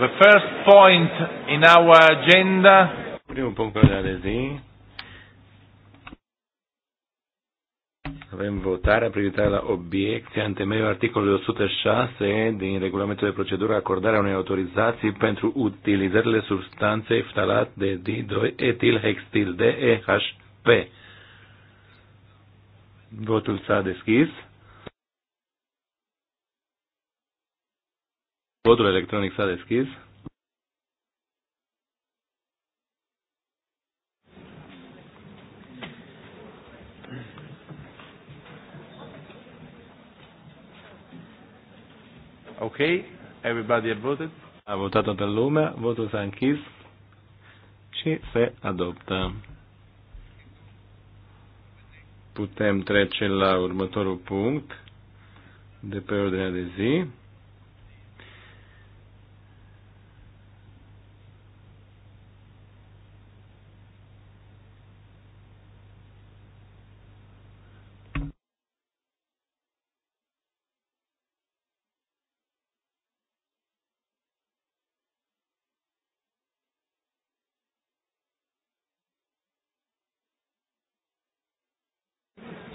The first point in our agenda. Primul punct pe de zi. Avem votarea privitoare la obiecția în temeiul articolului 106 din regulamentul de procedură acordarea unei autorizații pentru utilizările substanței ftalat de D2-etilhextil DEHP. Votul s-a deschis. Votul electronic s-a deschis. Ok, everybody has voted. A votat toată lumea, votul s-a închis și se adoptă. Putem trece la următorul punct de pe ordinea de zi.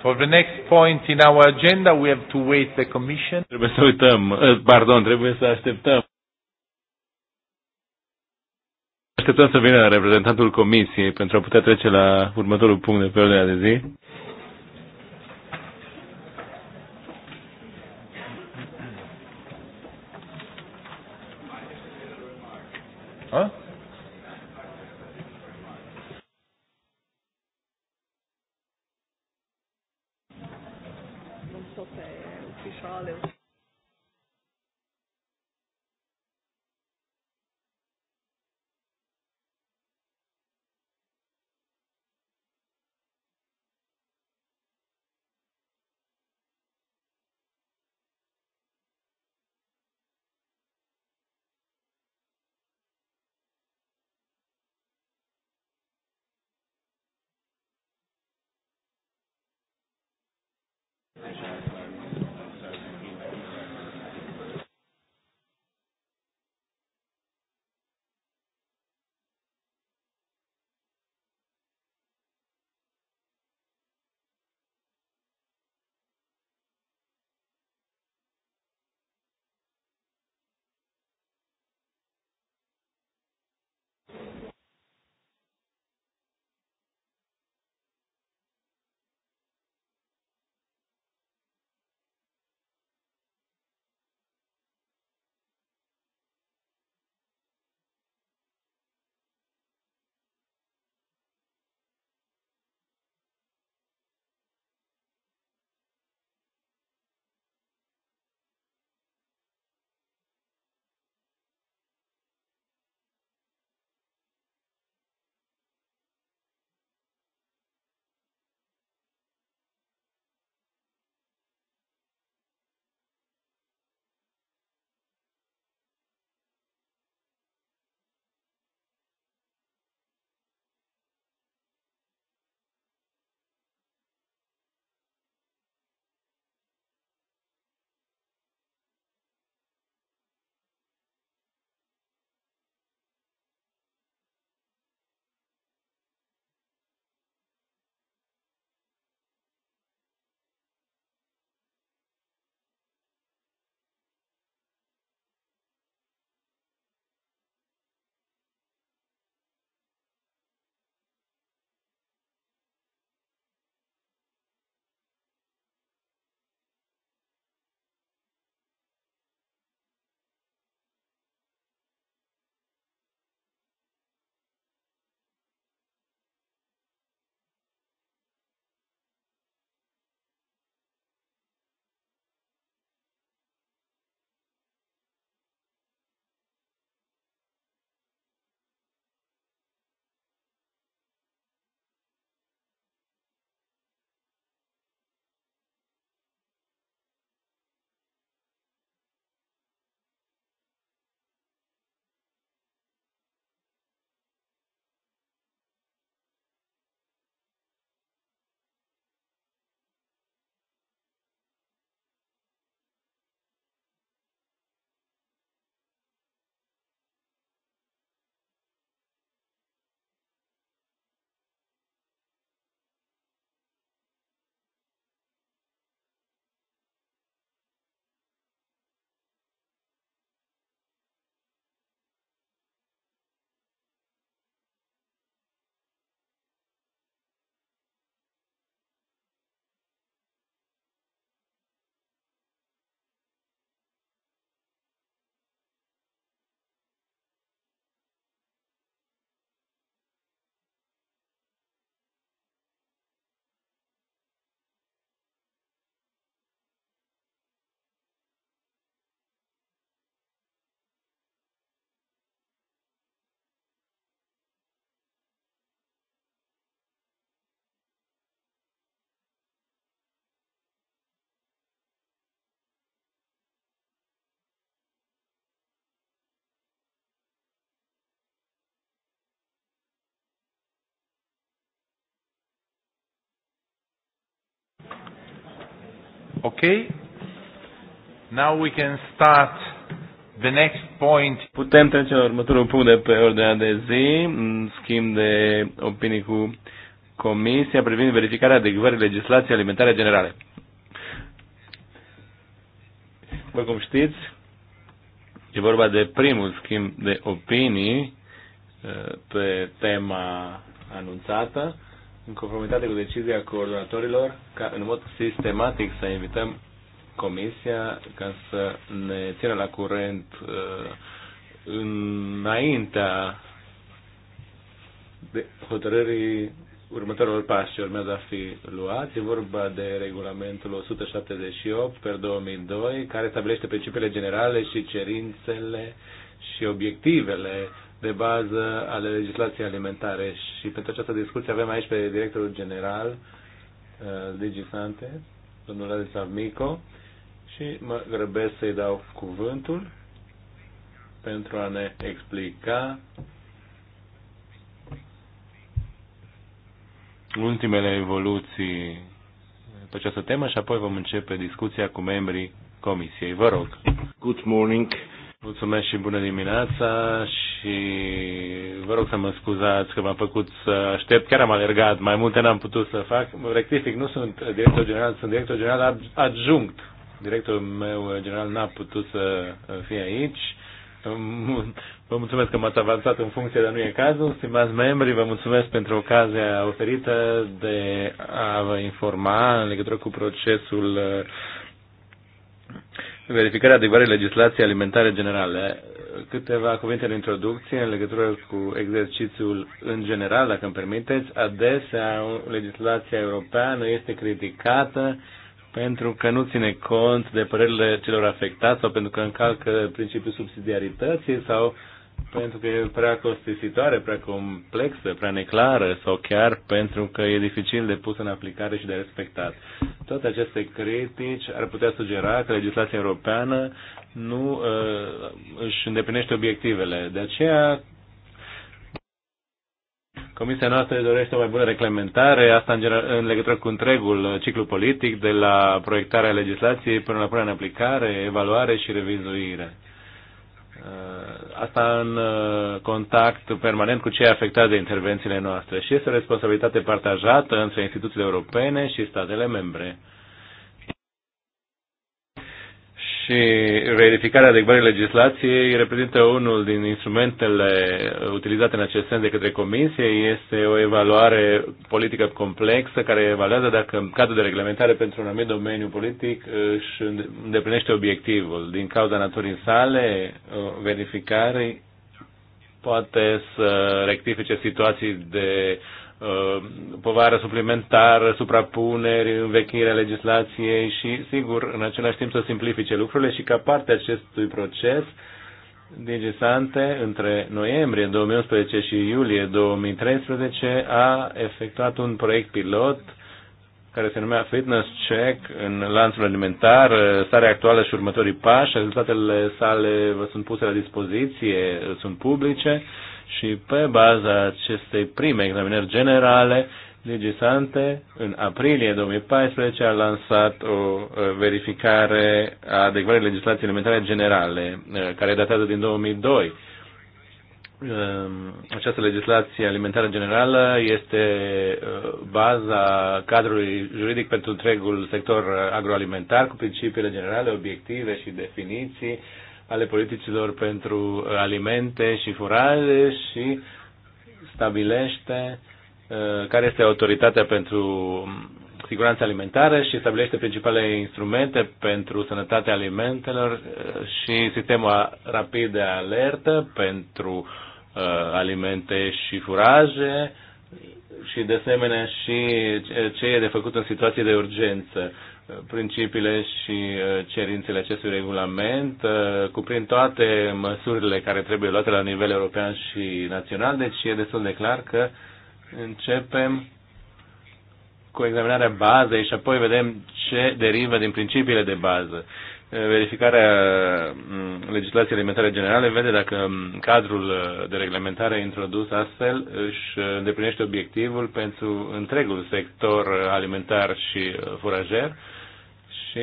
For the next point in our agenda, we have to wait the commission. Trebuie să uităm, eh, pardon, trebuie să așteptăm. Așteptăm să vină reprezentantul comisiei pentru a putea trece la următorul punct de pe ordinea de zi. Huh? Okay. Now we can start the next point. Putem trece la următorul punct de pe ordinea de zi, schimb de opinii cu Comisia privind verificarea adecvării legislației alimentare generale. După cum știți, e vorba de primul schimb de opinii eh, pe tema anunțată în conformitate cu decizia coordonatorilor, ca în mod sistematic să invităm Comisia ca să ne țină la curent uh, înaintea de hotărârii următorilor pași ce urmează a fi luat. E vorba de regulamentul 178 per 2002, care stabilește principiile generale și cerințele și obiectivele de bază ale legislației alimentare. Și pentru această discuție avem aici pe directorul general uh, Digisante, domnul Alisa Mico, și mă grăbesc să-i dau cuvântul pentru a ne explica ultimele evoluții pe această temă și apoi vom începe discuția cu membrii comisiei. Vă rog. Good morning. Mulțumesc și bună dimineața și vă rog să mă scuzați că m-am făcut să aștept, chiar am alergat, mai multe n-am putut să fac. Rectific, nu sunt director general, sunt director general adjunct. Directorul meu general n-a putut să fie aici. Vă mulțumesc că m-ați avansat în funcție, dar nu e cazul. Stimați membri, vă mulțumesc pentru ocazia oferită de a vă informa în legătură cu procesul verificarea adecvării legislației alimentare generale. Câteva cuvinte de introducție în legătură cu exercițiul în general, dacă îmi permiteți. Adesea legislația europeană este criticată pentru că nu ține cont de părerile celor afectați sau pentru că încalcă principiul subsidiarității sau pentru că e prea costisitoare, prea complexă, prea neclară sau chiar pentru că e dificil de pus în aplicare și de respectat. Toate aceste critici ar putea sugera că legislația europeană nu uh, își îndeplinește obiectivele. De aceea, Comisia noastră dorește o mai bună reglementare, asta în, general, în legătură cu întregul ciclu politic, de la proiectarea legislației până la punerea în aplicare, evaluare și revizuire. Uh, asta în uh, contact permanent cu cei afectați de intervențiile noastre și este o responsabilitate partajată între instituțiile europene și statele membre. și verificarea adecvării legislației reprezintă unul din instrumentele utilizate în acest sens de către Comisie. Este o evaluare politică complexă care evaluează dacă cadrul de reglementare pentru un anumit domeniu politic uh, își îndeplinește obiectivul. Din cauza naturii sale, uh, verificare poate să rectifice situații de Uh, povară suplimentară, suprapuneri, învechirea legislației și, sigur, în același timp să simplifice lucrurile și ca parte a acestui proces, Digisante, între noiembrie 2011 și iulie 2013, a efectuat un proiect pilot care se numea Fitness Check în lanțul alimentar, uh, starea actuală și următorii pași, rezultatele sale vă sunt puse la dispoziție, uh, sunt publice și pe baza acestei prime examinări generale, Legisante, în aprilie 2014, a lansat o uh, verificare a adecvării legislației elementare generale, uh, care datează din 2002. Um, această legislație alimentară generală este uh, baza cadrului juridic pentru întregul sector agroalimentar, cu principiile generale, obiective și definiții ale politicilor pentru uh, alimente și furaje și stabilește uh, care este autoritatea pentru um, siguranța alimentară și stabilește principalele instrumente pentru sănătatea alimentelor uh, și sistemul rapid de alertă pentru alimente și furaje și de asemenea și ce e de făcut în situații de urgență principiile și uh, cerințele acestui regulament uh, cuprind toate măsurile care trebuie luate la nivel european și național, deci e destul de clar că începem cu examinarea bazei și apoi vedem ce derivă din principiile de bază. Uh, verificarea mm, legislației alimentare generale vede dacă mm, cadrul de reglementare introdus astfel își îndeplinește obiectivul pentru întregul sector alimentar și furajer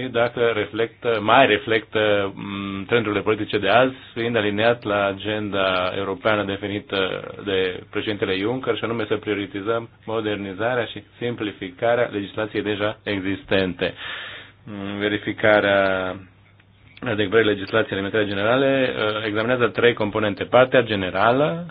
și dacă reflectă, mai reflectă mm, trendurile politice de azi, fiind aliniat la agenda europeană definită de președintele Juncker, și anume să prioritizăm modernizarea și simplificarea legislației deja existente. Verificarea adecvării legislației alimentare generale uh, examinează trei componente. Partea generală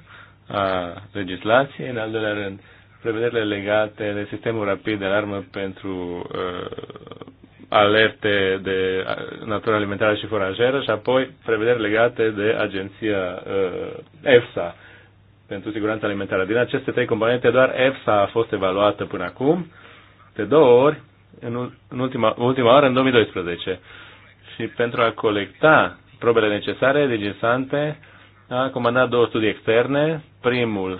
a legislației, în al doilea rând, prevederile legate de sistemul rapid de alarmă pentru uh, alerte de natură alimentară și forajeră și apoi prevederi legate de agenția uh, EFSA pentru siguranța alimentară. Din aceste trei componente, doar EFSA a fost evaluată până acum, de două ori, în, ultima, ultima oară, în 2012. Și pentru a colecta probele necesare, Digisante a comandat două studii externe. Primul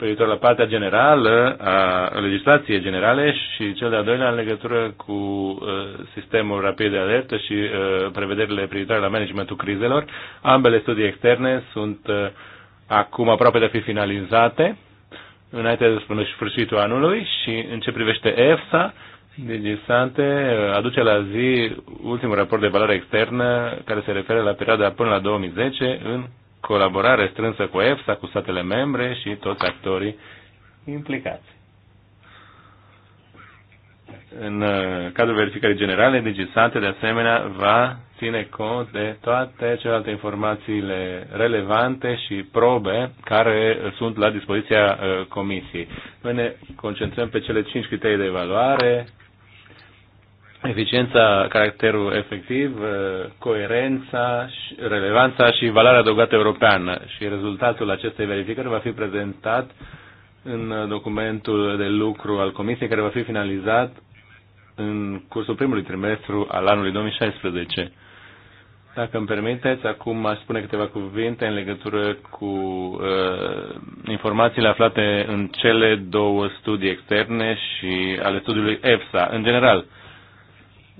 privitor la partea generală a legislației generale și cel de-al doilea în legătură cu uh, sistemul rapid de alertă și uh, prevederile privitoare la managementul crizelor. Ambele studii externe sunt uh, acum aproape de a fi finalizate înainte de spune și sfârșitul anului și în ce privește EFSA, Digisante aduce la zi ultimul raport de valoare externă care se referă la perioada până la 2010 în colaborare strânsă cu EFSA, cu statele membre și toți actorii implicați. În uh, cadrul verificării generale, Digisate, de asemenea, va ține cont de toate celelalte informațiile relevante și probe care sunt la dispoziția uh, Comisiei. Noi ne concentrăm pe cele cinci criterii de evaluare eficiența, caracterul efectiv, eh, coerența, relevanța și valoarea adăugată europeană. Și rezultatul acestei verificări va fi prezentat în documentul de lucru al Comisiei, care va fi finalizat în cursul primului trimestru al anului 2016. Dacă îmi permiteți, acum aș spune câteva cuvinte în legătură cu uh, informațiile aflate în cele două studii externe și ale studiului EFSA. În general, uh,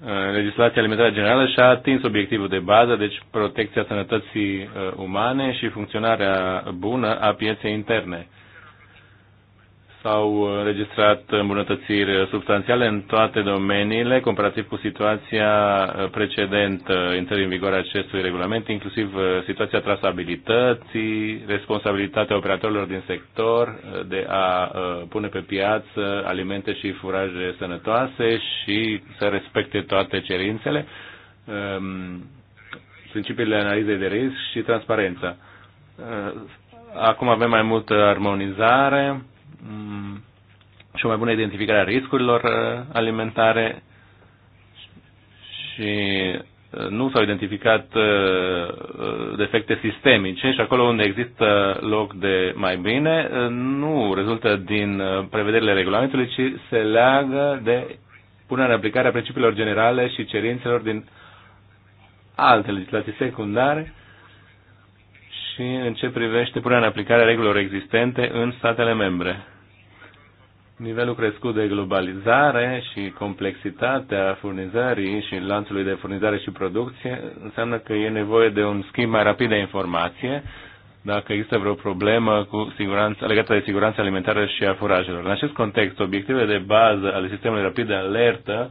Uh, legislația alimentară generală și-a atins obiectivul de bază, deci protecția sănătății uh, umane și funcționarea bună a pieței interne. S-au înregistrat îmbunătățiri substanțiale în toate domeniile, comparativ cu situația precedentă intrării în vigoare acestui regulament, inclusiv uh, situația trasabilității, responsabilitatea operatorilor din sector uh, de a uh, pune pe piață alimente și furaje sănătoase și să respecte toate cerințele, um, principiile analizei de risc și transparența. Acum avem mai multă armonizare Mm, și o mai bună identificare a riscurilor uh, alimentare și uh, nu s-au identificat uh, defecte sistemice și acolo unde există loc de mai bine nu rezultă din prevederile regulamentului, ci se leagă de punerea în aplicare a principiilor generale și cerințelor din alte legislații secundare și în ce privește punerea în aplicare a regulilor existente în statele membre. Nivelul crescut de globalizare și complexitatea furnizării și lanțului de furnizare și producție înseamnă că e nevoie de un schimb mai rapid de informație dacă există vreo problemă cu siguranță, legată de siguranța alimentară și a furajelor. În acest context, obiectivele de bază ale sistemului rapid de alertă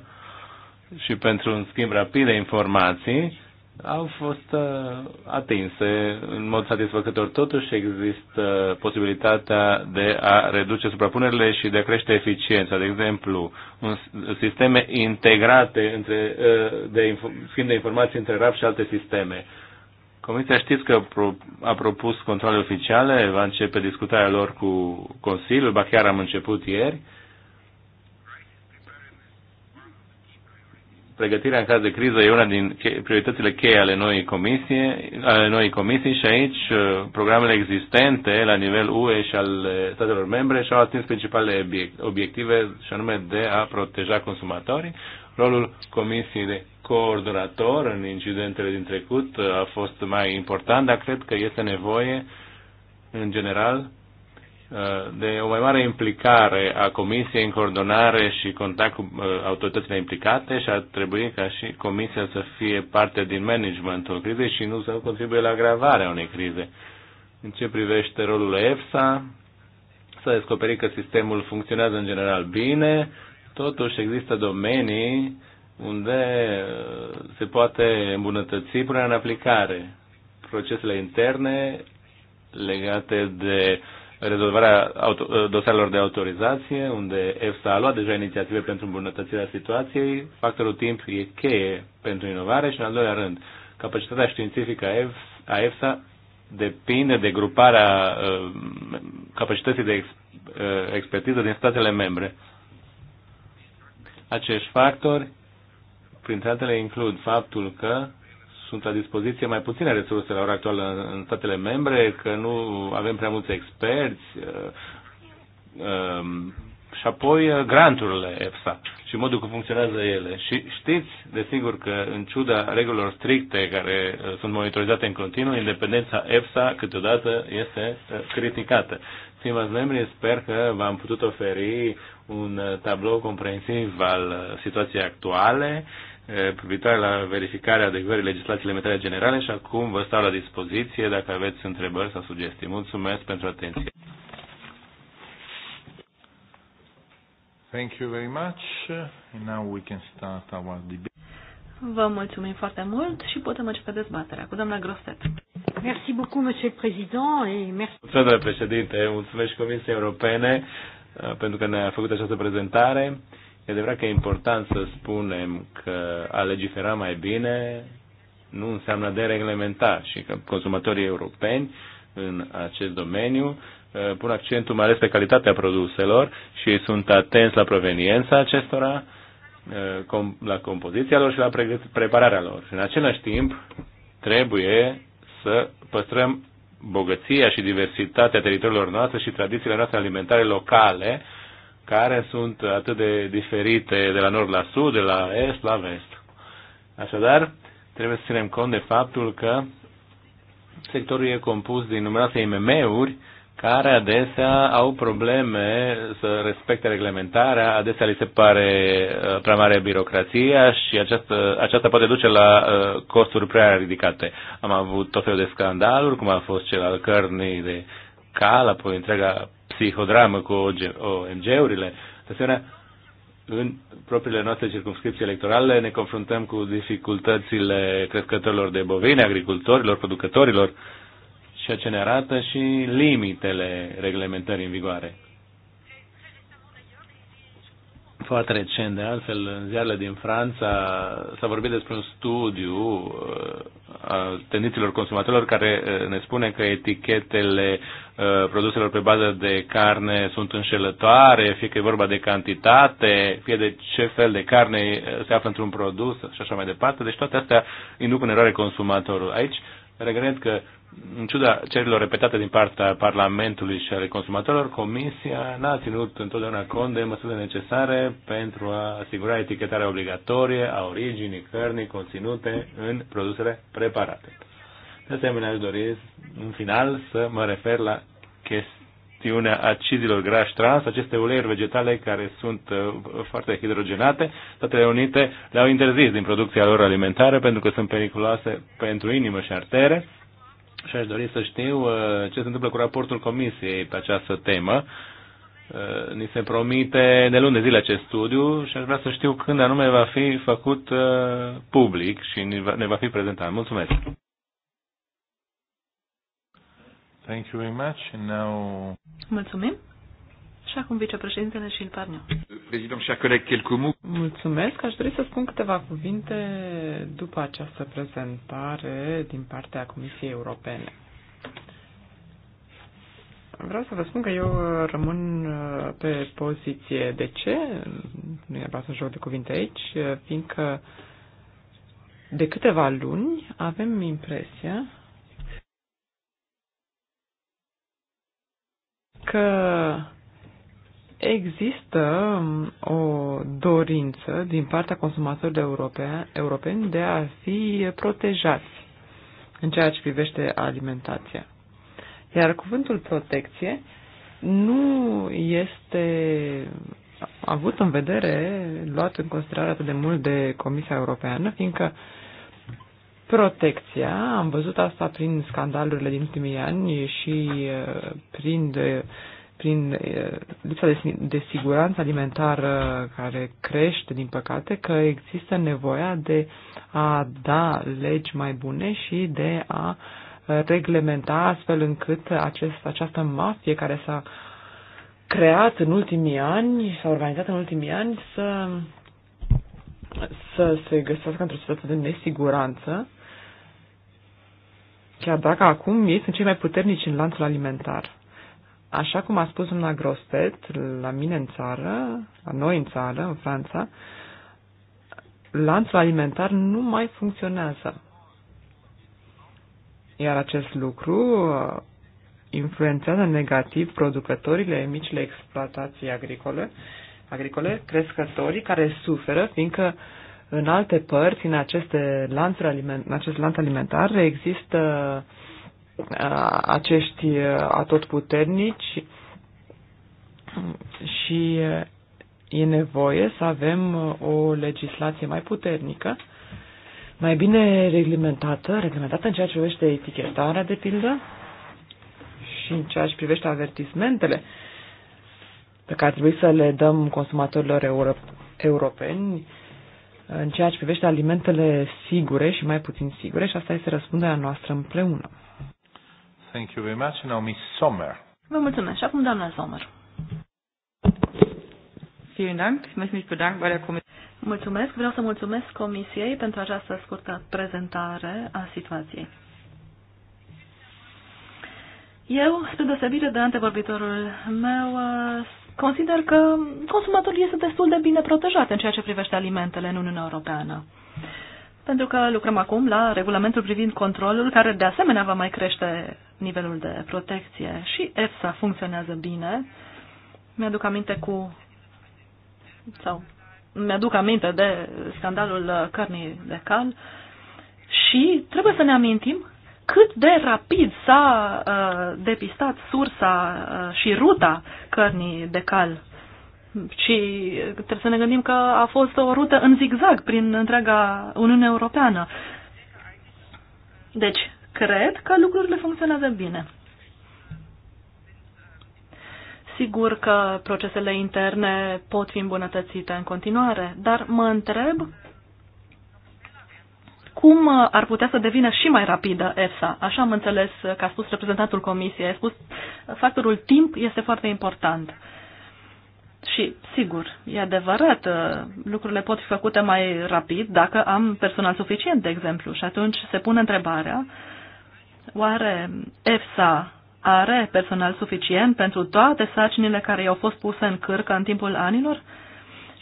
și pentru un schimb rapid de informații au fost uh, atinse în mod satisfăcător. Totuși există posibilitatea de a reduce suprapunerile și de a crește eficiența. De exemplu, un, sisteme integrate între, uh, de schimb de informații între RAP și alte sisteme. Comisia știți că a propus controle oficiale, va începe discutarea lor cu Consiliul, ba chiar am început ieri. Uh, pregătirea în caz de criză e una din prioritățile cheie ale noii, comisie, ale noii comisii și aici uh, programele existente la nivel UE și al uh, statelor membre și-au atins principalele obiective și anume de a proteja consumatorii. Rolul comisiei de coordonator în incidentele din trecut uh, a fost mai important, dar cred că este nevoie în general de o mai mare implicare a Comisiei în coordonare și contact cu uh, autoritățile implicate și ar trebui ca și Comisia să fie parte din managementul crizei și nu să contribuie la agravarea unei crize. În ce privește rolul EFSA, s-a descoperit că sistemul funcționează în general bine, totuși există domenii unde uh, se poate îmbunătăți punerea în aplicare. Procesele interne legate de uh, rezolvarea auto, uh, dosarelor de autorizație, unde EFSA a luat deja inițiative pentru îmbunătățirea situației. Factorul timp e cheie pentru inovare și, în al doilea rând, capacitatea științifică a EFSA depinde de gruparea uh, capacității de uh, expertiză din statele membre. Acești factori, printre altele, includ faptul că sunt la dispoziție mai puține resurse la ora actuală în statele membre, că nu avem prea mulți experți uh, um, și apoi uh, granturile EFSA și modul cum funcționează ele. Și știți, desigur, că în ciuda regulilor stricte care uh, sunt monitorizate în continuu, independența EFSA câteodată este criticată. Stimați membri, sper că v-am putut oferi un tablou comprensiv al situației actuale privitoare la verificarea adecvării legislației limitare generale și acum vă stau la dispoziție dacă aveți întrebări sau sugestii. Mulțumesc pentru atenție. Thank you very much. And now we can start our debate. Vă mulțumim foarte mult și putem începe dezbaterea cu doamna Grosset. Merci beaucoup, monsieur le président, et merci... Mulțumesc, doamna președinte, mulțumesc Comisiei Europene uh, pentru că ne-a făcut această prezentare. E adevărat că e important să spunem că a legifera mai bine nu înseamnă de reglementa și că consumatorii europeni în acest domeniu uh, pun accentul mai ales pe calitatea produselor și sunt atenți la proveniența acestora, uh, la compoziția lor și la prepararea lor. Și în același timp trebuie să păstrăm bogăția și diversitatea teritoriilor noastre și tradițiile noastre alimentare locale, care sunt atât de diferite de la nord la sud, de la est la vest. Așadar, trebuie să ținem cont de faptul că sectorul e compus din numeroase IMM-uri care adesea au probleme să respecte reglementarea, adesea li se pare uh, prea mare birocrația și aceasta, aceasta poate duce la uh, costuri prea ridicate. Am avut tot felul de scandaluri, cum a fost cel al cărnii de cala apoi întreaga psihodramă cu OMG-urile. De asemenea, în propriile noastre circumscripții electorale ne confruntăm cu dificultățile crescătorilor de bovine, agricultorilor, producătorilor, ceea ce ne arată și limitele reglementării în vigoare. Foarte recent, de altfel, în ziarele din Franța, s-a vorbit despre un studiu uh, al tendințelor consumatorilor care uh, ne spune că etichetele uh, produselor pe bază de carne sunt înșelătoare, fie că e vorba de cantitate, fie de ce fel de carne se află într-un produs și așa mai departe. Deci toate astea induc în eroare consumatorul. Aici regret că în ciuda cerilor repetate din partea Parlamentului și ale consumatorilor, Comisia n-a ținut întotdeauna cont de măsurile necesare pentru a asigura etichetarea obligatorie a originii cărnii conținute în produsele preparate. De asemenea, aș dori în final să mă refer la chestiunea acizilor grași trans, aceste uleiuri vegetale care sunt uh, foarte hidrogenate. Statele Unite le-au interzis din producția lor alimentară pentru că sunt periculoase pentru inimă și artere și aș dori să știu uh, ce se întâmplă cu raportul Comisiei pe această temă. Uh, ni se promite de luni de zile acest studiu și aș vrea să știu când anume va fi făcut uh, public și ne va fi prezentat. Mulțumesc! Thank you very much. And now... Mulțumim! Și acum vicepreședintele și Parniu. Mulțumesc. Aș dori să spun câteva cuvinte după această prezentare din partea Comisiei Europene. Vreau să vă spun că eu rămân uh, pe poziție. De ce? Nu e să joc de cuvinte aici, uh, fiindcă de câteva luni avem impresia că există um, o dorință din partea consumatorilor europeni de a fi protejați în ceea ce privește alimentația. Iar cuvântul protecție nu este avut în vedere, luat în considerare atât de mult de Comisia Europeană, fiindcă protecția, am văzut asta prin scandalurile din ultimii ani și prin de, uh, uh prin lipsa de, de siguranță alimentară care crește, din păcate, că există nevoia de a da legi mai bune și de a reglementa astfel încât acest, această mafie care s-a creat în ultimii ani, s-a organizat în ultimii ani, să, să se găsească într-o situație de nesiguranță, chiar dacă acum ei sunt cei mai puternici în lanțul alimentar. Așa cum a spus doamna Grospet, la mine în țară, la noi în țară, în Franța, lanțul alimentar nu mai funcționează. Iar acest lucru uh, influențează negativ producătorile, micile exploatații agricole, agricole, crescătorii care suferă, fiindcă în alte părți, în, aceste lanțuri aliment, în acest lanț alimentar, există uh, Uh, acești uh, atotputernici și uh, e nevoie să avem o legislație mai puternică, mai bine reglementată, reglementată în ceea ce privește etichetarea, de pildă, și în ceea ce privește avertismentele pe care trebuie să le dăm consumatorilor euro- europeni, în ceea ce privește alimentele sigure și mai puțin sigure și asta este răspunderea noastră împreună. Thank you very much. Now, Miss Sommer. Vă mulțumesc. Și acum, doamna Sommer. Mulțumesc. Vreau să mulțumesc Comisiei pentru această scurtă prezentare a situației. Eu, spre deosebire de antevorbitorul meu, consider că consumatorul este destul de bine protejat în ceea ce privește alimentele în Uniunea Europeană pentru că lucrăm acum la regulamentul privind controlul, care de asemenea va mai crește nivelul de protecție. Și EFSA funcționează bine. Mi-aduc aminte cu sau mi-aduc aminte de scandalul cărnii de cal și trebuie să ne amintim cât de rapid s-a uh, depistat sursa uh, și ruta cărnii de cal și trebuie să ne gândim că a fost o rută în zigzag prin întreaga Uniune Europeană. Deci, cred că lucrurile funcționează bine. Sigur că procesele interne pot fi îmbunătățite în continuare, dar mă întreb cum ar putea să devină și mai rapidă EFSA. Așa am înțeles că a spus reprezentantul Comisiei. A spus factorul timp este foarte important. Uh, și, sigur, e adevărat, uh, lucrurile pot fi făcute mai rapid dacă am personal suficient, de exemplu. Și atunci se pune întrebarea, oare EFSA are personal suficient pentru toate sarcinile care i-au fost puse în cârcă în timpul anilor?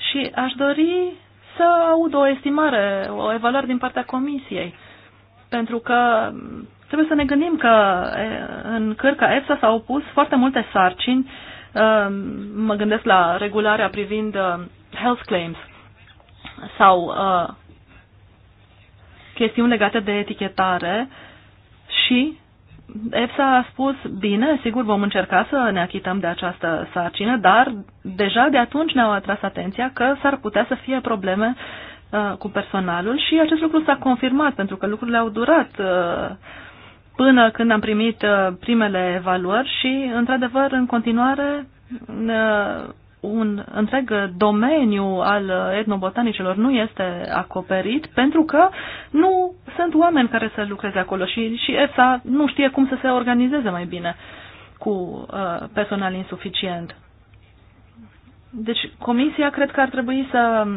Și aș dori să aud o estimare, o evaluare din partea comisiei. Pentru că trebuie să ne gândim că în cârca EFSA s-au pus foarte multe sarcini uh, Um, mă gândesc la regularea privind uh, health claims sau uh, chestiuni legate de etichetare și EFSA a spus, bine, sigur vom încerca să ne achităm de această sarcină, dar deja de atunci ne-au atras atenția că s-ar putea să fie probleme uh, cu personalul și acest lucru s-a confirmat pentru că lucrurile au durat uh, până când am primit uh, primele evaluări și, într-adevăr, în continuare, uh, un întreg domeniu al etnobotanicilor nu este acoperit pentru că nu sunt oameni care să lucreze acolo și, și ESA nu știe cum să se organizeze mai bine cu uh, personal insuficient. Deci comisia cred că ar trebui să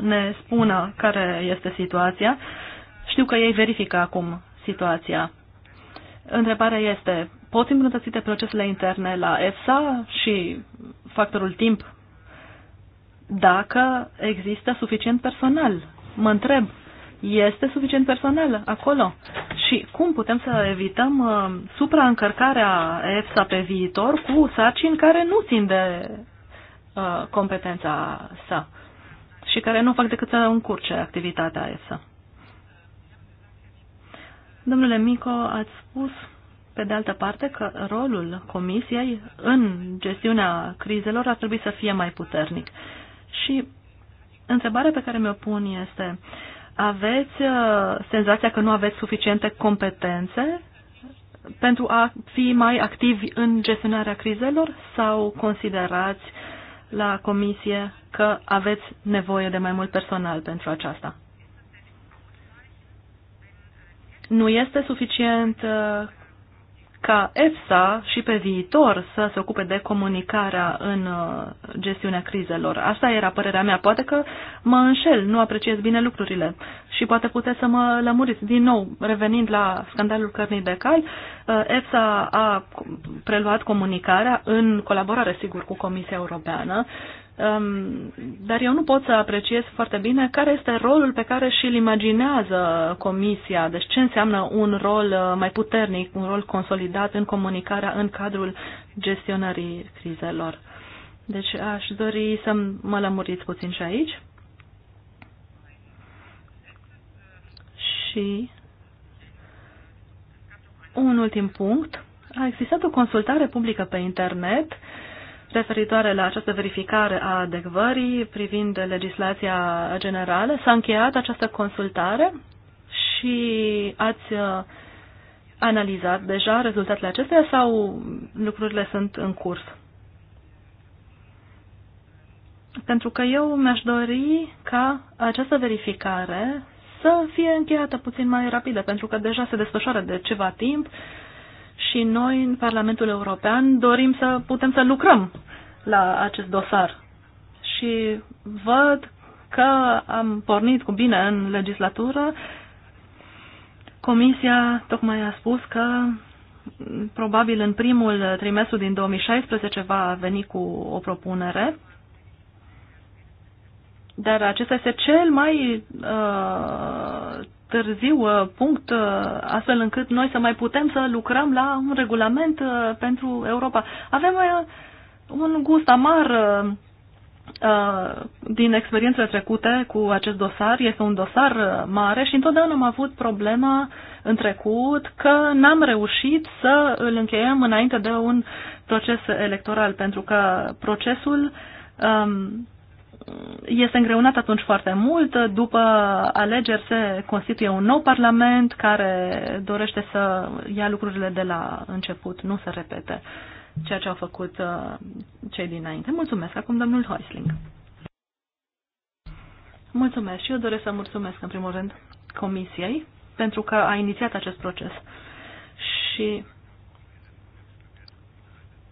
ne spună care este situația. Știu că ei verifică acum situația. Întrebarea este, pot de procesele interne la EFSA și factorul timp dacă există suficient personal? Mă întreb, este suficient personal acolo? Și cum putem să evităm uh, supraîncărcarea EFSA pe viitor cu sarcini care nu țin de uh, competența sa și care nu fac decât să încurce activitatea EFSA? Domnule Mico, ați spus, pe de altă parte, că rolul Comisiei în gestiunea crizelor ar trebui să fie mai puternic. Și întrebarea pe care mi-o pun este, aveți uh, senzația că nu aveți suficiente competențe pentru a fi mai activi în gestionarea crizelor sau considerați la comisie că aveți nevoie de mai mult personal pentru aceasta? Nu este suficient uh, ca EFSA și pe viitor să se ocupe de comunicarea în uh, gestiunea crizelor. Asta era părerea mea. Poate că mă înșel, nu apreciez bine lucrurile și poate puteți să mă lămuriți. Din nou, revenind la scandalul cărnii de cal, uh, EFSA a preluat comunicarea în colaborare, sigur, cu Comisia Europeană Um, dar eu nu pot să apreciez foarte bine care este rolul pe care și-l imaginează Comisia, deci ce înseamnă un rol uh, mai puternic, un rol consolidat în comunicarea în cadrul gestionării crizelor. Deci aș dori să mă lămuriți puțin și aici. Și un ultim punct. A existat o consultare publică pe internet referitoare la această verificare a adecvării privind legislația generală. S-a încheiat această consultare și ați uh, analizat deja rezultatele acestea sau lucrurile sunt în curs? Pentru că eu mi-aș dori ca această verificare să fie încheiată puțin mai rapidă, pentru că deja se desfășoară de ceva timp și noi în Parlamentul European dorim să putem să lucrăm la acest dosar. Și văd că am pornit cu bine în legislatură. Comisia tocmai a spus că probabil în primul trimestru din 2016 va veni cu o propunere. Dar acesta este cel mai uh, târziu uh, punct, uh, astfel încât noi să mai putem să lucrăm la un regulament uh, pentru Europa. Avem un gust amar din experiențele trecute cu acest dosar. Este un dosar mare și întotdeauna am avut problema în trecut că n-am reușit să îl încheiem înainte de un proces electoral, pentru că procesul um, este îngreunat atunci foarte mult. După alegeri se constituie un nou parlament care dorește să ia lucrurile de la început, nu să repete ceea ce au făcut uh, cei dinainte. Mulțumesc. Acum domnul Heusling. Mulțumesc și eu doresc să mulțumesc în primul rând Comisiei pentru că a inițiat acest proces. Și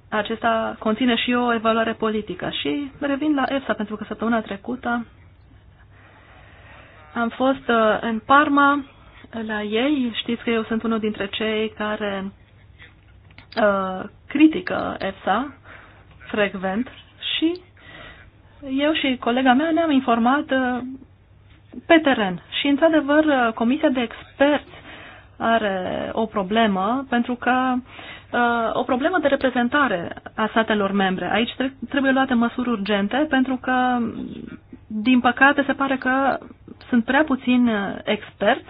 acesta conține și o evaluare politică. Și revin la EFSA, pentru că săptămâna trecută am fost uh, în Parma la ei. Știți că eu sunt unul dintre cei care uh, critică EFSA frecvent și eu și colega mea ne-am informat uh, pe teren. Și, într-adevăr, uh, Comisia de Experți are o problemă pentru că uh, Uh, o problemă de reprezentare a statelor membre. Aici trebuie luate măsuri urgente pentru că, din păcate, se pare că sunt prea puțini uh, experți.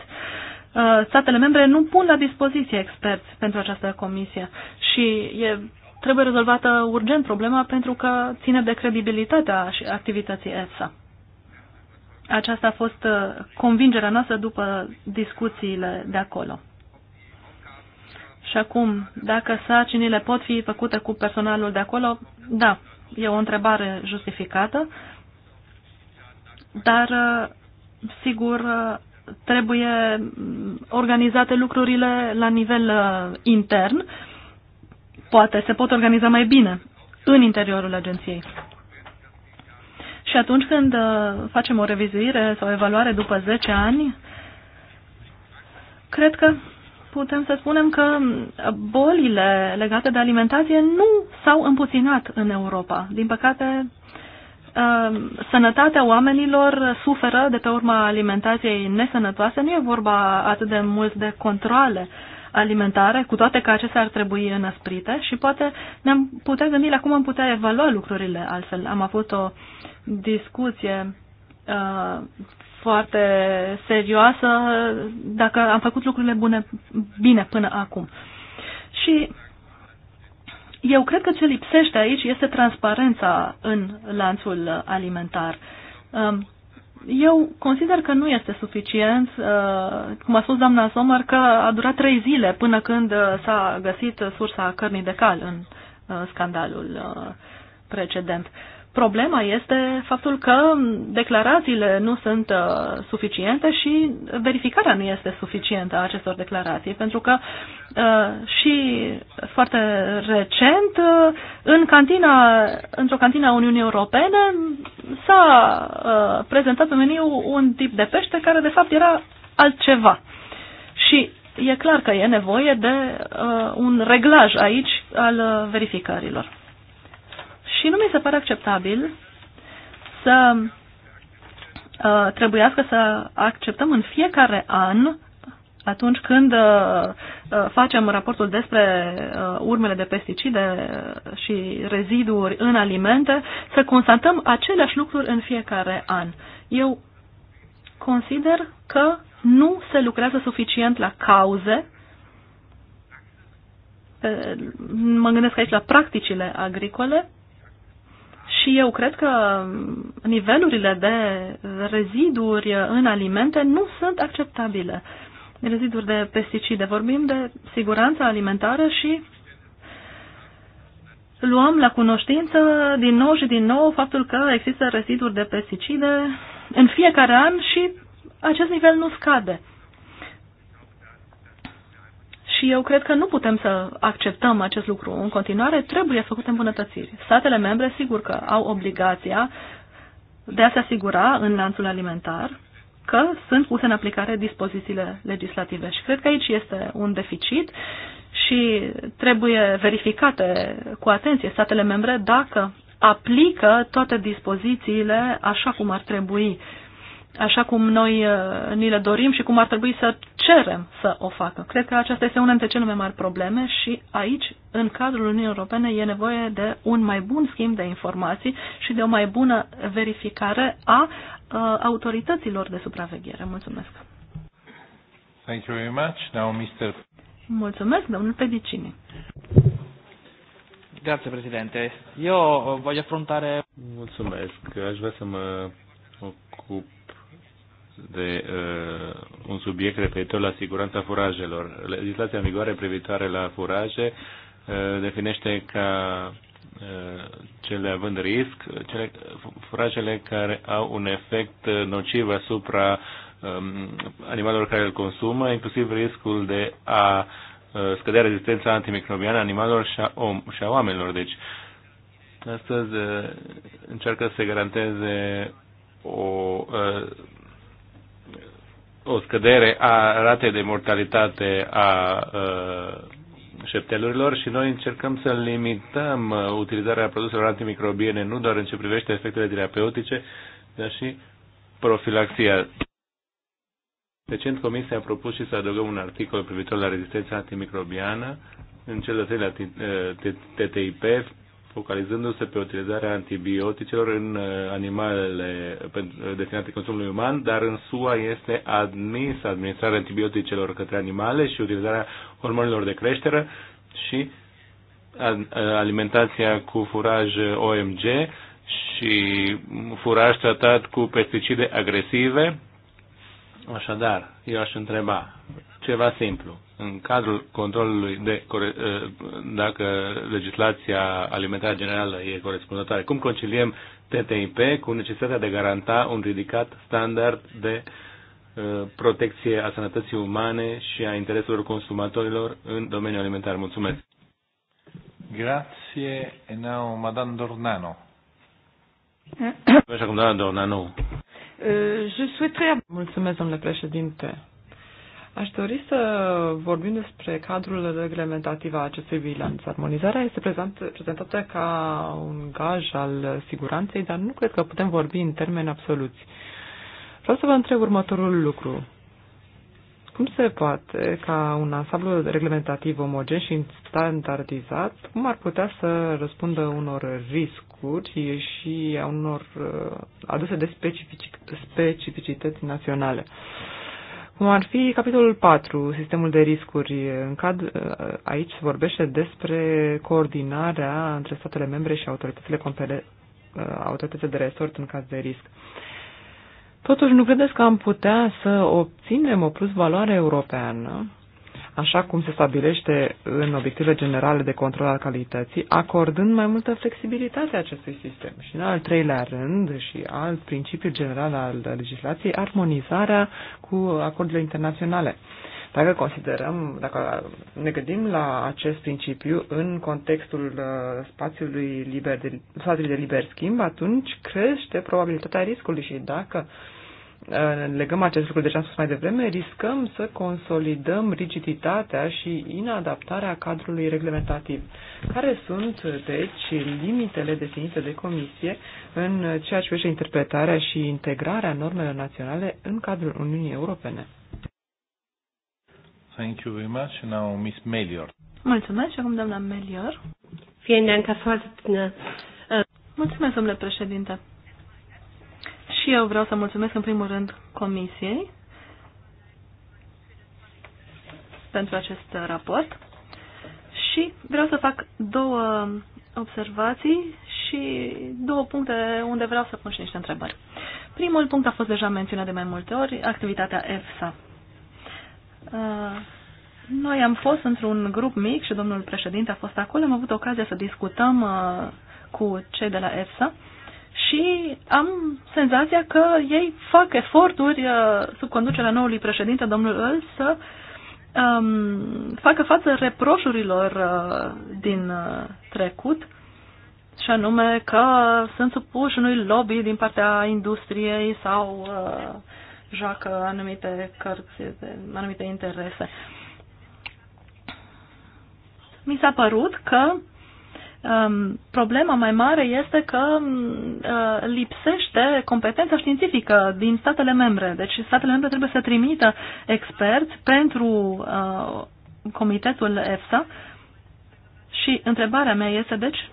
Uh, statele membre nu pun la dispoziție experți pentru această comisie și e, trebuie rezolvată urgent problema pentru că ține de credibilitatea și activității EFSA. Aceasta a fost convingerea noastră după discuțiile de acolo. Și acum, dacă sarcinile pot fi făcute cu personalul de acolo, da, e o întrebare justificată, dar, uh, sigur, uh, trebuie organizate lucrurile la nivel uh, intern. Poate se pot organiza mai bine în interiorul agenției. Și atunci când facem o revizuire sau o evaluare după 10 ani, cred că putem să spunem că bolile legate de alimentație nu s-au împuținat în Europa. Din păcate, uh, sănătatea oamenilor suferă de pe urma alimentației nesănătoase. Nu e vorba atât de mult de controle alimentare, cu toate că acestea ar trebui înăsprite și poate ne-am putea gândi la cum am putea evalua lucrurile altfel. Am avut o discuție uh, foarte serioasă dacă am făcut lucrurile bune, bine până acum. Și eu cred că ce lipsește aici este transparența în lanțul alimentar. Um, eu consider că nu este suficient, uh, cum a spus doamna Sommer, că a durat trei zile până când uh, s-a găsit sursa cărnii de cal în uh, scandalul precedent. Uh, Problema este faptul că declarațiile nu sunt uh, suficiente și verificarea nu este suficientă a acestor declarații, pentru că uh, și foarte recent, uh, în cantina, într-o cantina a Uniunii Europene, s-a prezentat în meniu un tip de pește care de fapt era altceva. Și e clar că e nevoie de un reglaj aici al verificărilor. Și nu mi se pare acceptabil să uh, trebuiască să acceptăm în fiecare an, atunci când uh, uh facem raportul despre uh, urmele de pesticide și reziduri în alimente, să constatăm aceleași lucruri în fiecare an. Eu consider că nu se lucrează suficient la cauze. Uh, mă gândesc aici la practicile agricole și eu cred că nivelurile de reziduri în alimente nu sunt acceptabile. Reziduri de pesticide. Vorbim de siguranța alimentară și luăm la cunoștință din nou și din nou faptul că există reziduri de pesticide în fiecare an și acest nivel nu scade. Și eu cred că nu putem să acceptăm acest lucru. În continuare, trebuie făcute îmbunătățiri. Statele membre, sigur că au obligația de a se asigura în lanțul alimentar că sunt puse în aplicare dispozițiile legislative. Și cred că aici este un deficit și trebuie verificate cu atenție statele membre dacă aplică toate dispozițiile așa cum ar trebui așa cum noi uh, ni le dorim și cum ar trebui să cerem să o facă. Cred că aceasta este una dintre cele mai mari probleme și aici, în cadrul Uniunii Europene, e nevoie de un mai bun schimb de informații și de o mai bună verificare a uh, autorităților de supraveghere. Mulțumesc! Thank you very much. Now, Mr. Mulțumesc, domnul Pedicini. Grazie, Presidente. Eu voi affrontare... Mulțumesc. Aș vrea să mă ocup de uh, un subiect referitor la siguranța furajelor. Legislația în vigoare privitoare la furaje uh, definește ca uh, cele având risc, cele, furajele care au un efect uh, nociv asupra um, animalelor care îl consumă, inclusiv riscul de a uh, scădea rezistența antimicrobiană a animalelor și a, om, și a oamenilor. Deci, astăzi uh, încearcă să se garanteze o uh, o scădere a ratei de mortalitate a șeptelurilor și noi încercăm să limităm uh, utilizarea produselor antimicrobiene nu doar în ce privește efectele terapeutice, dar și profilaxia. Recent Comisia a propus și să adăugăm un articol privitor la rezistența antimicrobiană în cel de-al treilea TTIP uh, focalizându-se pe utilizarea antibioticelor în uh, animalele uh, destinate consumului uman, dar în SUA este admis administrarea antibioticelor către animale și utilizarea hormonilor de creștere și uh, alimentația cu furaj OMG și furaj tratat cu pesticide agresive. Așadar, eu aș întreba, ceva simplu. În cadrul controlului de, ă, dacă legislația alimentară generală e corespunzătoare, cum conciliem TTIP cu necesitatea de a garanta un ridicat standard de ă, protecție a sănătății umane și a intereselor consumatorilor în domeniul alimentar. Mulțumesc! Grazie. enau, Madame Dornano. Așa cum doamna Dornano. Ă, je souhaiterais... Mulțumesc, domnule președinte. Aș dori să vorbim despre cadrul reglementativ al acestui bilanț. Armonizarea este prezent, prezentată ca un gaj al siguranței, dar nu cred că putem vorbi în termeni absoluți. Vreau să vă întreb următorul lucru. Cum se poate ca un ansamblu reglementativ omogen și standardizat, cum ar putea să răspundă unor riscuri și a unor uh, aduse de specific, specificități naționale? Uh, cum ar fi capitolul 4, sistemul de riscuri. În cad, aici se vorbește despre coordinarea între statele membre și autoritățile, uh, autoritățile de resort în caz de risc. Totuși, nu credeți că am putea să obținem o plus valoare europeană așa cum se stabilește în obiectivele generale de control al calității, acordând mai multă flexibilitate acestui sistem. Și în al treilea rând și alt principiu general al legislației, armonizarea cu acordurile internaționale. Dacă considerăm, dacă ne gândim la acest principiu în contextul uh, spațiului liber de, spațiului de liber schimb, atunci crește probabilitatea riscului și dacă uh, legăm acest lucru deja am spus mai devreme, riscăm să consolidăm rigiditatea și inadaptarea cadrului reglementativ. Care sunt, deci, limitele definite de comisie în ceea ce privește interpretarea și integrarea normelor naționale în cadrul Uniunii Europene? Thank you very much. Now, Miss Melior. Mulțumesc și acum doamna Melior. Vielen Dank, Herr Vorsitzender. Mulțumesc, domnule președinte. Și eu vreau să mulțumesc în primul rând Comisiei pentru acest raport și vreau să fac două observații și două puncte unde vreau să pun și niște întrebări. Primul punct a fost deja menționat de mai multe ori, activitatea EFSA. Uh, noi am fost într-un grup mic și domnul președinte a fost acolo, am avut ocazia să discutăm uh, cu cei de la EFSA și am senzația că ei fac eforturi uh, sub conducerea noului președinte, domnul Îl, să um, facă față reproșurilor uh, din uh, trecut și anume că sunt supuși unui lobby din partea industriei sau uh, joacă anumite cărți, de, anumite interese. Mi s-a părut că Um, problema mai mare este că um, uh, lipsește competența științifică din statele membre. Deci statele membre trebuie să trimită experți pentru uh, comitetul EFSA și întrebarea mea este, deci,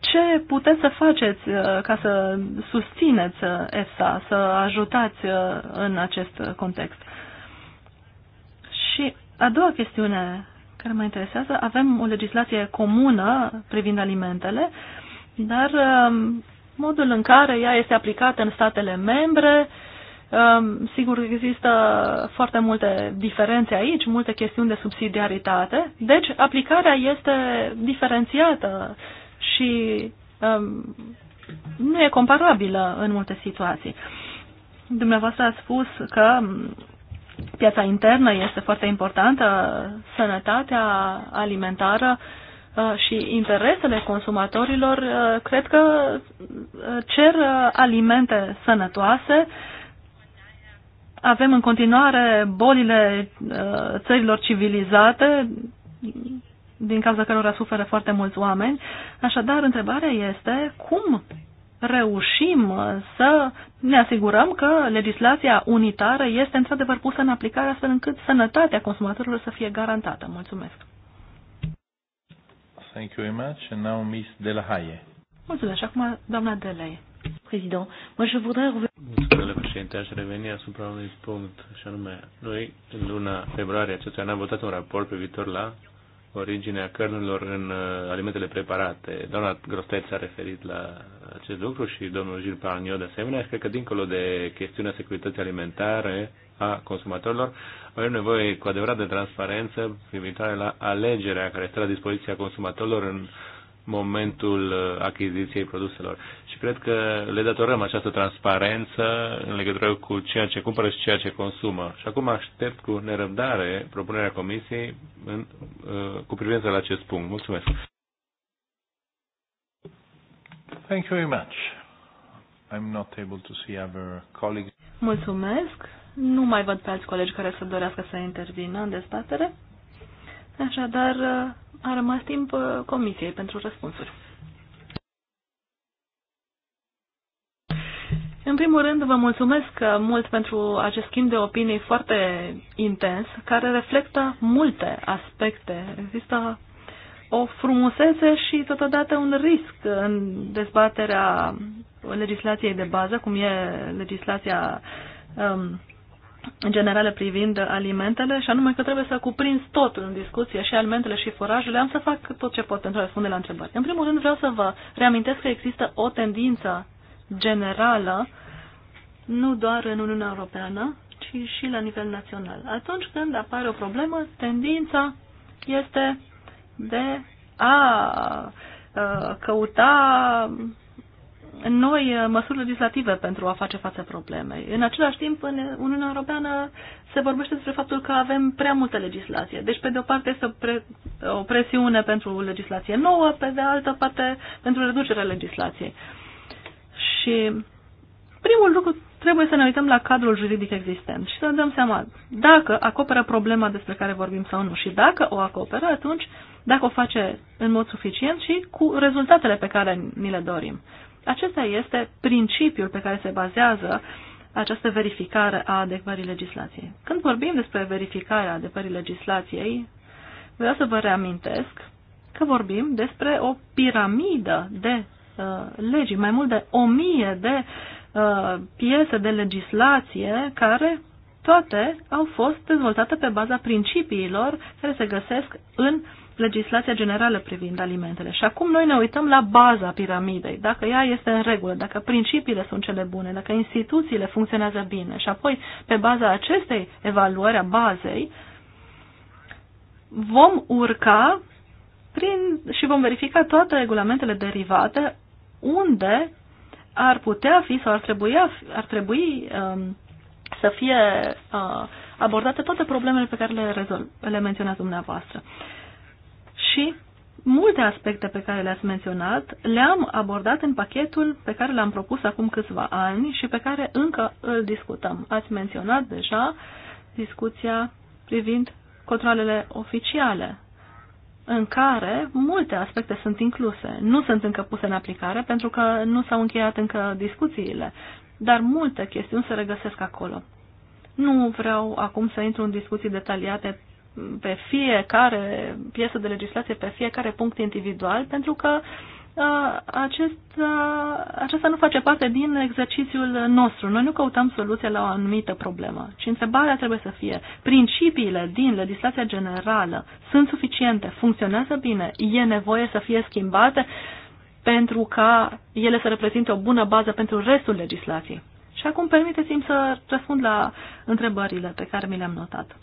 ce puteți să faceți uh, ca să susțineți EFSA, să ajutați în acest context? Și a doua chestiune care mă interesează. Avem o legislație comună privind alimentele, dar um, modul în care ea este aplicată în statele membre, um, sigur există foarte multe diferențe aici, multe chestiuni de subsidiaritate, deci aplicarea este diferențiată și um, nu e comparabilă în multe situații. Dumneavoastră ați spus că Piața internă este foarte importantă, sănătatea alimentară uh, și interesele consumatorilor uh, cred că uh, cer alimente sănătoase. Avem în continuare bolile țărilor civilizate, din cauza cărora suferă foarte mulți oameni. Așadar, întrebarea este cum reușim să ne asigurăm că legislația unitară este într-adevăr pusă în aplicare astfel încât sănătatea consumatorilor să fie garantată. Mulțumesc! Thank you very much. And now Miss Delahaye. Mulțumesc. Și acum doamna Delahaye. Prezident, moi și voudrais Mulțumesc, domnule președinte. Aș reveni asupra unui punct, și anume, noi, în luna februarie acestuia, ne am votat un raport privitor la originea cărnurilor în uh, alimentele preparate. Doamna Grosteț s-a referit la acest lucru și domnul Gil Parniu de asemenea. Cred că dincolo de chestiunea securității alimentare a consumatorilor, avem nevoie cu adevărat de transparență privitoare la alegerea care este la dispoziția consumatorilor în momentul uh, achiziției produselor. Și cred că le datorăm această transparență în legătură cu ceea ce cumpără și ceea ce consumă. Și acum aștept cu nerăbdare propunerea Comisiei în, uh, cu privință la acest punct. Mulțumesc! Thank you very much. I'm not able to see other colleagues. Mulțumesc! Nu mai văd pe alți colegi care să dorească să intervină în dezbatere. Așadar, a rămas timp uh, comisiei pentru răspunsuri. În primul rând, vă mulțumesc uh, mult pentru acest schimb de opinii foarte intens, care reflectă multe aspecte. Există o frumusețe și totodată un risc în dezbaterea legislației de bază, cum e legislația um, generale privind alimentele și anume că trebuie să cuprins totul în discuție și alimentele și forajele. Am să fac tot ce pot pentru a răspunde la întrebări. În primul rând vreau să vă reamintesc că există o tendință generală nu doar în Uniunea Europeană, ci și la nivel național. Atunci când apare o problemă, tendința este de a uh, căuta noi uh, măsuri legislative pentru a face față problemei. În același timp, în Uniunea Europeană se vorbește despre faptul că avem prea multă legislație. Deci, pe de o parte, este o, o presiune pentru legislație nouă, pe de altă parte, pentru reducerea legislației. Și primul lucru trebuie să ne uităm la cadrul juridic existent și să ne dăm seama dacă acoperă problema despre care vorbim sau nu. Și dacă o acoperă, atunci dacă o face în mod suficient și cu rezultatele pe care ni le dorim. Acesta este principiul pe care se bazează această verificare a adecvării legislației. Când vorbim despre verificarea adecvării legislației, vreau să vă reamintesc că vorbim despre o piramidă de uh, legi, mai mult de o mie de uh, piese de legislație care toate au fost dezvoltate pe baza principiilor care se găsesc în uh, legislația generală privind alimentele. Și acum noi ne uităm la baza piramidei, dacă ea este în regulă, dacă principiile sunt cele bune, dacă instituțiile funcționează bine. Și apoi, pe baza acestei evaluări a bazei, vom urca prin, și vom verifica toate regulamentele derivate unde ar putea fi sau ar trebui, ar trebui um, să fie uh, abordate toate problemele pe care le, rezolv, le menționați dumneavoastră. Uh, și multe aspecte pe care le-ați menționat le-am abordat în pachetul pe care l-am propus acum câțiva ani și pe care încă îl discutăm. Ați menționat deja discuția privind controlele oficiale, în care multe aspecte sunt incluse. Nu sunt încă puse în aplicare pentru că nu s-au încheiat încă discuțiile, dar multe chestiuni se regăsesc acolo. Nu vreau acum să intru în discuții detaliate pe fiecare piesă de legislație, pe fiecare punct individual, pentru că acest, acesta nu face parte din exercițiul nostru. Noi nu căutăm soluție la o anumită problemă, ci întrebarea trebuie să fie principiile din legislația generală sunt suficiente, funcționează bine, e nevoie să fie schimbate pentru ca ele să reprezinte o bună bază pentru restul legislației. Și acum permiteți-mi să răspund la întrebările pe care mi le-am notat.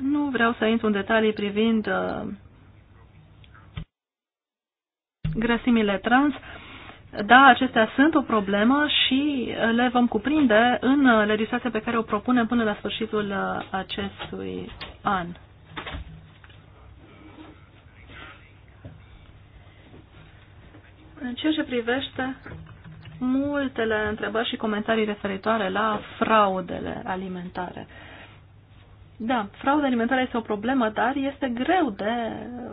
Nu vreau să intru în detalii privind uh, grăsimile trans. Da, acestea sunt o problemă și le vom cuprinde în uh, legislația pe care o propunem până la sfârșitul uh, acestui an. În ceea ce privește multele întrebări și comentarii referitoare la fraudele alimentare. Uh, da, frauda alimentară este o problemă, dar este greu de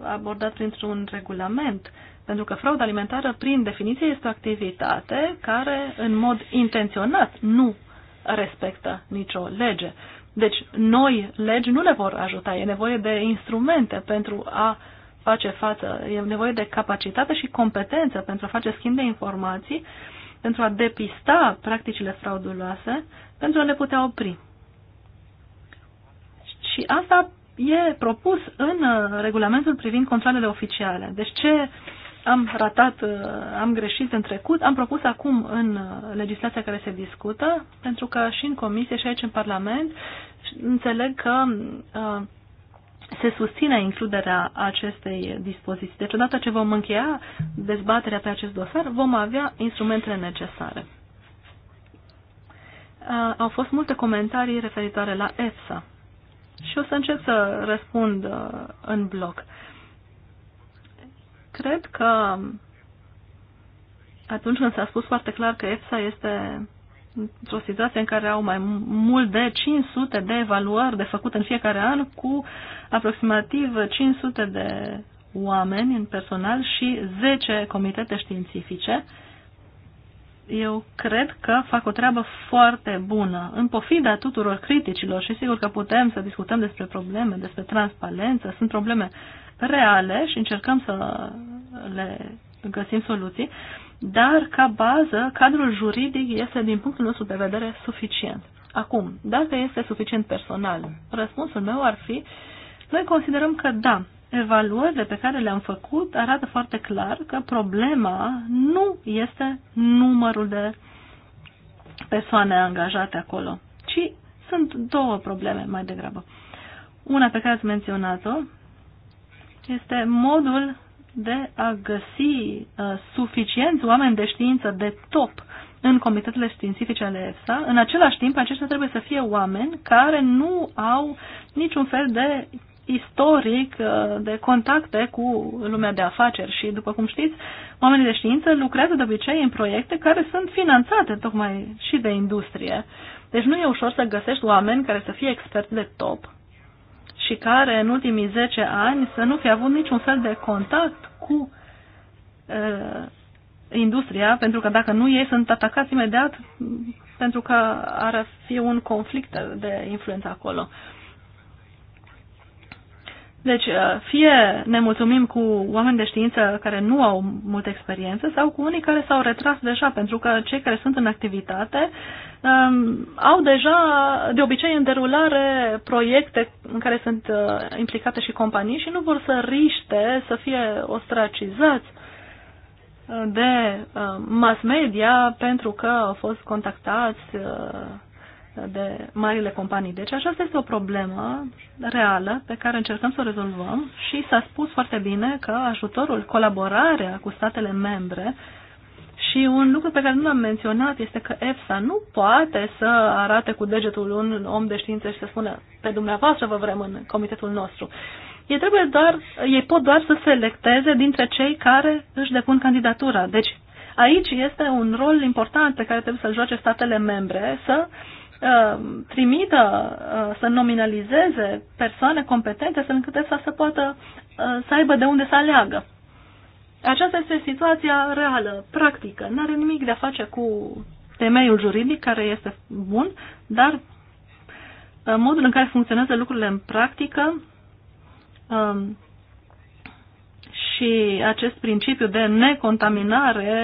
abordat printr-un regulament, pentru că frauda alimentară, prin definiție, este o activitate care, în mod intenționat, nu respectă nicio lege. Deci, noi legi nu le vor ajuta, e nevoie de instrumente pentru a face față, e nevoie de capacitate și competență pentru a face schimb de informații, pentru a depista practicile frauduloase, pentru a le putea opri. Și asta e propus în uh, regulamentul privind controlele oficiale. Deci ce am ratat, uh, am greșit în trecut, am propus acum în uh, legislația care se discută, pentru că și în comisie și aici în Parlament înțeleg că se susține includerea acestei dispoziții. Deci odată ce vom încheia dezbaterea pe acest dosar, vom avea instrumentele necesare. au fost multe comentarii referitoare la EFSA și o să încep să răspund uh, în bloc. Cred că atunci când s-a spus foarte clar că EFSA este într-o situație în care au mai mult de 500 de evaluări de făcut în fiecare an cu aproximativ 500 de oameni în personal și 10 comitete științifice. Uh, eu cred că fac o treabă foarte bună, în pofida tuturor criticilor și sigur că putem să discutăm despre probleme, despre transparență, sunt probleme reale și încercăm să le găsim soluții, dar ca bază cadrul juridic este din punctul nostru de vedere suficient. Acum, dacă este suficient personal, răspunsul meu ar fi, noi considerăm că da, evaluările pe care le-am făcut arată foarte clar că problema nu este numărul de persoane angajate acolo, ci sunt două probleme mai degrabă. Una pe care ați menționat-o este modul de a găsi uh, suficienți oameni de știință de top în comitetele științifice ale EFSA. În același timp, aceștia trebuie să fie oameni care nu au niciun fel de istoric uh, de contacte cu lumea de afaceri și, după cum știți, oamenii de știință lucrează de obicei în proiecte care sunt finanțate tocmai și de industrie. Deci nu e ușor să găsești oameni care să fie experți de top și care în ultimii 10 ani să nu fi avut niciun fel de contact cu uh, industria, pentru că dacă nu ei sunt atacați imediat pentru că ar fi un conflict de influență acolo. Uh, deci, uh, fie ne mulțumim cu oameni de știință care nu au multă experiență sau cu unii care s-au retras deja, pentru că cei care sunt în activitate um, au deja, de obicei, în derulare proiecte în care sunt uh, implicate și companii și nu vor să riște, să fie ostracizați uh, de uh, mass media pentru că au fost contactați uh, de marile companii. Deci aceasta este o problemă reală pe care încercăm să o rezolvăm și s-a spus foarte bine că ajutorul, colaborarea cu statele membre și un lucru pe care nu l-am menționat este că EFSA nu poate să arate cu degetul un om de știință și să spună pe dumneavoastră vă vrem în comitetul nostru. Ei, trebuie doar, ei pot doar să selecteze dintre cei care își depun candidatura. Deci aici este un rol important pe care trebuie să-l joace statele membre, să uh, Uh, trimită, uh, să nominalizeze persoane competente să încât să se poată uh, să aibă de unde să aleagă. Aceasta este situația reală, practică. Nu are nimic de a face cu temeiul juridic, care este bun, dar modul în care funcționează lucrurile în practică um, și acest principiu de necontaminare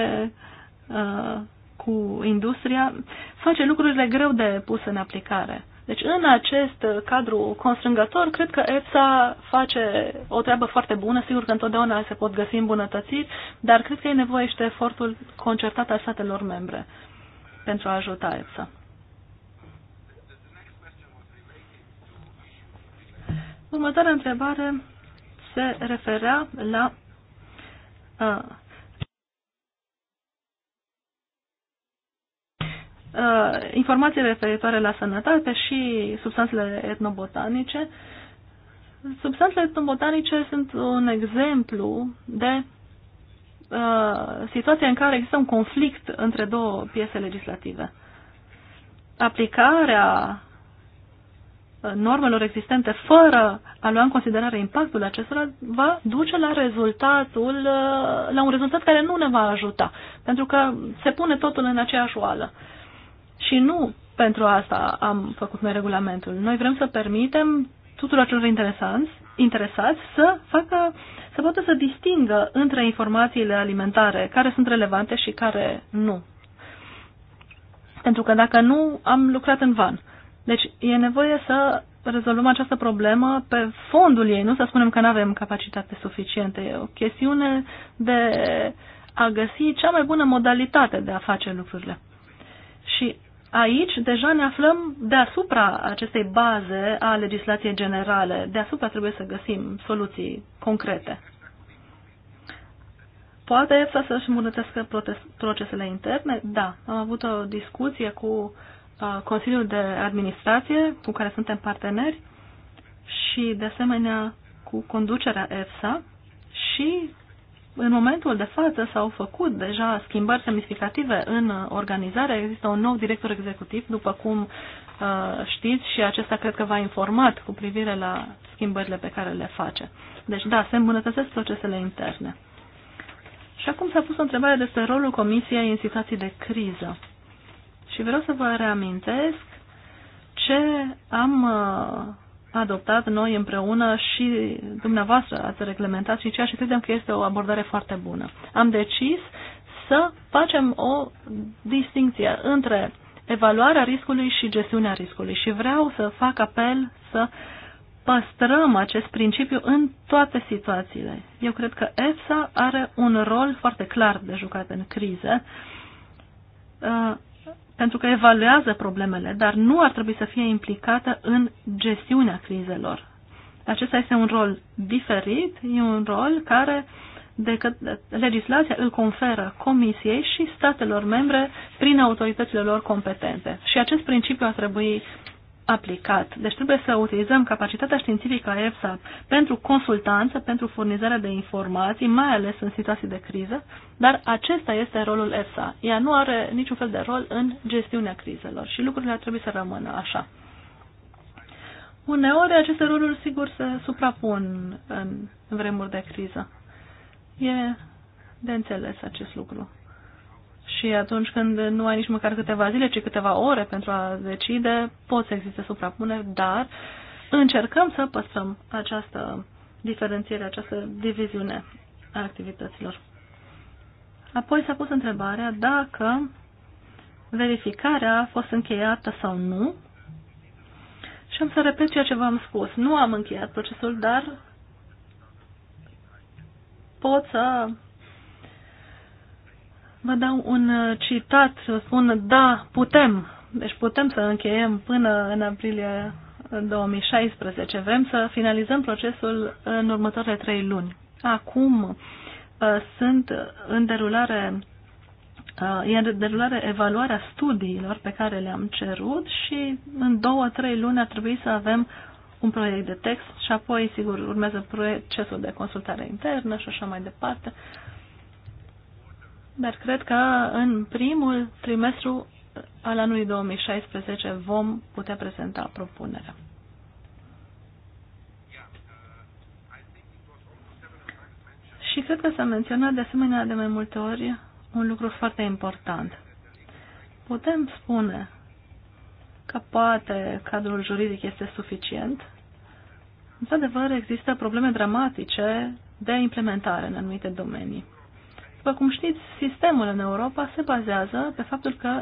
cu industria face lucrurile greu de pus în aplicare. Deci în acest uh, cadru constrângător, cred că EFSA face o treabă foarte bună. Sigur că întotdeauna se pot găsi îmbunătățiri, dar cred că e nevoie și de efortul concertat al statelor membre pentru a ajuta EFSA. Următoarea întrebare se referea la uh, uh, informații referitoare la sănătate și substanțele etnobotanice. Substanțele etnobotanice sunt un exemplu de uh, situația în care există un conflict între două piese legislative. Aplicarea uh, normelor existente fără a lua în considerare impactul acestora va duce la rezultatul, uh, la un rezultat care nu ne va ajuta, pentru că se pune totul în aceeași oală. Uh, și nu pentru asta am făcut noi regulamentul. Noi vrem să permitem tuturor celor interesanți, interesați să facă, să poată să distingă între informațiile alimentare, care sunt relevante și care nu. Pentru că dacă nu, am lucrat în van. Deci e nevoie să rezolvăm această problemă pe fondul ei, nu să spunem că nu avem capacitate suficientă. E o chestiune de a găsi cea mai bună modalitate de a face lucrurile. Și aici deja ne aflăm deasupra acestei baze a legislației generale. Deasupra trebuie să găsim soluții concrete. Poate EFSA să-și îmbunătească procesele interne? Da. Am avut o discuție cu uh, Consiliul de Administrație, cu care suntem parteneri, și, de asemenea, cu conducerea EFSA și în momentul de față s-au făcut deja schimbări semnificative în uh, organizare. Există un nou director executiv, după cum uh, știți, și acesta cred că v-a informat cu privire la schimbările pe care le face. Deci, da, se îmbunătățesc procesele interne. Și acum s-a pus o întrebare despre rolul Comisiei în situații de criză. Și vreau să vă reamintesc ce am uh, adoptat noi împreună și dumneavoastră ați reglementat și ceea ce credem că este o abordare foarte bună. Am decis să facem o distinție între evaluarea riscului și gestiunea riscului și vreau să fac apel să păstrăm acest principiu în toate situațiile. Eu cred că EFSA are un rol foarte clar de jucat în crize uh, pentru că evaluează problemele, dar nu ar trebui să fie implicată în gestiunea crizelor. Acesta este un rol diferit, e un rol care de că legislația îl conferă Comisiei și statelor membre prin autoritățile lor competente. Și acest principiu ar trebui aplicat. Deci trebuie să utilizăm capacitatea științifică a EFSA pentru consultanță, pentru furnizarea de informații, mai ales în situații de criză, dar acesta este rolul EFSA. Ea nu are niciun fel de rol în gestiunea crizelor și lucrurile ar trebui să rămână așa. Uneori aceste roluri, sigur, se suprapun în vremuri de criză. E de înțeles acest lucru. Și atunci când nu ai nici măcar câteva zile, ci câteva ore pentru a decide, pot să existe suprapuneri, dar încercăm să păstrăm această diferențiere, această diviziune a activităților. Apoi s-a pus întrebarea dacă verificarea a fost încheiată sau nu. Și am să repet ceea ce v-am spus. Nu am încheiat procesul, dar pot să Vă dau un uh, citat, o spun, da, putem. Deci putem să încheiem până în aprilie 2016. Uh, Vrem să finalizăm procesul în următoarele trei luni. Acum uh, sunt în derulare e în derulare evaluarea studiilor pe care le-am cerut și în două, trei luni ar trebui să avem un proiect de text și apoi, sigur, urmează procesul de consultare internă și așa mai departe dar cred că în primul trimestru al anului 2016 vom putea prezenta propunerea. Și cred că s-a menționat de asemenea de mai multe ori un lucru foarte important. Putem spune că poate cadrul juridic este suficient. Într-adevăr, există probleme dramatice de implementare în anumite domenii. După cum știți, sistemul în Europa se bazează pe faptul că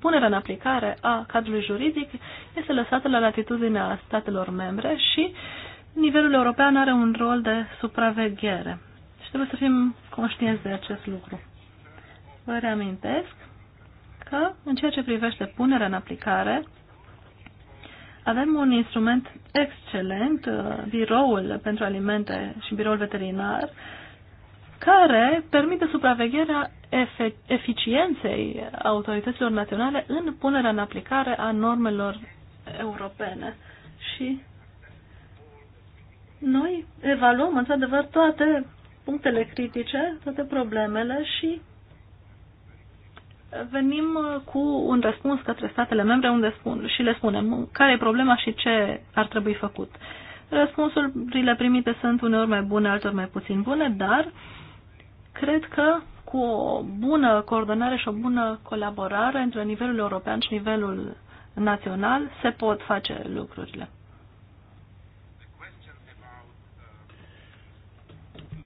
punerea în aplicare a cadrului juridic este lăsată la latitudinea statelor membre și nivelul european are un rol de supraveghere. Și trebuie să fim conștienți de acest lucru. Vă reamintesc că, în ceea ce privește punerea în aplicare, avem un instrument excelent, uh, biroul pentru alimente și biroul veterinar, care permite supravegherea eficienței autorităților naționale în punerea în aplicare a normelor europene. Și noi evaluăm, într-adevăr, toate punctele critice, toate problemele și venim cu un răspuns către statele membre unde spun, și le spunem care e problema și ce ar trebui făcut. Răspunsurile primite sunt uneori mai bune, altor mai puțin bune, dar uh, Cred că cu o bună coordonare și o bună colaborare între nivelul european și nivelul național se pot face lucrurile.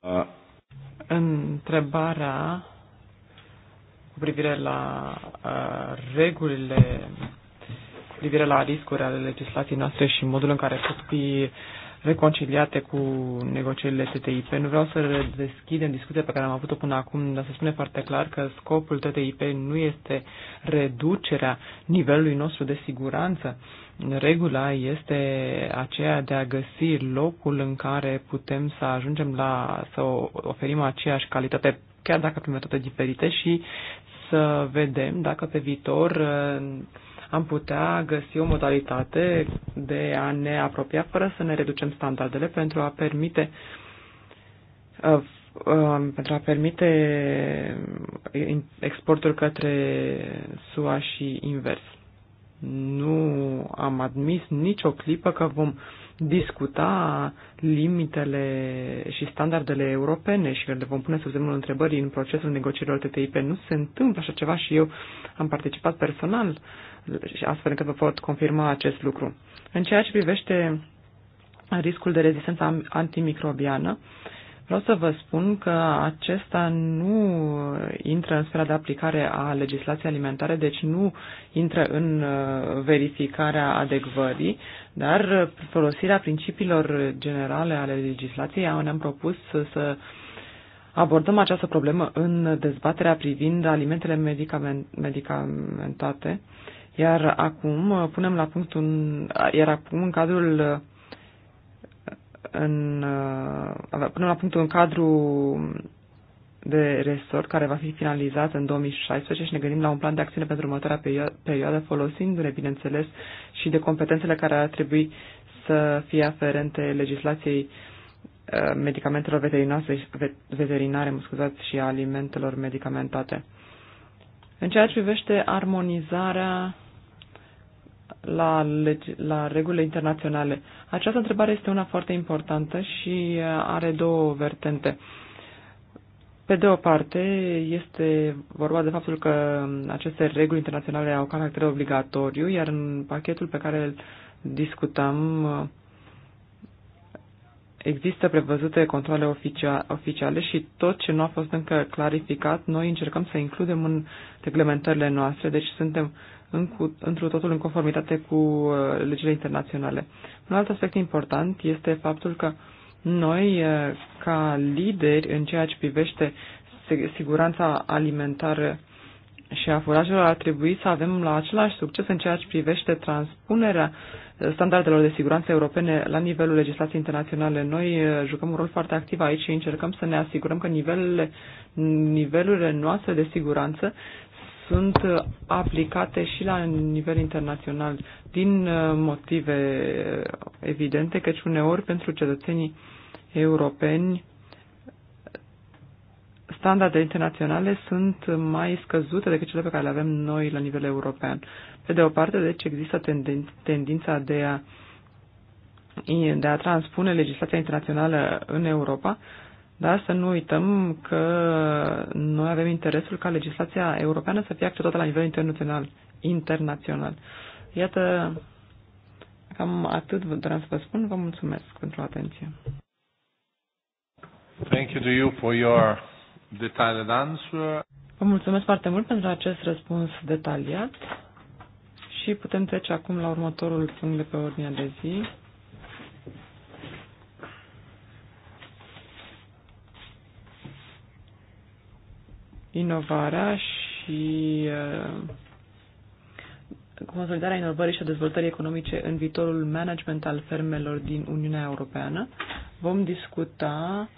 Uh. Întrebarea cu privire la uh, regulile, cu privire la riscuri ale legislației noastre și modul în care pot fi reconciliate cu negocierile TTIP. Nu vreau să redeschidem discuția pe care am avut-o până acum, dar se spune foarte clar că scopul TTIP nu este reducerea nivelului nostru de siguranță. Regula este aceea de a găsi locul în care putem să ajungem la să oferim aceeași calitate, chiar dacă prin metode diferite și să vedem dacă pe viitor am putea găsi o modalitate de a ne apropia fără să ne reducem standardele pentru a permite uh, uh, pentru a permite uh, exportul către SUA și invers. Nu am admis nicio clipă că vom discuta limitele și standardele europene și că le vom pune sub semnul întrebării în procesul negocierilor TTIP. Nu se întâmplă așa ceva și eu am participat personal astfel încât vă pot confirma acest lucru. În ceea ce privește riscul de rezistență antimicrobiană, vreau să vă spun că acesta nu intră în sfera de aplicare a legislației alimentare, deci nu intră în uh, verificarea adecvării, dar folosirea principiilor generale ale legislației ne-am propus să abordăm această problemă în dezbaterea privind alimentele medicamentate iar acum uh, punem la punct un... Uh, iar acum în cadrul uh, în, punem la punct un cadru de resort care va fi finalizat în 2016 și ne gândim la un plan de acțiune pentru următoarea perioadă, folosindu-ne, bineînțeles, și de competențele care ar trebui să fie aferente legislației medicamentelor veterinare, veterinare scuzați, și alimentelor medicamentate. În ceea ce privește armonizarea la, legi, la regulile internaționale? Această întrebare este una foarte importantă și uh, are două vertente. Pe de o parte, este vorba de faptul că um, aceste reguli internaționale au caracter obligatoriu, iar în pachetul pe care îl discutăm uh, există prevăzute controle oficiale și tot ce nu a fost încă clarificat, noi încercăm să includem în reglementările noastre, deci suntem într într-o totul în conformitate cu uh, legile internaționale. Un alt aspect important este faptul că noi, uh, ca lideri în ceea ce privește siguranța alimentară și a furajelor, ar trebui să avem la același succes în ceea ce privește transpunerea uh, standardelor de siguranță europene la nivelul legislației internaționale. Noi jucăm un rol foarte activ aici și încercăm să ne asigurăm că nivelurile, nivelurile noastre de siguranță sunt uh, aplicate și la nivel internațional din uh, motive uh, evidente, căci uneori pentru cetățenii europeni standardele internaționale sunt mai scăzute decât cele pe care le avem noi la nivel european. Pe de o parte, deci, există tendința de a, de a transpune legislația internațională în Europa, da, să nu uităm că noi avem interesul ca legislația europeană să fie acceptată la nivel internațional. internațional. Iată, cam atât vreau să vă spun. Vă mulțumesc pentru atenție. Thank you to you for your detailed answer. Vă mulțumesc foarte mult pentru acest răspuns detaliat și putem trece acum la următorul punct de pe ordinea de zi. inovarea și uh, consolidarea inovării și a dezvoltării economice în viitorul management al fermelor din Uniunea Europeană. Vom discuta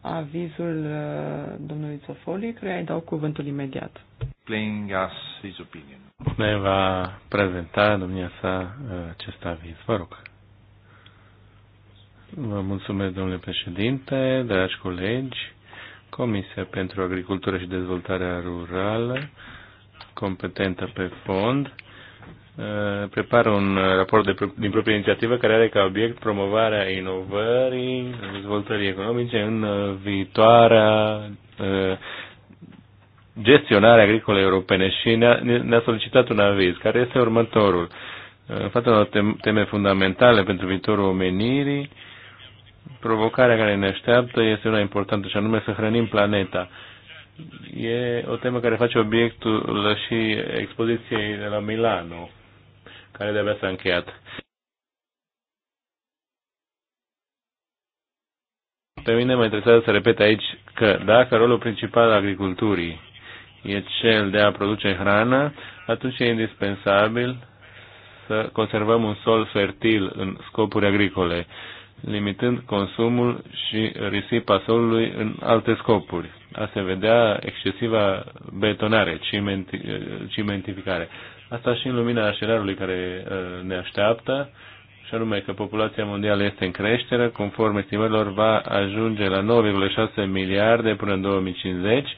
avizul uh, domnului Zofoli, care îi dau cuvântul imediat. Playing us his opinion. Ne va prezenta domnia sa uh, acest aviz. Vă rog. Vă mulțumesc, domnule președinte, dragi colegi. Comisia pentru Agricultură și Dezvoltarea Rurală, competentă pe fond, uh, prepară un raport de, din propria inițiativă care are ca obiect promovarea inovării, dezvoltării economice în uh, viitoarea uh, gestionare agricole europene și ne-a, ne solicitat un aviz, care este următorul. În fața unor teme fundamentale pentru viitorul omenirii, provocarea care ne așteaptă este una importantă și anume să hrănim planeta. E o temă care face obiectul și expoziției de la Milano, care de-abia s-a încheiat. Pe mine mă interesează să repet aici că dacă rolul principal al agriculturii e cel de a produce hrană, atunci e indispensabil să conservăm un sol fertil în scopuri agricole limitând consumul și risipa solului în alte scopuri. A se vedea excesiva betonare, cimenti, eh, cimentificare. Asta și în lumina așerarului care eh, ne așteaptă, și anume că populația mondială este în creștere, conform estimărilor va ajunge la 9,6 miliarde până în 2050,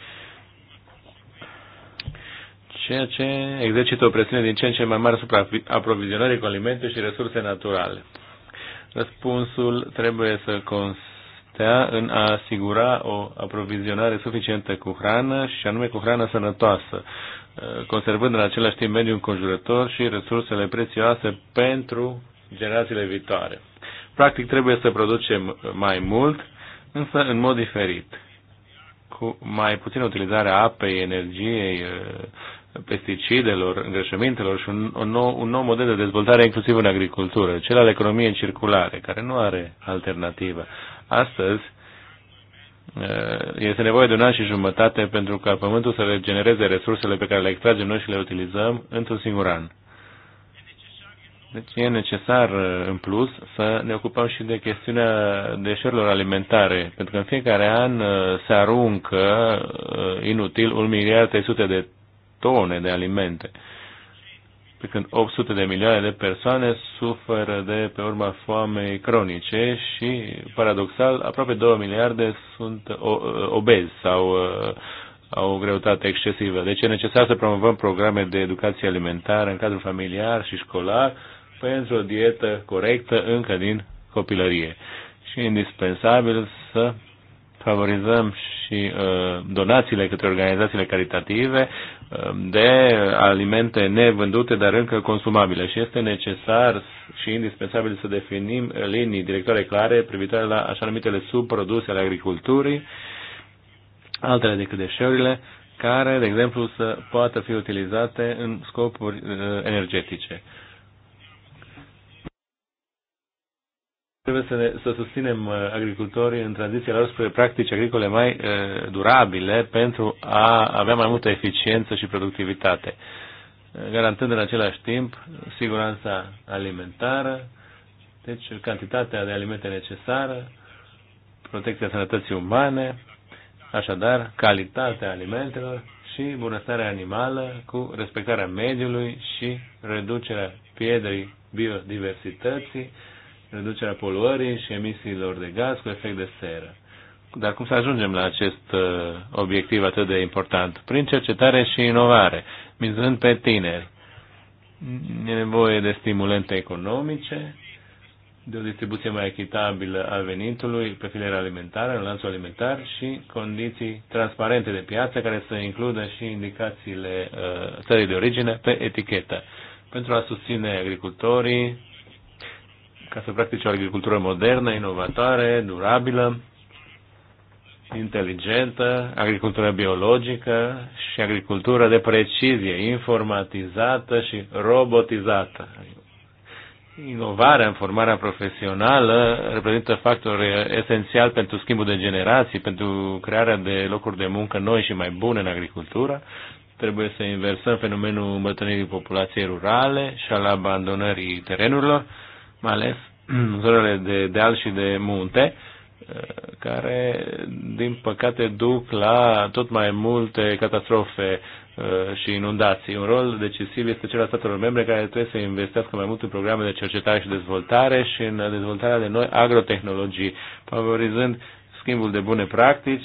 ceea ce exercită o presiune din ce în ce mai mare asupra aprovizionării cu alimente și resurse naturale. Răspunsul trebuie să constea în a asigura o aprovizionare suficientă cu hrană și anume cu hrană sănătoasă, uh, conservând în același timp mediul înconjurător și resursele prețioase pentru generațiile viitoare. Practic trebuie să producem mai mult, însă în mod diferit, cu mai puțină utilizare a apei, energiei, uh, pesticidelor, îngrășămintelor și un, un, nou, un nou model de dezvoltare inclusiv în agricultură, cel al economiei circulare, care nu are alternativă. Astăzi eh, este nevoie de un an și jumătate pentru ca pământul să regenereze resursele pe care le extragem noi și le utilizăm într-un singur an. Deci e necesar, eh, în plus, să ne ocupăm și de chestiunea deșeurilor alimentare, pentru că în fiecare an eh, se aruncă inutil un miliard de tone de alimente, pe când 800 de milioane de persoane suferă de pe urma foamei cronice și, paradoxal, aproape 2 miliarde sunt uh, obezi sau uh, au o greutate excesivă. Deci e necesar să promovăm programe de educație alimentară în cadrul familiar și școlar pentru o dietă corectă încă din copilărie. Și e indispensabil să favorizăm și uh, donațiile către organizațiile caritative uh, de alimente nevândute, dar încă consumabile. Și este necesar și indispensabil să definim linii directoare clare privitoare la așa numitele subproduse ale agriculturii, altele decât deșeurile, care, de exemplu, să poată fi utilizate în scopuri uh, energetice. Uh, Trebuie să, ne, să susținem uh, agricultorii în tranziția lor spre practici agricole mai uh, durabile pentru a avea mai multă eficiență și productivitate, uh, garantând în același timp siguranța alimentară, deci cantitatea de alimente necesară, protecția sănătății umane, așadar calitatea alimentelor și bunăstarea animală cu respectarea mediului și reducerea pierderii biodiversității reducerea poluării și emisiilor de gaz cu efect de seră. Dar cum să ajungem la acest uh, obiectiv atât de important? Prin cercetare și inovare, mizând pe tineri. E nevoie de stimulente economice, de o distribuție mai echitabilă a venitului pe filiera alimentară, în lanțul alimentar și condiții transparente de piață care să includă și indicațiile uh, țării de origine pe etichetă pentru a susține agricultorii, ca să practice o agricultură modernă, inovatoare, durabilă, inteligentă, agricultură biologică și agricultură de precizie, informatizată și robotizată. Inovarea în formarea profesională reprezintă factor esențial pentru schimbul de generații, pentru crearea de locuri de muncă noi și mai bune în agricultură. Trebuie să inversăm fenomenul îmbătrânirii populației rurale și al abandonării terenurilor mai ales în zonele de deal și de munte, uh, care, din păcate, duc la tot mai multe catastrofe uh, și inundații. Un rol decisiv este cel al statelor membre care trebuie să investească mai mult în programe de cercetare și dezvoltare și în dezvoltarea de noi agrotehnologii, favorizând schimbul de bune practici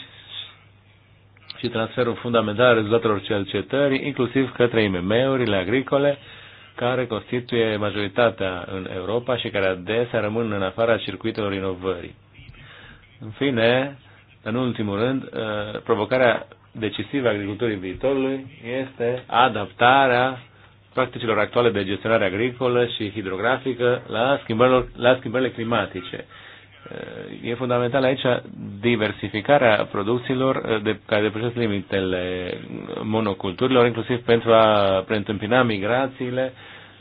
și transferul fundamental al rezultatelor cercetării, inclusiv către IMM-urile agricole, care constituie majoritatea în Europa și care adesea rămân în afara circuitelor inovării. În fine, în ultimul rând, uh, provocarea decisivă a agriculturii viitorului este adaptarea practicilor actuale de gestionare agricolă și hidrografică la, la schimbările climatice. E fundamental aici diversificarea producțiilor de, care depășesc limitele monoculturilor, inclusiv pentru a preîntâmpina migrațiile,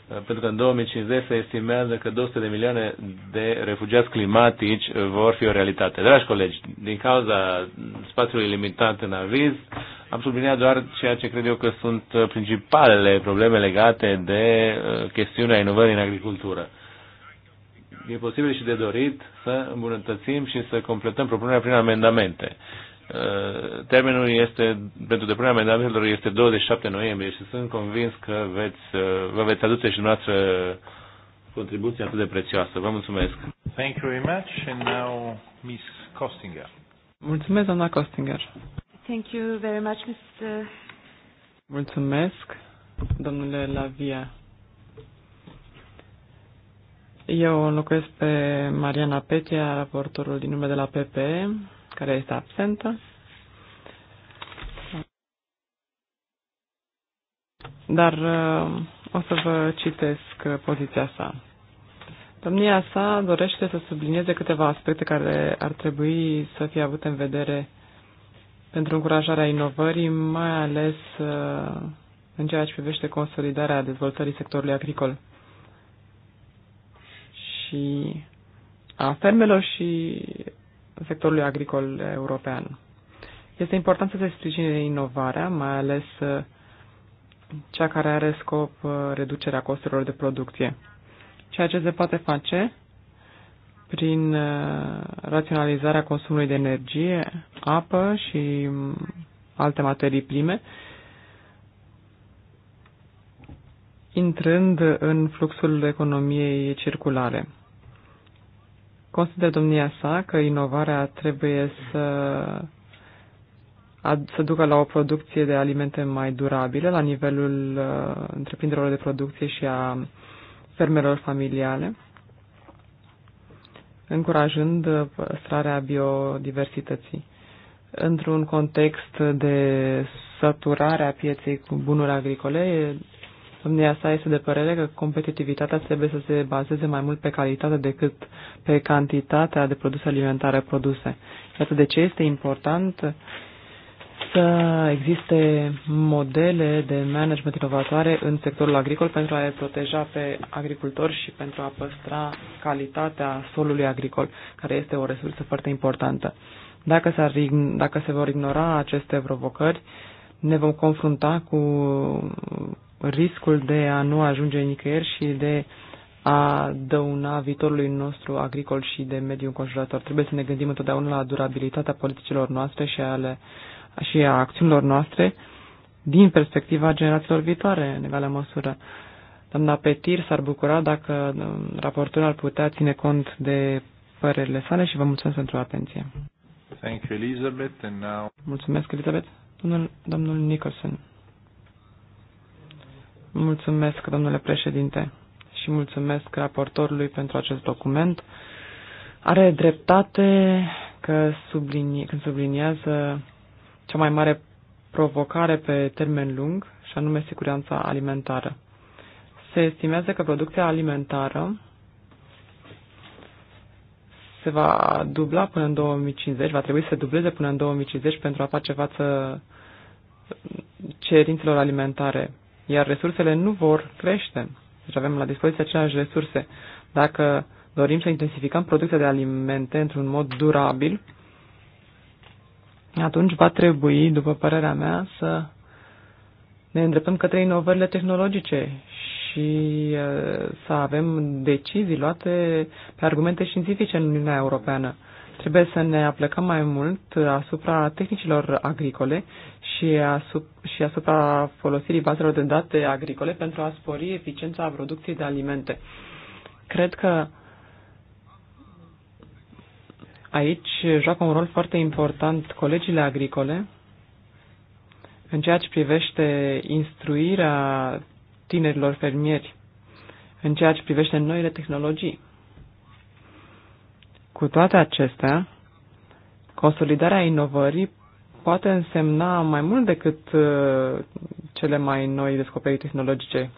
pentru că în 2050 se estimează că 200 de milioane de refugiați climatici vor fi o realitate. Dragi colegi, din cauza spațiului limitat în aviz, am subliniat doar ceea ce cred eu că sunt principalele probleme legate de uh, chestiunea inovării în agricultură e posibil și de dorit să îmbunătățim și să completăm propunerea prin amendamente. Uh, termenul este, pentru depunerea amendamentelor este 27 noiembrie și sunt convins că veți, uh, vă veți aduce și dumneavoastră contribuție atât de prețioasă. Vă mulțumesc. Thank you very much. And now, Ms. Costinger. Mulțumesc, doamna Costinger. Thank you very much, Mr. Mulțumesc, domnule Lavia. Eu înlocuiesc pe Mariana Petia, raportorul din nume de la PP, care este absentă. Dar uh, o să vă citesc poziția sa. Domnia sa dorește să sublinieze câteva aspecte care ar trebui să fie avute în vedere pentru încurajarea inovării, mai ales uh, în ceea ce privește consolidarea dezvoltării sectorului agricol și a fermelor și sectorului agricol european. Este important să se sprijine inovarea, mai ales uh, cea care are scop uh, reducerea costurilor de producție. Ceea ce se poate face prin uh, raționalizarea consumului de energie, apă și mm, alte materii prime, intrând în fluxul economiei circulare. Consider domnia sa că inovarea trebuie să, să ducă la o producție de alimente mai durabile la nivelul uh, întreprinderilor de producție și a fermelor familiale, încurajând uh, păstrarea biodiversității. Într-un context de saturare a pieței cu bunuri agricole, Domnia sa este de părere că competitivitatea trebuie să se bazeze mai mult pe calitate decât pe cantitatea de produse alimentare produse. Iată de ce este important să existe modele de management inovatoare în sectorul agricol pentru a proteja pe agricultori și pentru a păstra calitatea solului agricol, care este o resursă foarte importantă. Dacă, s-ar, dacă se vor ignora aceste provocări, ne vom confrunta cu riscul de a nu ajunge nicăieri și de a dăuna viitorului nostru agricol și de mediu înconjurător. Trebuie să ne gândim întotdeauna la durabilitatea politicilor noastre și, ale, și a acțiunilor noastre din perspectiva generațiilor viitoare, în egală măsură. Doamna Petir s-ar bucura dacă um, raportul ar putea ține cont de părerile sale și vă mulțumesc pentru atenție. Thank you, Elizabeth. And now... Mulțumesc, Elizabeth. Domnul, domnul Nicholson. Mulțumesc, domnule președinte, și mulțumesc raportorului pentru acest document. Are dreptate că sublinie, când subliniază cea mai mare provocare pe termen lung, și anume siguranța alimentară. Se estimează că producția alimentară se va dubla până în 2050, va trebui să se dubleze până în 2050 pentru a face față cerințelor alimentare iar resursele nu vor crește. Deci avem la dispoziție aceleași resurse. Dacă dorim să intensificăm producția de alimente într-un mod durabil, atunci va trebui, după părerea mea, să ne îndreptăm către inovările tehnologice și să avem decizii luate pe argumente științifice în Uniunea Europeană. Trebuie să ne aplecăm mai mult asupra tehnicilor agricole și, asup- și asupra folosirii bazelor de date agricole pentru a spori eficiența producției de alimente. Cred că aici joacă un rol foarte important colegiile agricole în ceea ce privește instruirea tinerilor fermieri, în ceea ce privește noile tehnologii. Cu toate acestea, consolidarea inovării poate însemna mai mult decât uh, cele mai noi descoperiri tehnologice.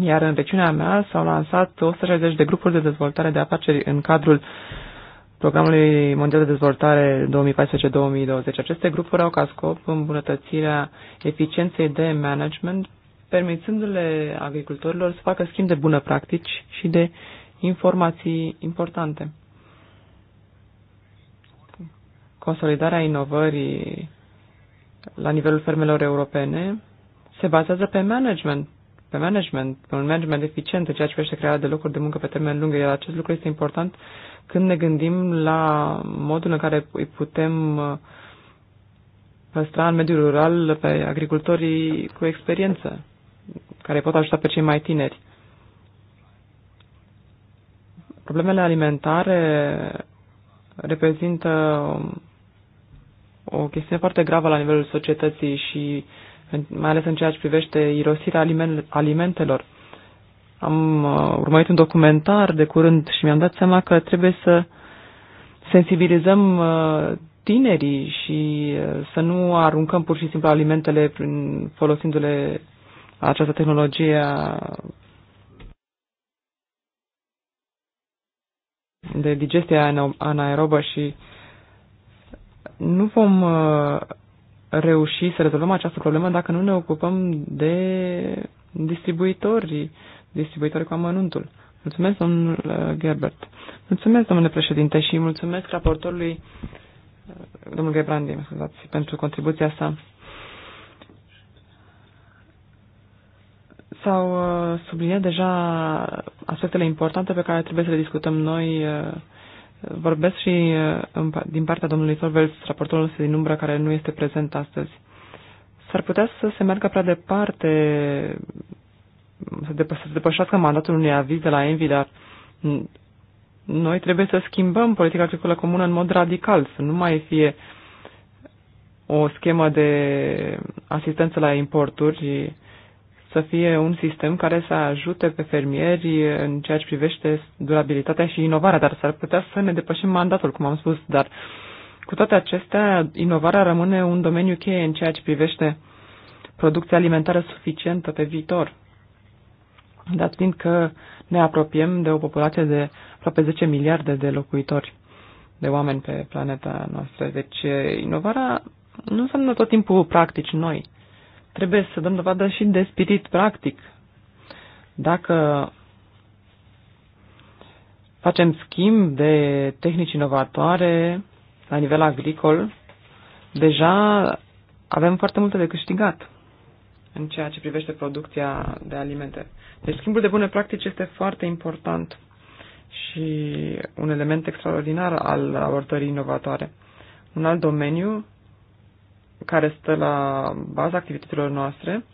Iar în regiunea mea s-au lansat 160 de grupuri de dezvoltare de afaceri în cadrul Programului Mondial de Dezvoltare 2014-2020. Aceste grupuri au ca scop îmbunătățirea eficienței de management, permițându-le agricultorilor să facă schimb de bună practici și de informații importante consolidarea inovării la nivelul fermelor europene se bazează pe management, pe management, pe un management eficient în ceea ce privește crearea de locuri de muncă pe termen lung, iar acest lucru este important când ne gândim la modul în care îi putem uh, păstra în mediul rural pe agricultorii cu experiență, care pot ajuta pe cei mai tineri. Problemele alimentare reprezintă o chestiune foarte gravă la nivelul societății și mai ales în ceea ce privește irosirea alimentelor. Am uh, urmărit un documentar de curând și mi-am dat seama că trebuie să sensibilizăm uh, tinerii și uh, să nu aruncăm pur și simplu alimentele prin folosindu-le această tehnologie de digestie anaerobă și nu vom uh, reuși să rezolvăm această problemă dacă nu ne ocupăm de distribuitorii, distribuitorii cu amănuntul. Mulțumesc, domnul uh, Gerbert. Mulțumesc, domnule președinte, și mulțumesc raportorului, uh, domnul Gebrandi, mă scuzați, pentru contribuția sa. S-au subliniat deja aspectele importante pe care trebuie să le discutăm noi Vorbesc și uh, din partea domnului Sorvel, raportorul, nostru din umbră, care nu este prezent astăzi. S-ar putea să se meargă prea departe, să, depă- să depășească mandatul unui aviz de la Envi, dar noi trebuie să schimbăm politica agricolă comună în mod radical, să nu mai fie o schemă de asistență la importuri să fie un sistem care să ajute pe fermieri în ceea ce privește durabilitatea și inovarea, dar s-ar putea să ne depășim mandatul, cum am spus, dar cu toate acestea, inovarea rămâne un domeniu cheie în ceea ce privește producția alimentară suficientă pe viitor. Dat fiind că ne apropiem de o populație de aproape 10 miliarde de locuitori, de oameni pe planeta noastră. Deci, inovarea nu înseamnă tot timpul practici noi, Trebuie să dăm dovadă și de spirit practic. Dacă facem schimb de tehnici inovatoare la nivel agricol, deja avem foarte multe de câștigat în ceea ce privește producția de alimente. Deci schimbul de bune practici este foarte important și un element extraordinar al abordării inovatoare. Un alt domeniu care stă la baza activităților noastre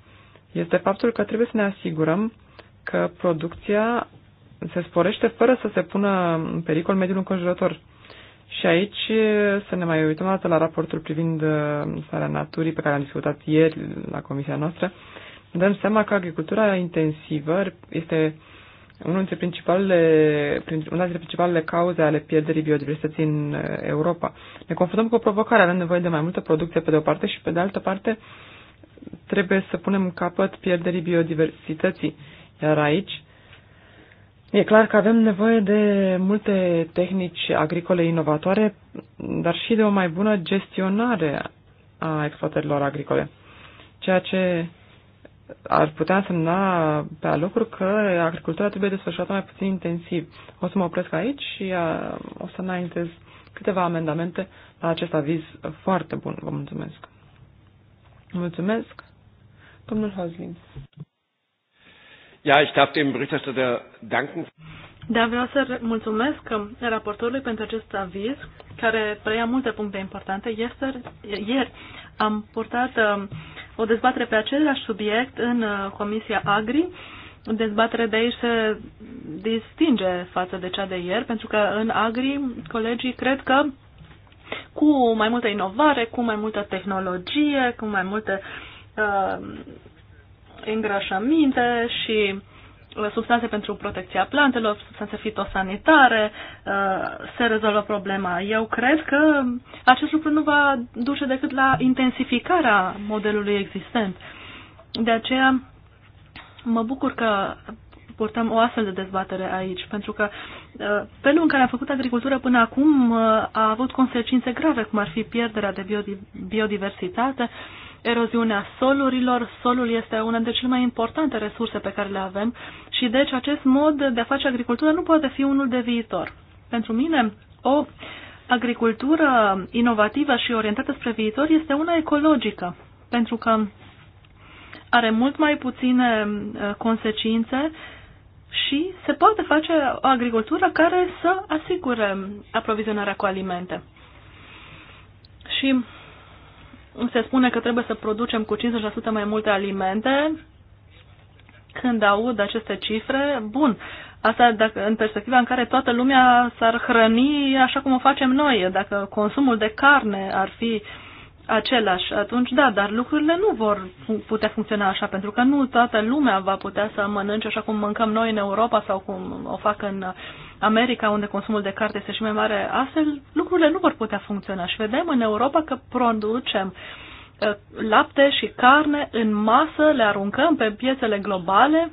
este faptul că trebuie să ne asigurăm că producția se sporește fără să se pună în pericol mediul înconjurător. Și aici să ne mai uităm la raportul privind uh, starea naturii pe care am discutat ieri la comisia noastră. dăm seama că agricultura intensivă este unul dintre principalele, una dintre principalele cauze ale pierderii biodiversității în uh, Europa. Ne confruntăm cu o provocare, avem nevoie de mai multă producție pe de o parte și pe de altă parte trebuie să punem capăt pierderii biodiversității. Iar aici e clar că avem nevoie de multe tehnici agricole inovatoare, dar și de o mai bună gestionare a exploatărilor agricole. Ceea ce ar putea însemna pe alocuri că agricultura trebuie desfășurată mai puțin intensiv. O să mă opresc aici și o să înaintez câteva amendamente la acest aviz foarte bun. Vă mulțumesc. Mulțumesc. Domnul Hoslin. Ja, ich darf dem Berichterstatter danken. Da, vreau să mulțumesc raportorului pentru acest aviz, care preia multe puncte importante. ieri am purtat um, o dezbatere pe același subiect în uh, Comisia Agri. Dezbatere de aici se distinge față de cea de ieri, pentru că în Agri colegii cred că cu mai multă inovare, cu mai multă tehnologie, cu mai multe uh, îngrășăminte și Uh, substanțe pentru protecția plantelor, substanțe fitosanitare, uh, se rezolvă problema. Eu cred că acest lucru nu va duce decât la intensificarea modelului existent. De aceea mă bucur că purtăm o astfel de dezbatere aici, pentru că uh, felul în care a făcut agricultură până acum a avut consecințe grave, cum ar fi pierderea de biodiversitate, eroziunea solurilor. Solul este una dintre cele mai importante resurse pe care le avem și deci acest mod de a face agricultură nu poate fi unul de viitor. Pentru mine, o agricultură inovativă și orientată spre viitor este una ecologică, pentru că are mult mai puține uh, consecințe și se poate face o agricultură care să asigure aprovizionarea cu alimente. Și se spune că trebuie să producem cu 50% mai multe alimente. Când aud aceste cifre, bun, asta dacă, în perspectiva în care toată lumea s-ar hrăni așa cum o facem noi. Dacă consumul de carne ar fi uh, același, atunci da, dar lucrurile nu vor putea funcționa așa, pentru că nu toată lumea va putea să mănânce așa cum mâncăm noi în Europa sau cum o fac în America, unde consumul de carte este și mai mare. Astfel, lucrurile nu vor putea funcționa și vedem în Europa că producem uh, lapte și carne în masă, le aruncăm pe piețele globale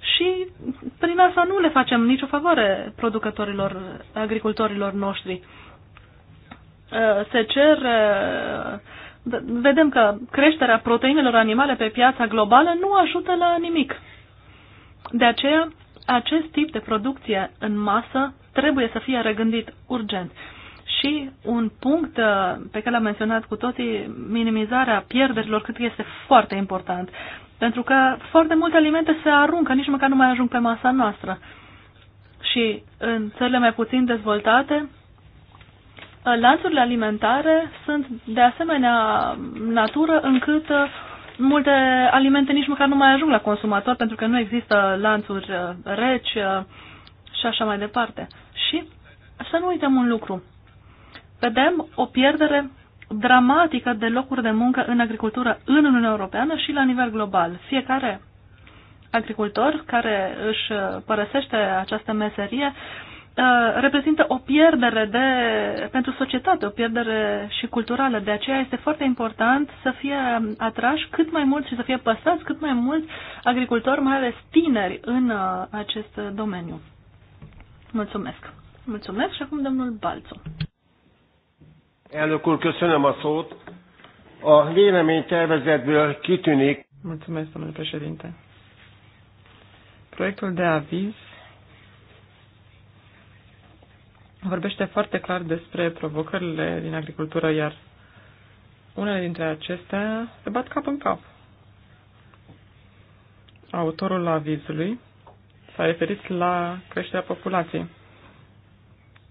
și prin asta nu le facem nicio favoare producătorilor, agricultorilor noștri Uh, se cer, uh, vedem că creșterea proteinelor animale pe piața globală nu ajută la nimic. De aceea, acest tip de producție în masă trebuie să fie regândit urgent. Și un punct uh, pe care l-am menționat cu toții, minimizarea pierderilor, cât este foarte important. Pentru că foarte multe alimente se aruncă, nici măcar nu mai ajung pe masa noastră. Și în țările mai puțin dezvoltate, lanțurile alimentare sunt de asemenea natură încât uh, multe alimente nici măcar nu mai ajung la consumator pentru că nu există lanțuri uh, reci uh, și așa mai departe. Și să nu uităm un lucru. Vedem o pierdere dramatică de locuri de muncă în agricultură în Uniunea Europeană și la nivel global. Fiecare agricultor care își părăsește această meserie uh, Uh, reprezintă o pierdere de, pentru societate, o pierdere și culturală. De aceea este foarte important să fie atrași cât mai mulți și să fie păsați cât mai mulți agricultori, mai ales tineri, în uh, acest domeniu. Mulțumesc. Mulțumesc și acum domnul Balțu. Elnök úr, köszönöm a szót. A véleménytervezetből kitűnik. Mulțumesc, domnule președinte. Proiectul de aviz vorbește foarte clar despre provocările din agricultură, iar unele dintre acestea se bat cap în cap. Autorul avizului s-a referit la creșterea populației,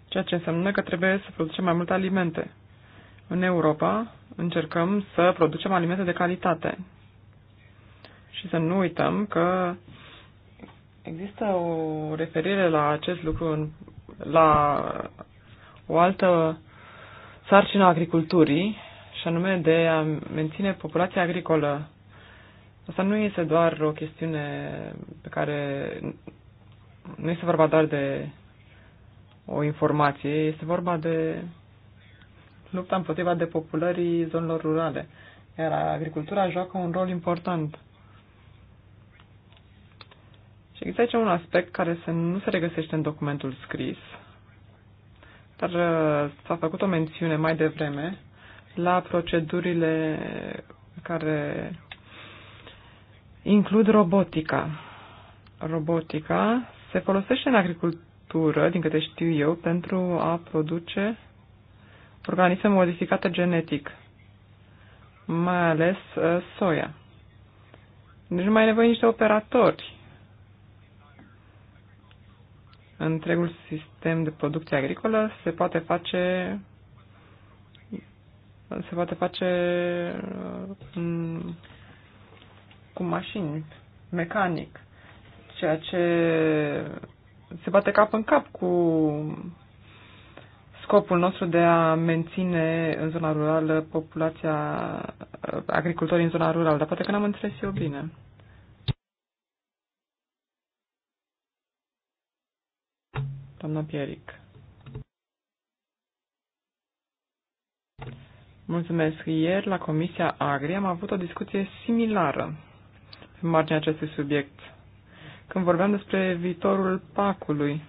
ceea ce înseamnă că trebuie să producem mai multe alimente. În Europa încercăm să producem alimente de calitate și să nu uităm că există o referire la acest lucru în la o altă sarcină agriculturii, și anume de a menține populația agricolă. Asta nu este doar o chestiune pe care nu este vorba doar de o informație, este vorba de lupta împotriva depopulării zonelor rurale. Iar agricultura joacă un rol important și există aici un aspect care se, nu se regăsește în documentul scris, dar uh, s-a făcut o mențiune mai devreme la procedurile care includ robotica. Robotica se folosește în agricultură, din câte știu eu, pentru a produce organisme modificate genetic, mai ales uh, soia. Deci nu mai e nevoie niște operatori întregul sistem de producție agricolă se poate face se poate face uh, cu mașini, mecanic, ceea ce se bate cap în cap cu scopul nostru de a menține în zona rurală populația uh, agricultorii în zona rurală, dar poate că n-am înțeles eu bine. doamna Pieric. Mulțumesc. Ieri la Comisia Agri am avut o discuție similară pe marginea acestui subiect, când vorbeam despre viitorul pacului.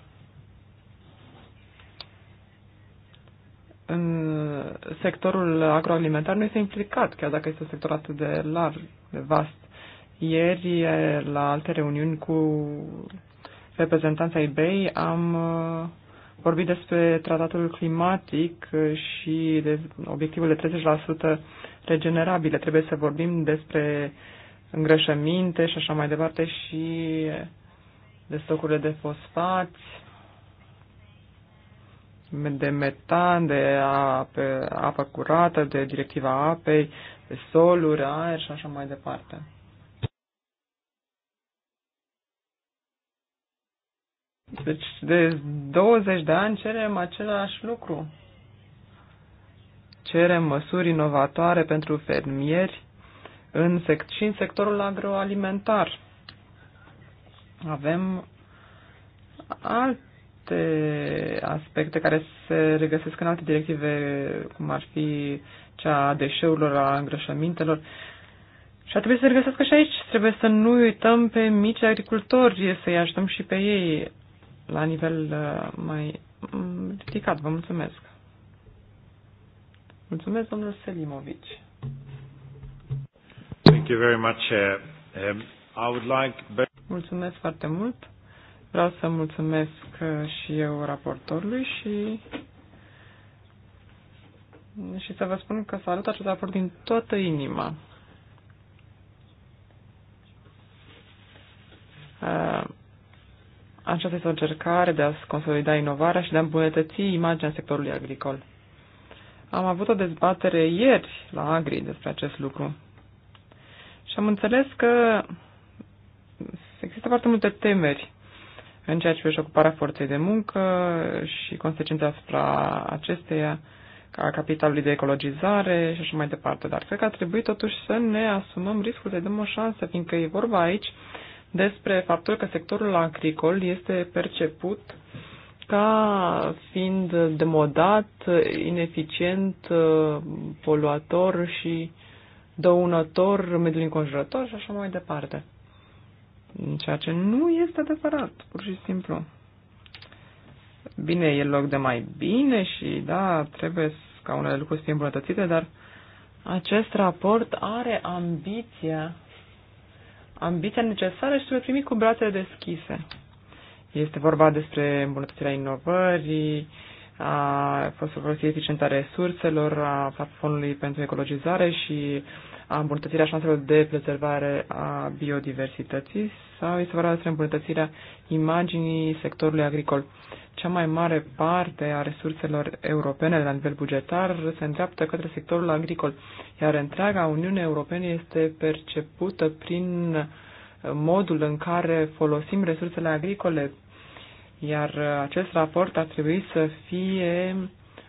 În sectorul agroalimentar nu este implicat, chiar dacă este un sector atât de larg, de vast. Ieri, la alte reuniuni cu reprezentanța eBay am uh, vorbit despre tratatul climatic uh, și de obiectivul de 30% regenerabile. Trebuie să vorbim despre îngrășăminte și așa mai departe și uh, de stocurile de fosfați, de metan, de apă, apă curată, de directiva apei, de soluri, aer și așa mai departe. Deci de 20 de ani cerem același lucru. Cerem măsuri inovatoare pentru fermieri în sec- și în sectorul agroalimentar. Avem alte aspecte care se regăsesc în alte directive, cum ar fi cea a deșeurilor, a îngrășămintelor. Și ar trebui să regăsească și aici. Trebuie să nu uităm pe mici agricultori, să-i ajutăm și pe ei la nivel uh, mai mm, ridicat. Vă mulțumesc. Mulțumesc, domnul Selimovici. Thank you very much. Uh, um, I would like... Mulțumesc foarte mult. Vreau să mulțumesc uh, și eu raportorului și și să vă spun că salut acest raport din toată inima. Aceasta este o încercare de a consolida inovarea și de a îmbunătăți imaginea sectorului agricol. Am avut o dezbatere ieri la Agri despre acest lucru. Și am înțeles că există foarte multe temeri în ceea ce privește ocuparea forței de muncă și consecința asupra acesteia, ca capitalului de ecologizare și așa mai departe. Dar cred că ar trebui totuși să ne asumăm să dăm o șansă, fiindcă e vorba aici despre faptul că sectorul agricol este perceput ca fiind demodat, ineficient, poluator și dăunător mediului înconjurător și așa mai departe. Ceea ce nu este adevărat, pur și simplu. Bine, e loc de mai bine și, da, trebuie ca unele lucruri să fie îmbunătățite, dar acest raport are ambiția ambiția necesară și trebuie primi cu brațele deschise. Este vorba despre îmbunătățirea inovării, a fost folosire eficientă a resurselor, a platformului pentru ecologizare și a îmbunătățirea șanselor de prezervare a biodiversității sau este vorba despre îmbunătățirea imaginii sectorului agricol. Cea mai mare parte a resurselor europene la nivel bugetar se îndreaptă către sectorul agricol, iar întreaga Uniune Europeană este percepută prin modul în care folosim resursele agricole iar uh, acest raport ar trebui să fie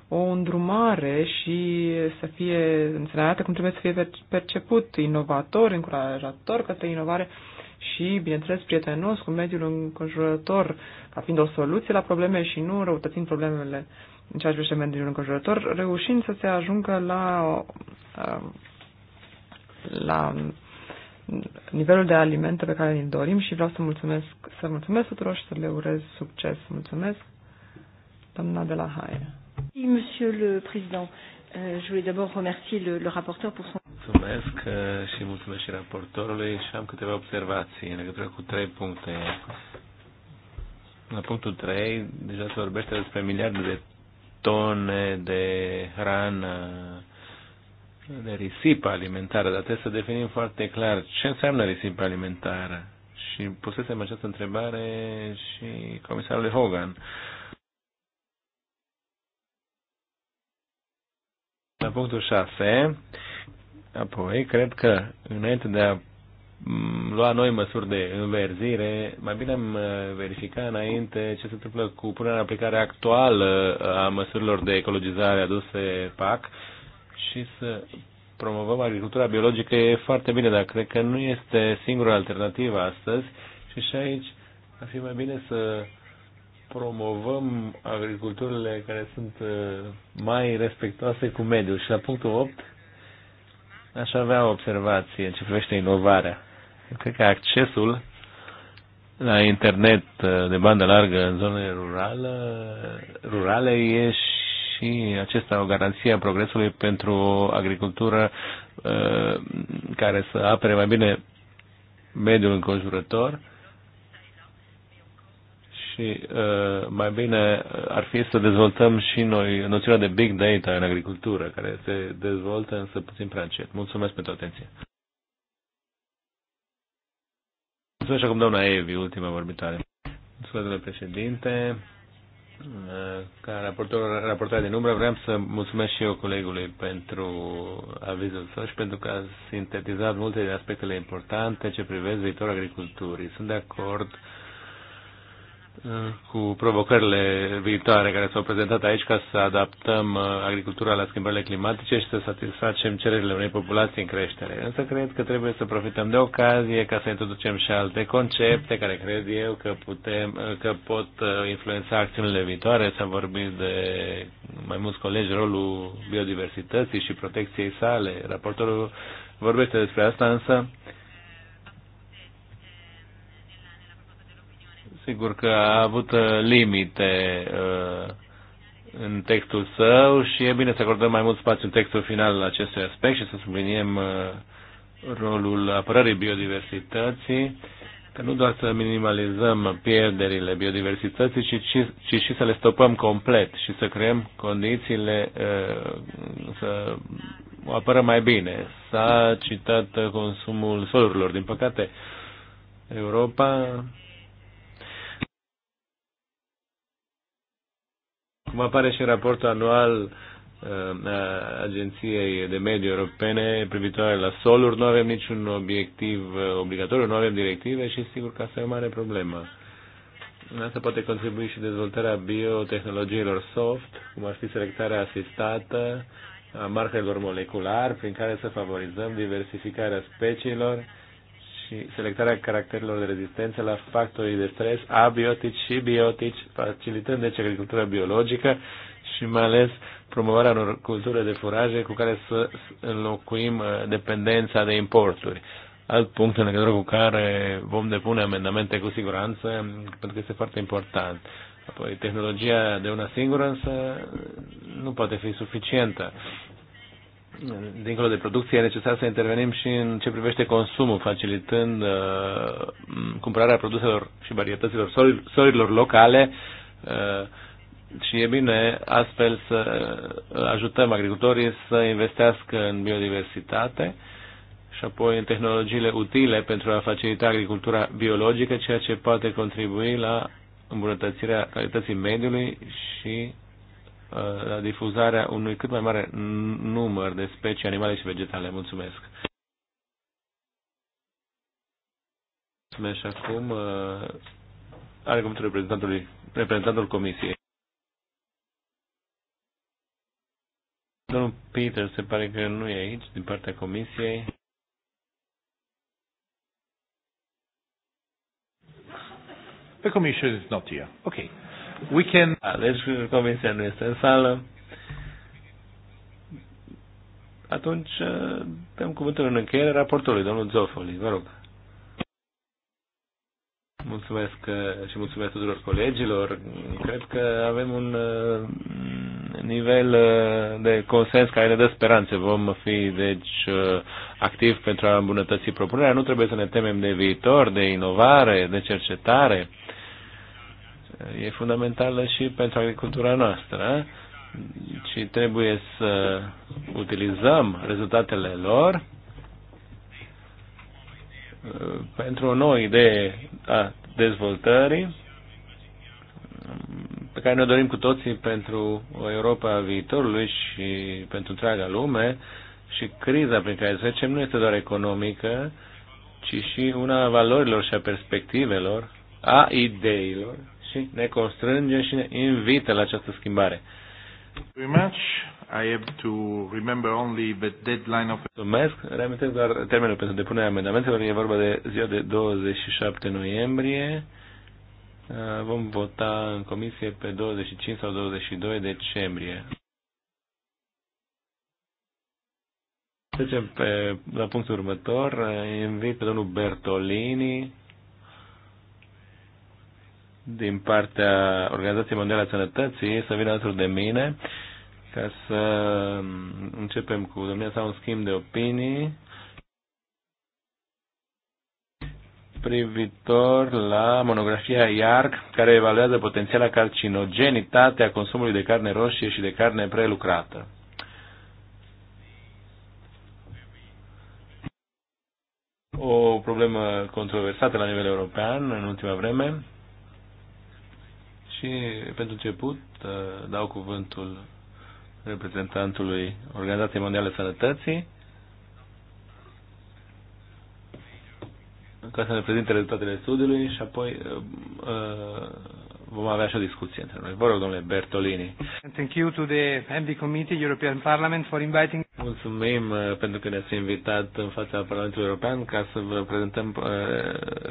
o îndrumare și să fie înțeleată cum trebuie să fie perceput, inovator, încurajator către inovare și, bineînțeles, prietenos cu mediul înconjurător, ca fiind o soluție la probleme și nu răutățind problemele în ceea ce privește mediul înconjurător, reușind să se ajungă la, uh, la nivelul de alimente pe care îl dorim și vreau să mulțumesc, să mulțumesc tuturor și să le urez succes. Mulțumesc, doamna de la Haie. Monsieur le Président, euh, je voulais d'abord remercier le, le rapporteur pour son... Mulțumesc uh, și mulțumesc și raportorului și am câteva observații în legătură cu trei puncte. La punctul 3, deja se vorbește despre miliarde de tone de hrană de risipă alimentară, dar trebuie să definim foarte clar ce înseamnă risipă alimentară. Și pusesem această întrebare și comisarului Hogan. La punctul 6, apoi, cred că înainte de a mm, lua noi măsuri de înverzire, mai bine am uh, verificat înainte ce se întâmplă cu punerea în aplicare actuală uh, a măsurilor de ecologizare aduse PAC și să promovăm agricultura biologică e foarte bine, dar cred că nu este singura alternativă astăzi și și aici ar fi mai bine să promovăm agriculturile care sunt uh, mai respectoase cu mediul. Și la punctul 8 aș avea o observație în ce privește inovarea. cred că accesul la internet uh, de bandă largă în zonele rurale, rurale e și acesta o garanție a progresului pentru o agricultură uh, care să apere mai bine mediul înconjurător și uh, mai bine ar fi să dezvoltăm și noi noțiunea de big data în agricultură, care se dezvoltă însă puțin prea încet. Mulțumesc pentru atenție. Mulțumesc acum doamna Evi, ultima vorbitoare. Mulțumesc, domnule președinte. Ca raportor, raportor de număr, vreau să mulțumesc și eu colegului pentru avizul său și pentru că a sintetizat multe din aspectele importante ce privesc viitorul agriculturii. Sunt de acord uh, cu provocările viitoare care s-au prezentat aici ca să adaptăm uh, agricultura la schimbările climatice și să satisfacem cererile unei populații în creștere. Însă cred că trebuie să profităm de ocazie ca să introducem și alte concepte care cred eu că, putem, uh, că pot uh, influența acțiunile viitoare. S-a vorbit de mai mulți colegi rolul biodiversității și protecției sale. Raportorul vorbește despre asta, însă Sigur că a avut uh, limite uh, în textul său și e bine să acordăm mai mult spațiu în textul final la acestui aspect și să subliniem uh, rolul apărării biodiversității, că nu doar să minimalizăm pierderile biodiversității, ci, ci, ci și să le stopăm complet și să creăm condițiile să o apără mai bine. S-a citat consumul solurilor. Din păcate, Europa cum apare și în raportul anual uh, a Agenției de Mediu Europene privitoare la soluri, nu avem niciun obiectiv uh, obligatoriu, nu avem directive și sigur că asta e o mare problemă. asta poate contribui și dezvoltarea biotehnologiilor soft, cum ar fi selectarea asistată a marcărilor molecular, prin care să favorizăm diversificarea speciilor, și selectarea caracterilor de rezistență la factorii de stres abiotici și biotici, facilitând deci agricultura biologică și mai ales promovarea unor culturi de furaje cu care să înlocuim uh, dependența de importuri. Alt punct în legătură cu care vom depune amendamente cu siguranță, pentru că este foarte important. Apoi, tehnologia de una singură însă nu poate fi suficientă dincolo de producție, e necesar să intervenim și în ce privește consumul, facilitând uh, cumpărarea produselor și varietăților sorilor locale uh, și e bine astfel să ajutăm agricultorii să investească în biodiversitate și apoi în tehnologiile utile pentru a facilita agricultura biologică, ceea ce poate contribui la îmbunătățirea calității mediului și Uh, la difuzarea unui cât mai mare număr de specii animale și vegetale. Mulțumesc! Mulțumesc și acum uh, are cuvântul reprezentantului, reprezentantul Comisiei. Domnul Peter se pare că nu e aici din partea Comisiei. The Commission is not here. Okay we can... A, deci comisia nu este în sală. Atunci uh, dăm cuvântul în încheiere raportului, domnul Zofoli, vă rog. Mulțumesc uh, și mulțumesc tuturor colegilor. Cred că avem un uh, nivel de consens care ne dă speranțe. Vom fi, deci, activi pentru a îmbunătăți propunerea. Nu trebuie să ne temem de viitor, de inovare, de cercetare e fundamentală și pentru agricultura noastră și trebuie să utilizăm rezultatele lor uh, pentru o nouă idee a dezvoltării um, pe care ne dorim cu toții pentru o Europa a viitorului și pentru întreaga lume și criza prin care trecem nu este doar economică, ci și una a valorilor și a perspectivelor, a ideilor și ne constrânge și ne invită la această schimbare. Mulțumesc. Reamintesc doar termenul pentru depunerea amendamentelor. E vorba de ziua de 27 noiembrie. Uh, vom vota în comisie pe 25 sau 22 decembrie. Trecem pe, la punctul următor. Uh, invit pe domnul Bertolini din partea Organizației Mondiale a Sănătății să vină alături de mine ca să începem cu domnia sau un schimb de opinii privitor la monografia IARC, care evaluează potențiala carcinogenitate a consumului de carne roșie și de carne prelucrată. O problemă controversată la nivel european în ultima vreme, și pentru început uh, dau cuvântul reprezentantului Organizației Mondiale Sănătății ca să ne prezinte rezultatele studiului și apoi uh, uh, vom avea și o discuție între noi. Vă rog, domnule Bertolini. Thank you to the MD Committee, European Parliament, for inviting... Mulțumim uh, pentru că ne-ați invitat în fața Parlamentului European ca să vă prezentăm uh,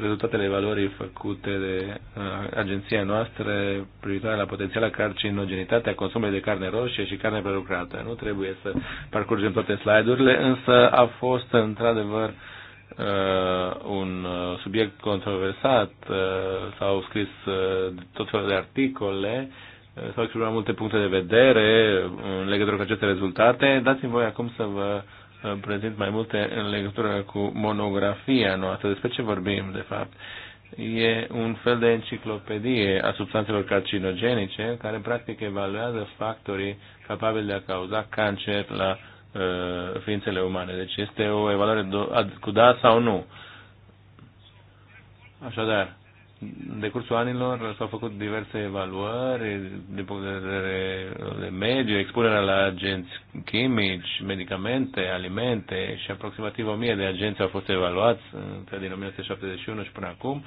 rezultatele evaluării făcute de uh, agenția noastră privitoare la potențiala carcinogenitatea consumului de carne roșie și carne prelucrată. Nu trebuie să parcurgem toate slide-urile, însă a fost într-adevăr Uh, un uh, subiect controversat, uh, s-au scris tot felul de articole, s-au exprimat multe puncte de vedere în legătură cu aceste rezultate. Dați-mi voi acum să vă prezint mai multe în legătură cu monografia noastră. Despre ce vorbim, de fapt? E un fel de enciclopedie a substanțelor carcinogenice care practic evaluează factorii capabili de a cauza cancer la Uh, ființele umane. Deci este o evaluare cu da sau nu. Așadar, în decursul anilor s-au făcut diverse evaluări din punct de vedere de mediu, expunerea la agenți chimici, medicamente, alimente și aproximativ 1000 de agenți au fost evaluați între din 1971 și până acum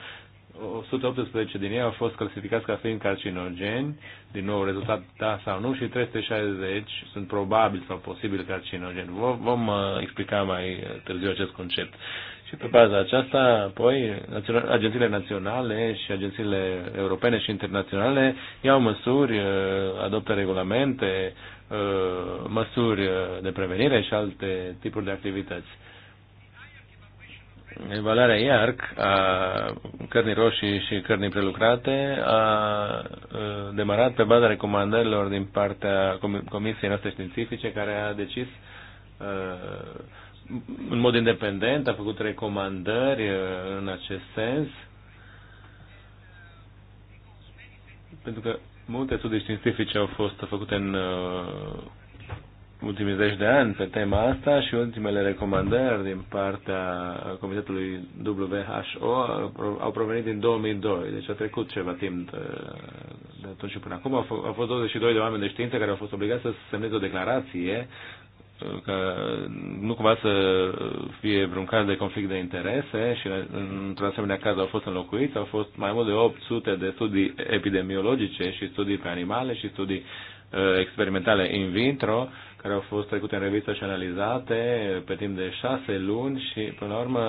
118 din ei au fost clasificați ca fiind carcinogeni, din nou rezultat da sau nu, și 360 sunt probabil sau posibil carcinogeni. Vom, uh, explica mai târziu acest concept. Și pe baza aceasta, apoi, agențiile naționale și agențiile europene și internaționale iau măsuri, uh, adoptă regulamente, uh, măsuri uh, de prevenire și alte tipuri de activități. Evaluarea IARC a cărnii roșii și cărnii prelucrate a demarat pe baza recomandărilor din partea Comisiei noastre științifice care a decis în mod independent, a făcut recomandări în acest sens pentru că multe studii științifice au fost făcute în ultimii zeci de ani pe tema asta și ultimele recomandări din partea Comitetului WHO au provenit din 2002, deci a trecut ceva timp uh, de atunci și până acum. Au fost 22 de oameni de știință care au fost obligați să semneze o declarație uh, că nu cumva să fie vreun caz de conflict de interese și într-un asemenea caz au fost înlocuiți, au fost mai mult de 800 de studii epidemiologice și studii pe animale și studii uh, experimentale in vitro care au fost trecute în revistă și analizate pe timp de șase luni și, până la urmă,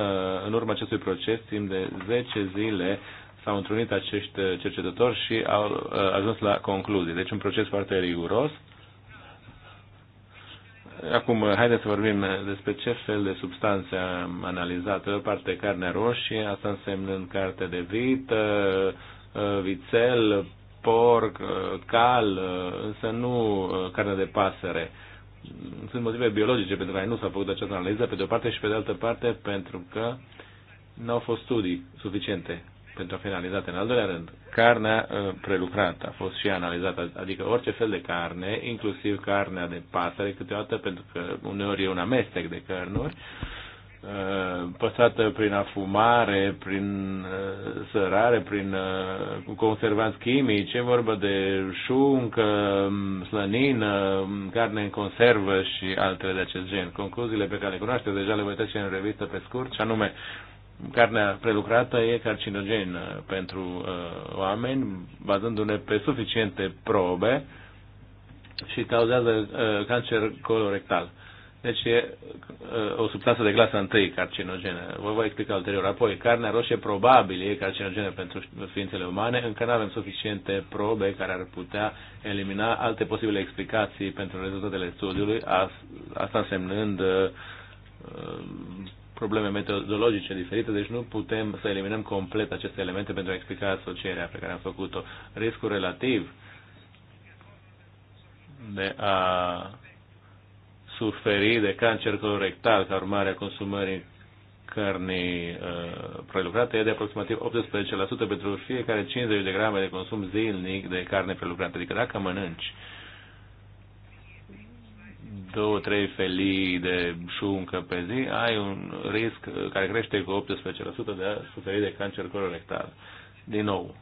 în urma acestui proces, timp de 10 zile, s-au întrunit acești cercetători și au uh, ajuns la concluzii. Deci un proces foarte riguros. Acum, haideți să vorbim despre ce fel de substanțe am analizat. Pe o parte, carne roșie, asta însemnând carte de vită, uh, uh, vițel, porc, cal, însă nu carne de pasăre sunt motive biologice pentru care nu s-a făcut această analiză, pe de o parte și pe de altă parte pentru că nu au fost studii suficiente pentru a fi analizate. În al doilea rând, carnea uh, prelucrată a fost și analizată, adică orice fel de carne, inclusiv carnea de pasăre, câteodată pentru că uneori e un amestec de cărnuri, Uh, păsată prin afumare, prin uh, sărare, prin uh, conservanți chimici, e vorba de șuncă, um, slănină, um, carne în conservă și altele de acest gen. Concluziile pe care le cunoaște deja le voi trece în revistă pe scurt, și anume, carnea prelucrată e carcinogen pentru uh, oameni, bazându-ne pe suficiente probe și cauzează uh, cancer colorectal. Uh, deci e uh, o substanță de clasă 1 carcinogenă. Vă voi explica ulterior. Apoi, carnea roșie probabil e carcinogenă pentru ființele umane, încă nu avem suficiente probe care ar putea elimina alte posibile explicații pentru rezultatele studiului, asta însemnând uh, probleme metodologice diferite, deci nu putem să eliminăm complet aceste elemente pentru a explica asocierea pe care am făcut-o. Riscul relativ de a suferi de cancer colorectal ca urmare a consumării cărnii uh, prelucrate e de aproximativ 18% pentru fiecare 50 de grame de consum zilnic de carne prelucrată. Adică dacă mănânci două, trei felii de șuncă pe zi, ai un risc care crește cu 18% de a suferi de cancer colorectal. Din nou,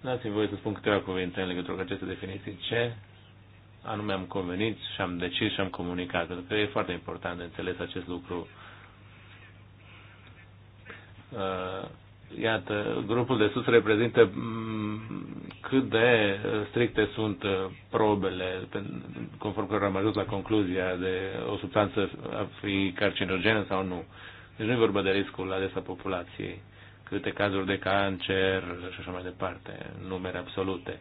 dați-mi voie să spun câteva cuvinte în legătură cu aceste definiții. Ce anume am convenit și am decis și am comunicat, pentru că e foarte important de înțeles acest lucru. Iată, grupul de sus reprezintă cât de stricte sunt uh, probele, conform care am ajuns la concluzia de o substanță a fi carcinogenă sau nu. Deci nu e vorba de riscul adesea populației, câte cazuri de cancer și așa mai departe, numere absolute.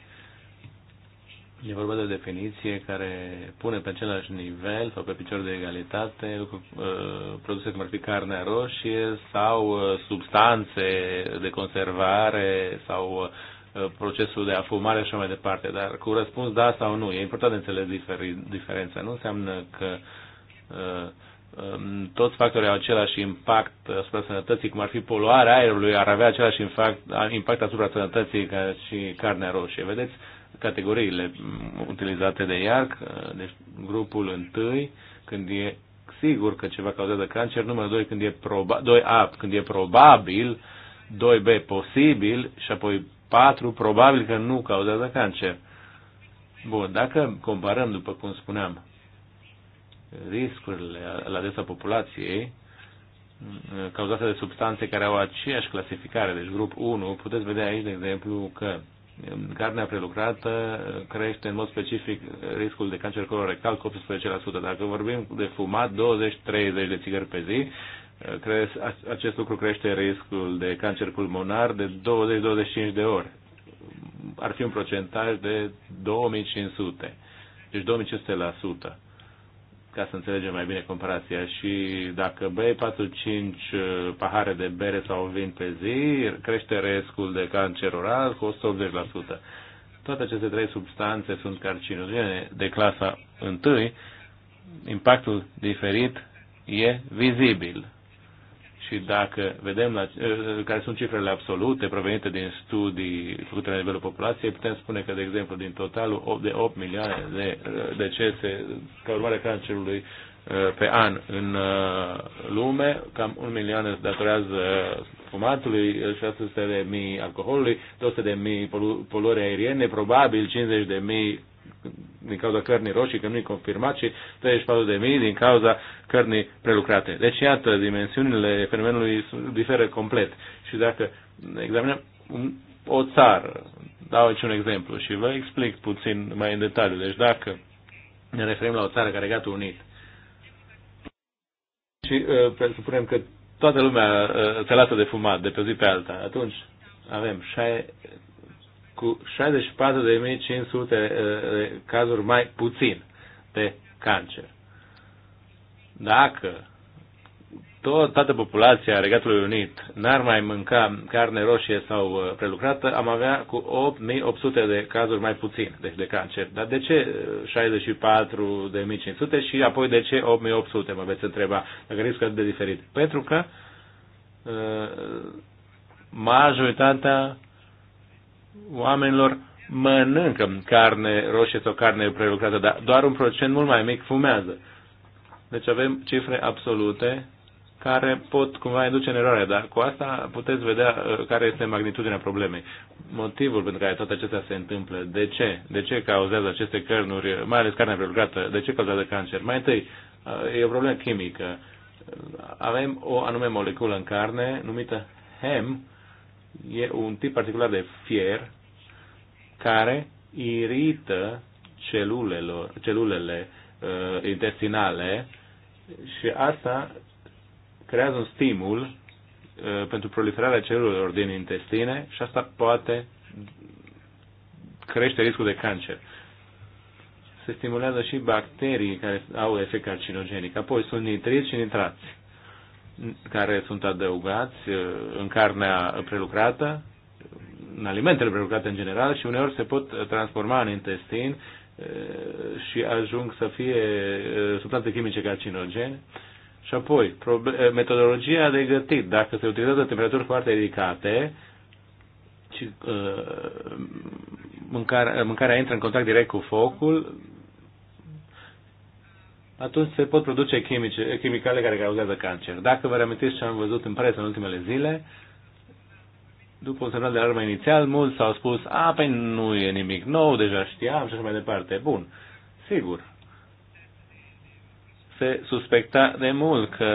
E vorba de o definiție care pune pe același nivel sau pe picior de egalitate uh, produse cum ar fi carnea roșie sau uh, substanțe de conservare sau uh, procesul de afumare și așa mai departe. Dar cu răspuns da sau nu, e important de înțeles diferența. Nu înseamnă că um, toți factorii au același impact asupra sănătății, cum ar fi poluarea aerului, ar avea același impact, impact asupra sănătății ca și carnea roșie. Vedeți? categoriile utilizate de IARC, deci grupul întâi, când e sigur că ceva cauzează cancer, numărul 2 când e probabil, 2A când e probabil, 2B posibil și apoi 4 probabil că nu cauzează cancer. Bun, dacă comparăm, după cum spuneam, riscurile la adresa populației cauzate de substanțe care au aceeași clasificare, deci grup 1, puteți vedea aici, de exemplu, că carnea prelucrată uh, crește în mod specific uh, riscul de cancer colorectal cu 18%. Dacă vorbim de fumat 20-30 de țigări pe zi, uh, acest lucru crește riscul de cancer pulmonar de 20-25 de ori. Ar fi un procentaj de 2500, deci 2500% ca să înțelegem mai bine comparația. Și dacă bei 4-5 uh, pahare de bere sau vin pe zi, crește riscul de cancer oral cu 180%. Toate aceste trei substanțe sunt carcinogene de clasa 1. Impactul diferit e vizibil și dacă vedem la, eh, care sunt cifrele absolute provenite din studii făcute la nivelul populației, putem spune că, de exemplu, din totalul de 8 milioane de eh, decese ca urmare cancerului eh, pe an în lume, cam 1 milion se datorează fumatului, 600 de mii alcoolului, 200 de mii poluări aeriene, probabil 50 de mii din cauza cărnii roșii, că nu-i confirmat, și 34.000 din cauza cărnii prelucrate. Deci, iată, dimensiunile fenomenului diferă complet. Și dacă examinăm o țară, dau aici un exemplu și vă explic puțin mai în detaliu. Deci, dacă ne referim la o țară care gata Unit, și uh, presupunem că toată lumea uh, se lasă de fumat de pe zi pe alta, atunci avem cu 64.500 de cazuri mai puțin de cancer. Dacă tot, toată populația Regatului Unit n-ar mai mânca carne roșie sau prelucrată, am avea cu 8.800 de cazuri mai puțin, deci de cancer. Dar de ce 64.500 și apoi de ce 8.800, mă veți întreba, dacă riscă de diferit? Pentru că majoritatea oamenilor mănâncă carne roșie sau carne prelucrată, dar doar un procent mult mai mic fumează. Deci avem cifre absolute care pot cumva induce în eroare, dar cu asta puteți vedea uh, care este magnitudinea problemei. Motivul pentru care toate acestea se întâmplă, de ce, de ce cauzează aceste cărnuri, mai ales carne prelucrată, de ce cauzează cancer? Mai întâi, uh, e o problemă chimică. Avem o anume moleculă în carne numită HEM, e un tip particular de fier care irită celulelor, celulele uh, intestinale și asta creează un stimul uh, pentru proliferarea celulelor din intestine și asta poate crește riscul de cancer. Se stimulează și bacterii care au efect carcinogenic. Apoi sunt nitriți și nitrați care sunt adăugați uh, în carnea prelucrată, în alimentele prelucrate în general și uneori se pot transforma în intestin uh, și ajung să fie uh, substanțe chimice carcinogene. Și apoi, metodologia de gătit, dacă se utilizează temperaturi foarte ridicate, și, uh, mâncarea, mâncarea intră în contact direct cu focul, atunci se pot produce chimice, chimicale care cauzează cancer. Dacă vă reamintiți ce am văzut în presă în ultimele zile, după un semnal de alarmă inițial, mulți s-au spus, a, păi nu e nimic nou, deja știam și așa mai departe. Bun, sigur, se suspecta de mult că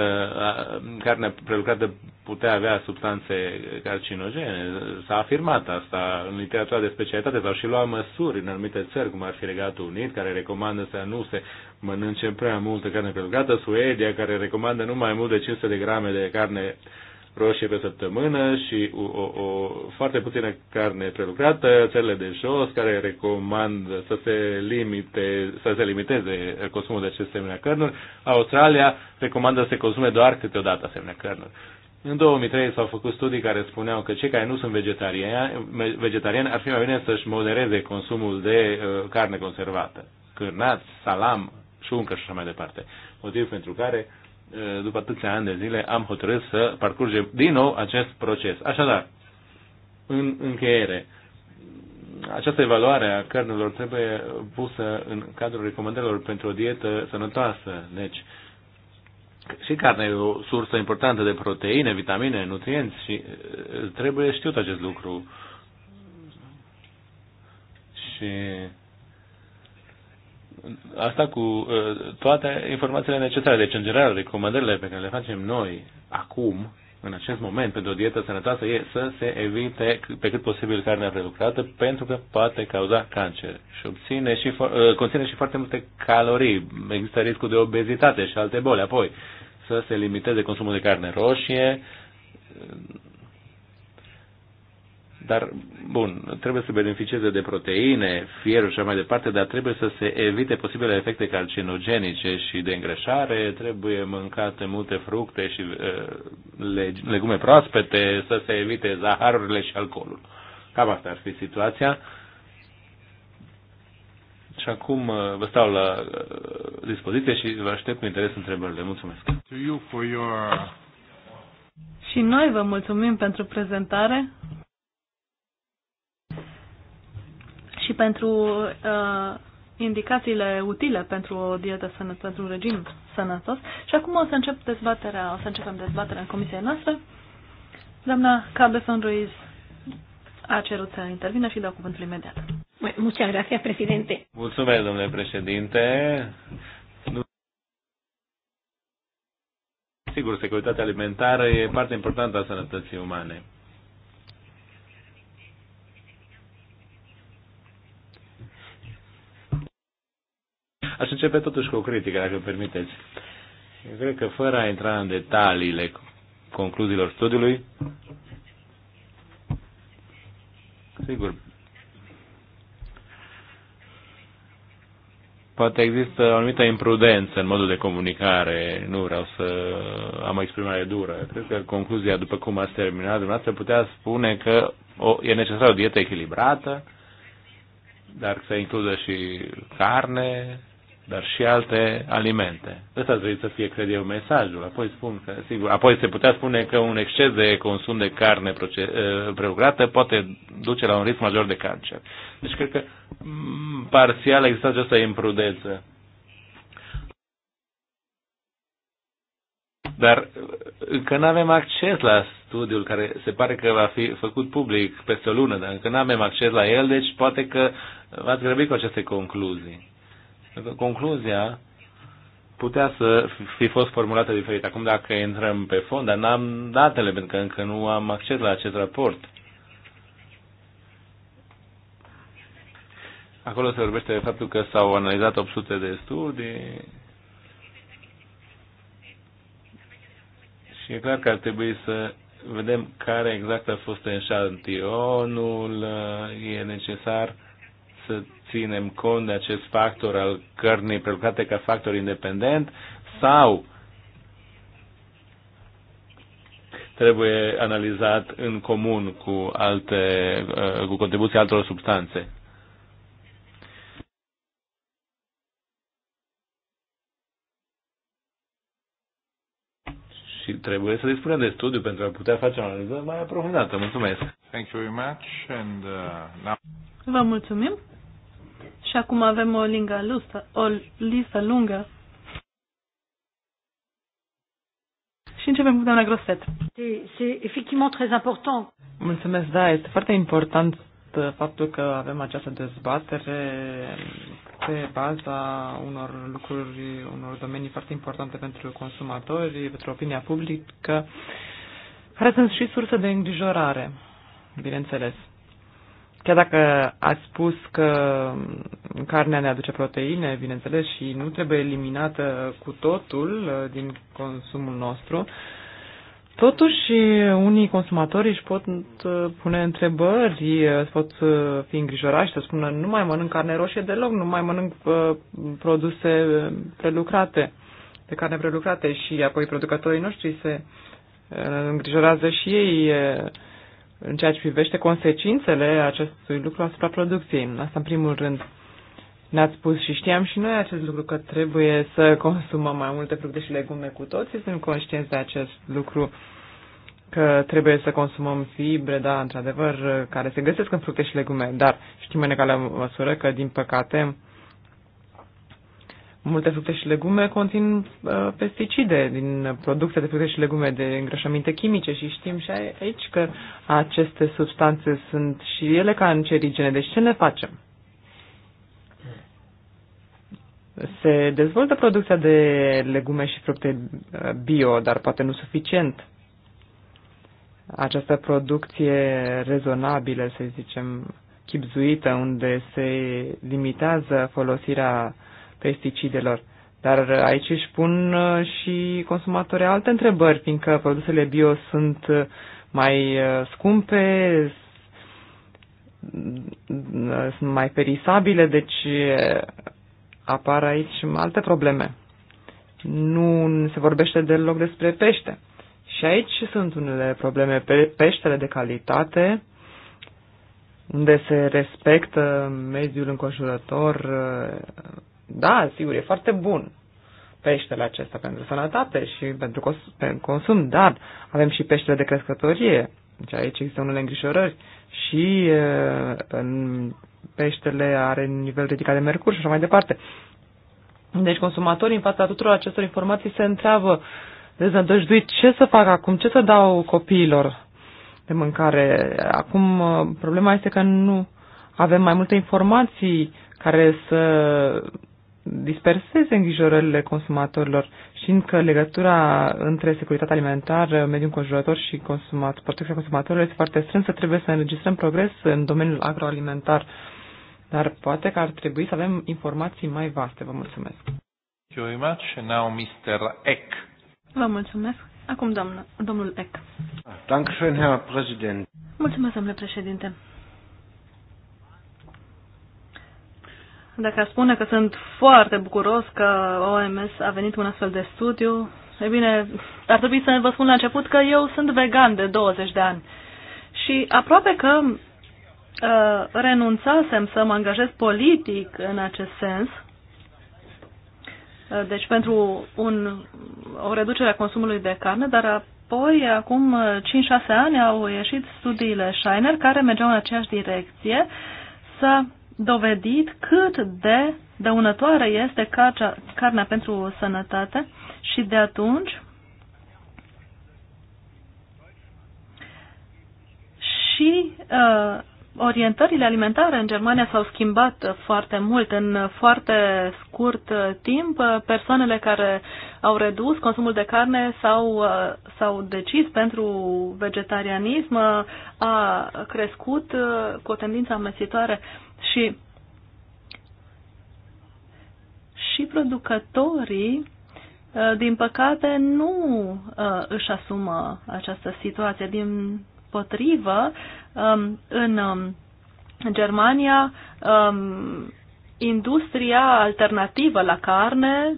carnea prelucrată putea avea substanțe carcinogene. S-a afirmat asta în literatura de specialitate, s-au și luat măsuri în anumite țări, cum ar fi Regatul Unit, care recomandă să nu se mănânce prea multă carne prelucrată, Suedia, care recomandă nu mai mult de 500 de grame de carne roșie pe săptămână și o, o, o foarte puțină carne prelucrată, țările de jos care recomand să se, limite, să se limiteze consumul de aceste semne cărnuri. Australia recomandă să se consume doar câteodată asemenea cărnuri. În 2003 s-au făcut studii care spuneau că cei care nu sunt vegetariani, vegetariani ar fi mai bine să-și modereze consumul de uh, carne conservată, cârnați, salam, șuncă și așa mai departe. Motiv pentru care după atâția ani de zile, am hotărât să parcurgem din nou acest proces. Așadar, în încheiere, această evaluare a cărnelor trebuie pusă în cadrul recomandărilor pentru o dietă sănătoasă. Deci, și carnea e o sursă importantă de proteine, vitamine, nutrienți și uh, trebuie știut acest lucru. Și Asta cu uh, toate informațiile necesare. Deci, în general, recomandările pe care le facem noi acum, în acest moment, pentru o dietă sănătoasă, e să se evite pe cât posibil carnea prelucrată, pentru că poate cauza cancer. Și, obține și uh, conține și foarte multe calorii. Există riscul de obezitate și alte boli. Apoi, să se limiteze consumul de carne roșie, dar, bun, trebuie să beneficieze de proteine, fierul și așa mai departe, dar trebuie să se evite posibile efecte carcinogenice și de îngreșare, trebuie mâncate multe fructe și uh, legume proaspete, să se evite zaharurile și alcoolul. Cam asta ar fi situația. Și acum uh, vă stau la uh, dispoziție și vă aștept cu interes întrebările. Mulțumesc! To you for your... Și noi vă mulțumim pentru prezentare. și pentru uh, indicațiile utile pentru o dietă sănătoasă, pentru un regim sănătos. Și acum o să încep dezbaterea, o să începem dezbaterea în comisia noastră. Doamna Cabezon Ruiz a cerut să intervină și dau cuvântul imediat. Muchas gracias, presidente. Mulțumesc, domnule președinte. Sigur, securitatea alimentară e parte importantă a sănătății umane. Aș începe totuși cu o critică, dacă îmi permiteți. Eu cred că fără a intra în detaliile concluziilor studiului, sigur, poate există o anumită imprudență în modul de comunicare, nu vreau să am o exprimare dură. Cred că concluzia, după cum ați terminat dumneavoastră, putea spune că o, e necesară o dietă echilibrată, dar să includă și carne, dar și alte alimente. Ăsta trebuie să fie, cred eu, mesajul. Apoi, spun că, sigur, apoi se putea spune că un exces de consum de carne eh, prelucrată poate duce la un risc major de cancer. Deci, cred că mm, parțial există această imprudență. Dar eh, încă nu avem acces la studiul care se pare că va fi făcut public peste o lună, dar încă nu avem acces la el, deci poate că v-ați grăbit cu aceste concluzii concluzia putea să fi fost formulată diferit. Acum dacă intrăm pe fond, dar n-am datele pentru că încă nu am acces la acest raport. Acolo se vorbește de faptul că s-au analizat 800 de studii și e clar că ar trebui să vedem care exact a fost eșantionul, e necesar să ținem cont de acest factor al cărnii prelucrate ca factor independent sau trebuie analizat în comun cu, alte, uh, cu contribuția altor substanțe. și trebuie să dispunem de studiu pentru a putea face o analiză mai aprofundată. Mulțumesc! Thank you very much and, uh, now... Vă mulțumim! Și acum avem o, lingă lustă, o listă lungă. Și începem cu doamna Groset. important. Mulțumesc, da, este foarte important uh, faptul că avem această dezbatere pe baza unor lucruri, unor domenii foarte importante pentru consumatori, pentru opinia publică, care sunt și surse de îngrijorare, bineînțeles. Chiar dacă ați spus că carnea ne aduce proteine, bineînțeles, și nu trebuie eliminată cu totul uh, din consumul nostru, totuși uh, unii consumatori își pot uh, pune întrebări, pot fi îngrijorați să spună nu mai mănânc carne roșie deloc, nu mai mănânc produse prelucrate, de carne prelucrate și apoi producătorii noștri se îngrijorează și ei în ceea ce privește consecințele acestui lucru asupra producției. Asta în primul rând ne-ați spus și știam și noi acest lucru că trebuie să consumăm mai multe fructe și legume cu toții, sunt conștienți de acest lucru că trebuie să consumăm fibre, da, într-adevăr, care se găsesc în fructe și legume, dar știm în egală măsură că, din păcate, Multe fructe și legume conțin uh, pesticide din producția de fructe și legume de îngrășăminte chimice și știm și aici că aceste substanțe sunt și ele cancerigene. Deci ce ne facem? Se dezvoltă producția de legume și fructe uh, bio, dar poate nu suficient. Această producție rezonabilă, să zicem, chipzuită, unde se limitează folosirea pesticidelor. Dar aici își pun uh, și consumatorii alte întrebări, fiindcă produsele bio sunt uh, mai uh, scumpe, sunt mai perisabile, deci apar aici alte probleme. Nu se vorbește deloc despre pește. Și aici sunt unele probleme. Pe peștele de calitate, unde se respectă mediul înconjurător, da, sigur, e foarte bun peștele acesta pentru sănătate și pentru, consum, dar avem și peștele de crescătorie. Deci aici există unele îngrijorări și în peștele are nivel ridicat de mercur și așa mai departe. Deci consumatorii în fața tuturor acestor informații se întreabă dezădăjduit ce să fac acum, ce să dau copiilor de mâncare. Acum problema este că nu avem mai multe informații care să disperseze îngrijorările consumatorilor, știind că legătura între securitatea alimentară, mediul înconjurător și consumat, protecția consumatorilor este foarte strânsă, trebuie să înregistrăm progres în domeniul agroalimentar, dar poate că ar trebui să avem informații mai vaste. Vă mulțumesc. Thank you very much. Now Mr. Eck. Vă mulțumesc. Acum doamnă, domnul Eck. Mulțumesc, domnule președinte. Dacă aș spune că sunt foarte bucuros că OMS a venit un astfel de studiu, e bine, ar trebui să vă spun la început că eu sunt vegan de 20 de ani și aproape că uh, renunțasem să mă angajez politic în acest sens, uh, deci pentru un, o reducere a consumului de carne, dar apoi, acum 5-6 uh, ani, au ieșit studiile Shiner care mergeau în aceeași direcție, să dovedit cât de dăunătoare este carcea, carnea pentru sănătate și de atunci și uh, orientările alimentare în Germania s-au schimbat foarte mult. În foarte scurt timp, persoanele care au redus consumul de carne sau s-au decis pentru vegetarianism a crescut cu o tendință amestitoare și și producătorii din păcate, nu uh, își asumă această situație. Din potrivă, um, um, în Germania um, industria alternativă la carne,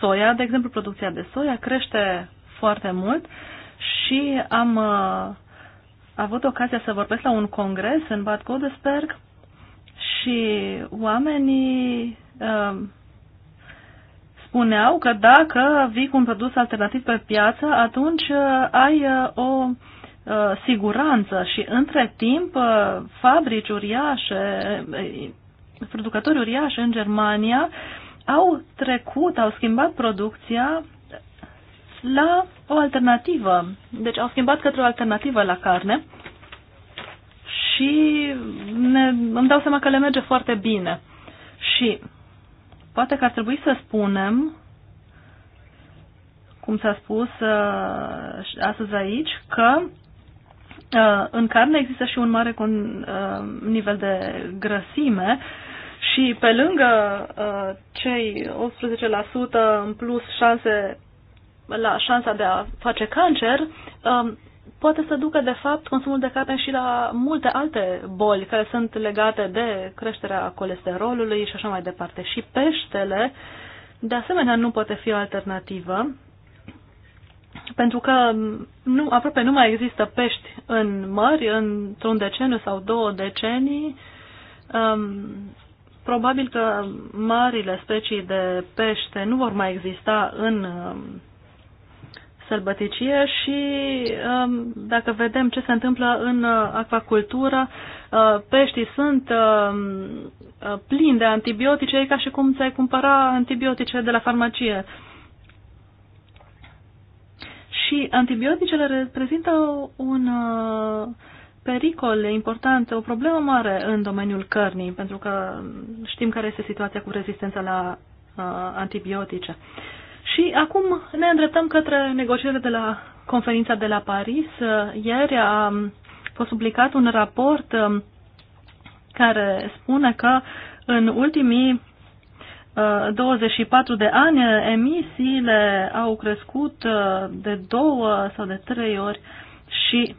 soia, de exemplu, producția de soia crește foarte mult și am uh, avut ocazia să vorbesc la un congres în Bad Godesberg și oamenii spuneau că dacă vii cu un produs alternativ pe piață, atunci uh, ai uh, o uh, siguranță și între timp fabrici uriașe, producători uriași în Germania au trecut, au schimbat producția la o alternativă. Deci au schimbat către o alternativă la carne și ne, îmi dau seama că le merge foarte bine. Și Poate că ar trebui să spunem, cum s-a spus uh, astăzi aici, că uh, în carne există și un mare con, uh, nivel de grăsime și pe lângă uh, cei 18% în plus șanse la șansa de a face cancer, uh, poate să ducă, de fapt, consumul de carne și la multe alte boli care sunt legate de creșterea colesterolului și așa mai departe. Și peștele, de asemenea, nu poate fi o alternativă, pentru că nu, aproape nu mai există pești în mări, într-un deceniu sau două decenii. Um, probabil că marile specii de pește nu vor mai exista în um, sălbăticie și um, dacă vedem ce se întâmplă în uh, acvacultură, uh, peștii sunt um, uh, plini de antibiotice, e ca și cum ți-ai cumpăra antibiotice de la farmacie. Și antibioticele reprezintă un pericol important, o problemă mare în domeniul cărnii, pentru că știm care este situația cu rezistența la antibiotice. Uh, și acum ne îndreptăm către negocierile de la conferința de la Paris. Ieri a fost publicat un raport um, care spune că în ultimii 24 uh, de ani emisiile au crescut uh, de două sau de trei ori și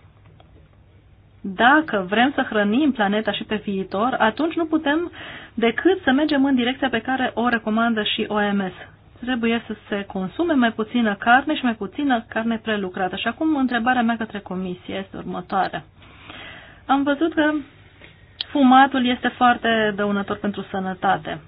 dacă vrem să hrănim planeta și pe viitor, atunci nu putem decât să mergem în direcția pe care o recomandă și OMS trebuie să se consume mai puțină carne și mai puțină carne prelucrată. Și acum întrebarea mea către comisie este următoarea. Am văzut că fumatul este foarte dăunător pentru sănătate.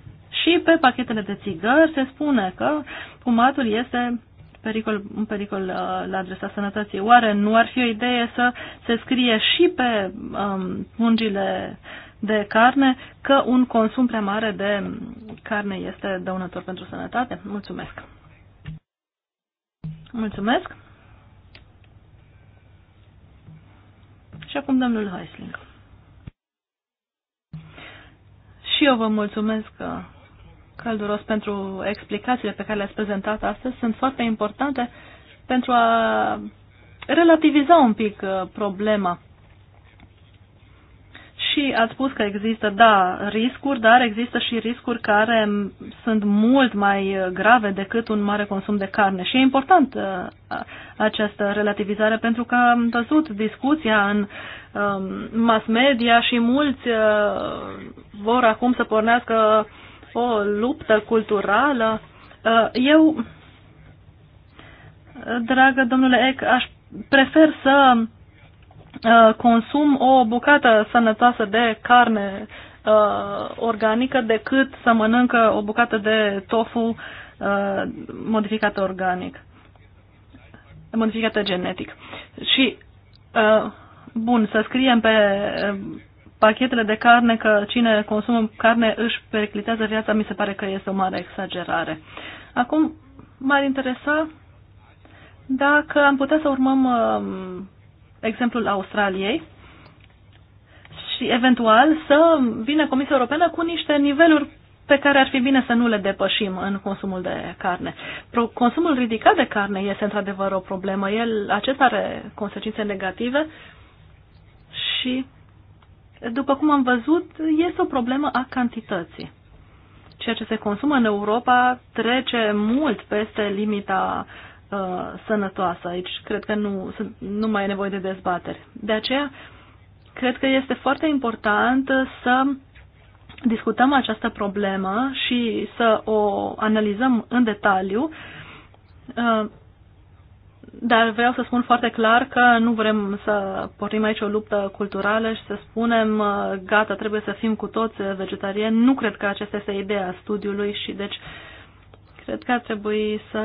Și pe pachetele de țigări se spune că fumatul este pericol, un pericol uh, la adresa sănătății. Oare nu ar fi o idee să se scrie și pe um, pungile de carne că un consum prea mare de carne este dăunător pentru sănătate? Mulțumesc! Mulțumesc! Și acum domnul Heisling. Și eu vă mulțumesc uh, călduros pentru explicațiile pe care le-ați prezentat astăzi. Sunt foarte importante pentru a relativiza un pic uh, problema și ați spus că există, da, riscuri, dar există și riscuri care sunt mult mai grave decât un mare consum de carne. Și e important uh, această relativizare pentru că am văzut discuția în um, mass media și mulți uh, vor acum să pornească o luptă culturală. Uh, eu, dragă domnule Eck, aș prefer să Uh, consum o bucată sănătoasă de carne uh, organică decât să mănâncă o bucată de tofu uh, modificată organic, modificată genetic. Și, bun, să scriem pe pachetele de carne că cine consumă carne își periclitează viața, mi se pare că este o mare exagerare. Acum, m-ar interesa dacă am putea să urmăm exemplul Australiei, și eventual să vină Comisia Europeană cu niște niveluri pe care ar fi bine să nu le depășim în consumul de carne. Pro, consumul ridicat de carne este într-adevăr o problemă. El, acesta are consecințe negative și, după cum am văzut, este o problemă a cantității. Ceea ce se consumă în Europa trece mult peste limita uh, Uh, sănătoasă. Aici cred că nu, nu mai e nevoie de dezbateri. De aceea, cred că este foarte important să discutăm această problemă și să o analizăm în detaliu. Uh, dar vreau să spun foarte clar că nu vrem să pornim aici o luptă culturală și să spunem uh, gata, trebuie să fim cu toți vegetariani. Nu cred că aceasta este ideea studiului și deci Cred că ar trebui să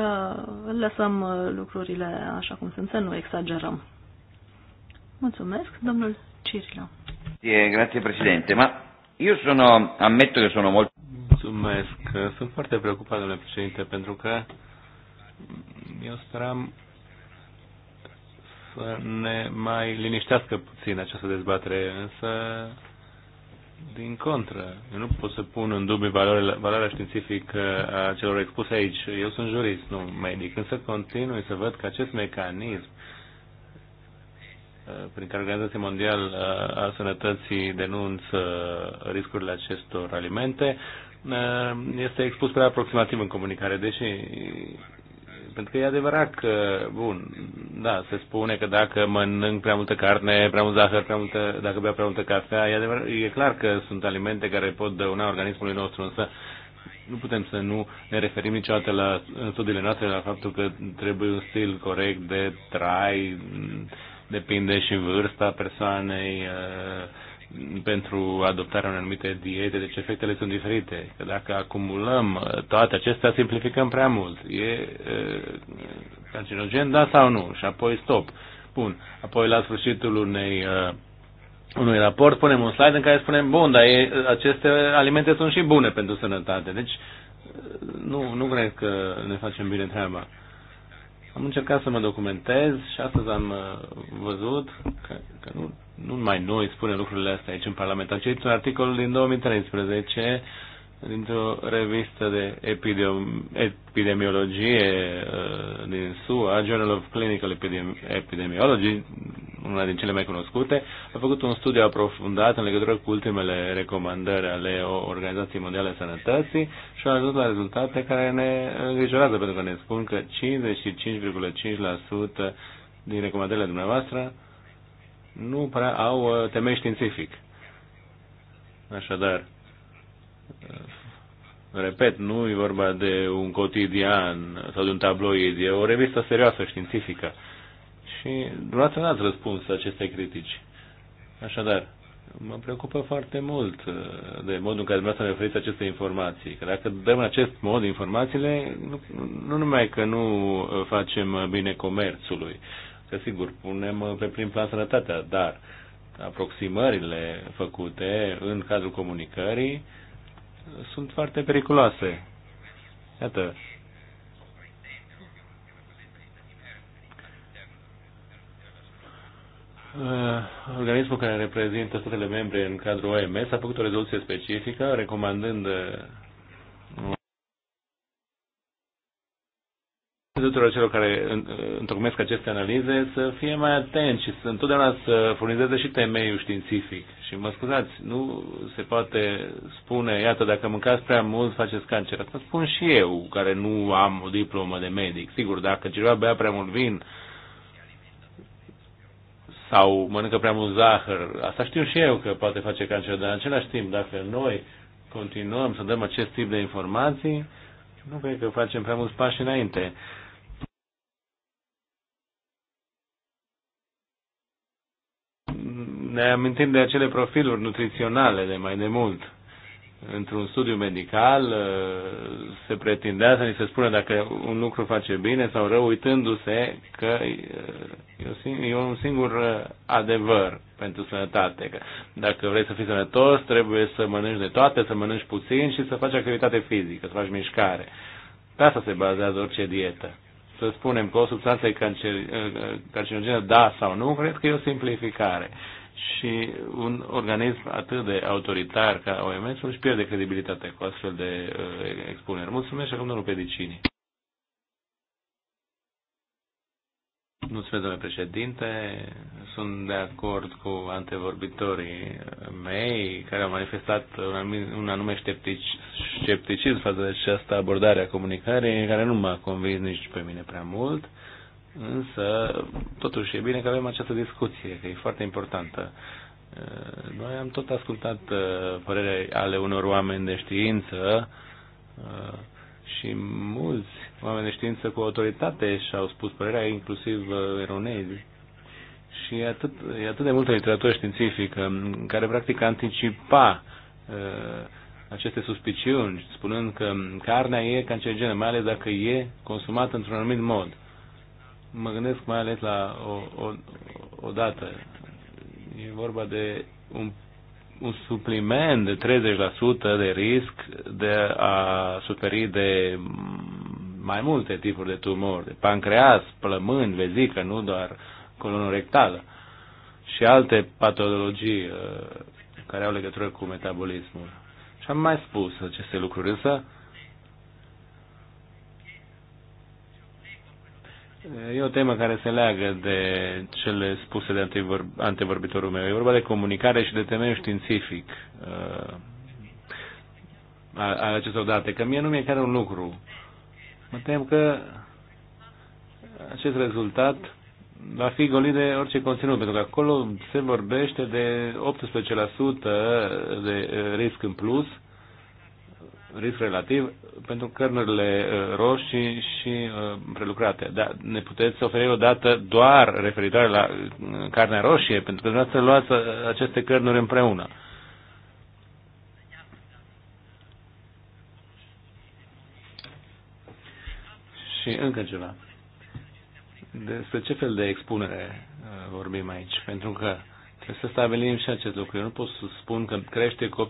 lăsăm uh, lucrurile așa cum sunt, să nu exagerăm. Mulțumesc, domnul Cirilo. E, grazie, președinte. Ma eu sono, ammetto că sono molto... Mulțumesc. Sunt foarte preocupat, domnule președinte, pentru că eu speram să ne mai liniștească puțin această dezbatere, însă din contră, eu nu pot să pun în dubiu valoarea, valoarea științifică a celor expuse aici. Eu sunt jurist, nu medic, însă continui să văd că acest mecanism uh, prin care Organizația Mondială uh, a Sănătății denunță riscurile acestor alimente, uh, este expus prea aproximativ în comunicare, deși pentru că e adevărat că, bun, da, se spune că dacă mănânc prea multă carne, prea mult zahăr, prea multă, dacă bea prea multă cafea, e, adevărat, e clar că sunt alimente care pot dăuna organismului nostru, însă nu putem să nu ne referim niciodată la studiile noastre la faptul că trebuie un stil corect de trai, depinde și vârsta persoanei, uh, pentru adoptarea unei anumite diete, deci efectele sunt diferite. Că dacă acumulăm uh, toate acestea, simplificăm prea mult. E uh, cancerogen, da sau nu? Și apoi stop. Bun. Apoi la sfârșitul unei uh, unui raport punem un slide în care spunem, bun, dar e, aceste alimente sunt și bune pentru sănătate. Deci, nu, nu cred că ne facem bine treaba. Am încercat să mă documentez și astăzi am văzut că, că nu nu numai noi spunem lucrurile astea aici în Parlament. Am citit un articol din 2013 dintr-o revistă de epidemiologie uh, din SUA, Journal of Clinical Epidemiology, una din cele mai cunoscute, a făcut un studiu aprofundat în legătură cu ultimele recomandări ale Organizației Mondiale a Sănătății și a ajuns la rezultate care ne îngrijorează, pentru că ne spun că 55,5% din recomandările dumneavoastră nu prea au uh, temei științific. Așadar, uh, repet, nu e vorba de un cotidian sau de un tabloid, e o revistă serioasă științifică. Și dumneavoastră n-ați răspuns acestei critici. Așadar, mă preocupă foarte mult uh, de modul în care dumneavoastră oferiți aceste informații. Că dacă dăm în acest mod informațiile, nu, nu numai că nu facem bine comerțului, că sigur, punem uh, pe prim plan sănătatea, dar aproximările făcute în cadrul comunicării sunt foarte periculoase. Iată. Uh, organismul care reprezintă statele membre în cadrul OMS a făcut o rezoluție specifică recomandând uh, tuturor celor care uh, întocmesc aceste analize să fie mai atenți și să întotdeauna să furnizeze și temeiul științific. Și mă scuzați, nu se poate spune, iată, dacă mâncați prea mult, faceți cancer. Asta spun și eu, care nu am o diplomă de medic. Sigur, dacă cineva bea prea mult vin sau mănâncă prea mult zahăr, asta știu și eu că poate face cancer, dar în același timp, dacă noi continuăm să dăm acest tip de informații, nu cred că facem prea mulți pași înainte. ne amintim de acele profiluri nutriționale de mai de mult. Într-un studiu medical uh, se pretindea să ni se spună dacă un lucru face bine sau rău, uitându-se că uh, e un singur uh, adevăr pentru sănătate. Că dacă vrei să fii sănătos, trebuie să mănânci de toate, să mănânci puțin și să faci activitate fizică, să faci mișcare. Pe asta se bazează orice dietă să spunem că o substanță e cancer, carcinogenă, da sau nu, cred că e o simplificare și un organism atât de autoritar ca OMS-ul își pierde credibilitatea cu astfel de uh, expuneri. Mulțumesc și acum domnul Pedicini. Mulțumesc, domnule președinte. Sunt de acord cu antevorbitorii mei care au manifestat un anume, sceptic, scepticism față de această abordare a comunicării care nu m-a convins nici pe mine prea mult. Uh, Însă, totuși, e bine că avem această discuție, că e foarte importantă. Eh, noi am tot ascultat eh, părerea ale unor oameni de știință eh, și mulți oameni de știință cu autoritate și-au spus părerea, inclusiv eronezi. Și e atât, e atât de multă literatură științifică care practic anticipa aceste suspiciuni, spunând că carnea e cancerigenă, mai ales dacă e consumată într-un anumit mod. Mă gândesc mai ales la o, o, o dată. E vorba de un, un supliment de 30% de risc de a suferi de mai multe tipuri de tumori, de pancreas, plămâni, vezică, nu doar colonorectală și alte patologii uh, care au legătură cu metabolismul. Și am mai spus aceste lucruri, însă E o temă care se leagă de cele spuse de antevorbitorul meu. E vorba de comunicare și de temeiul științific uh, al acestor date. Că mie nu mi-e care un lucru. Mă tem că acest rezultat va fi golit de orice conținut, pentru că acolo se vorbește de 18% de uh, risc în plus risc relativ pentru cărnurile uh, roșii și uh, prelucrate. Dar ne puteți oferi o dată doar referitoare la uh, carnea roșie, pentru că dumneavoastră luați aceste cărnuri împreună. Și încă ceva. Despre ce fel de expunere vorbim aici? Pentru că Trebuie să stabilim și acest lucru. Eu nu pot să spun că crește cu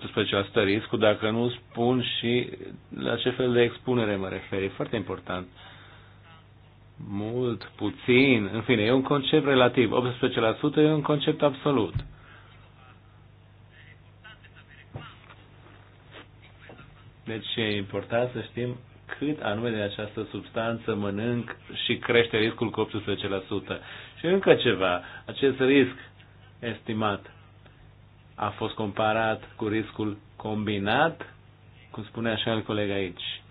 18% riscul dacă nu spun și la ce fel de expunere mă refer. E foarte important. Mult, puțin, în fine, e un concept relativ. 18% e un concept absolut. Deci e important să știm cât anume de această substanță mănânc și crește riscul cu 18%. Și încă ceva, acest risc estimat a fost comparat cu riscul combinat, cum spune așa el coleg aici,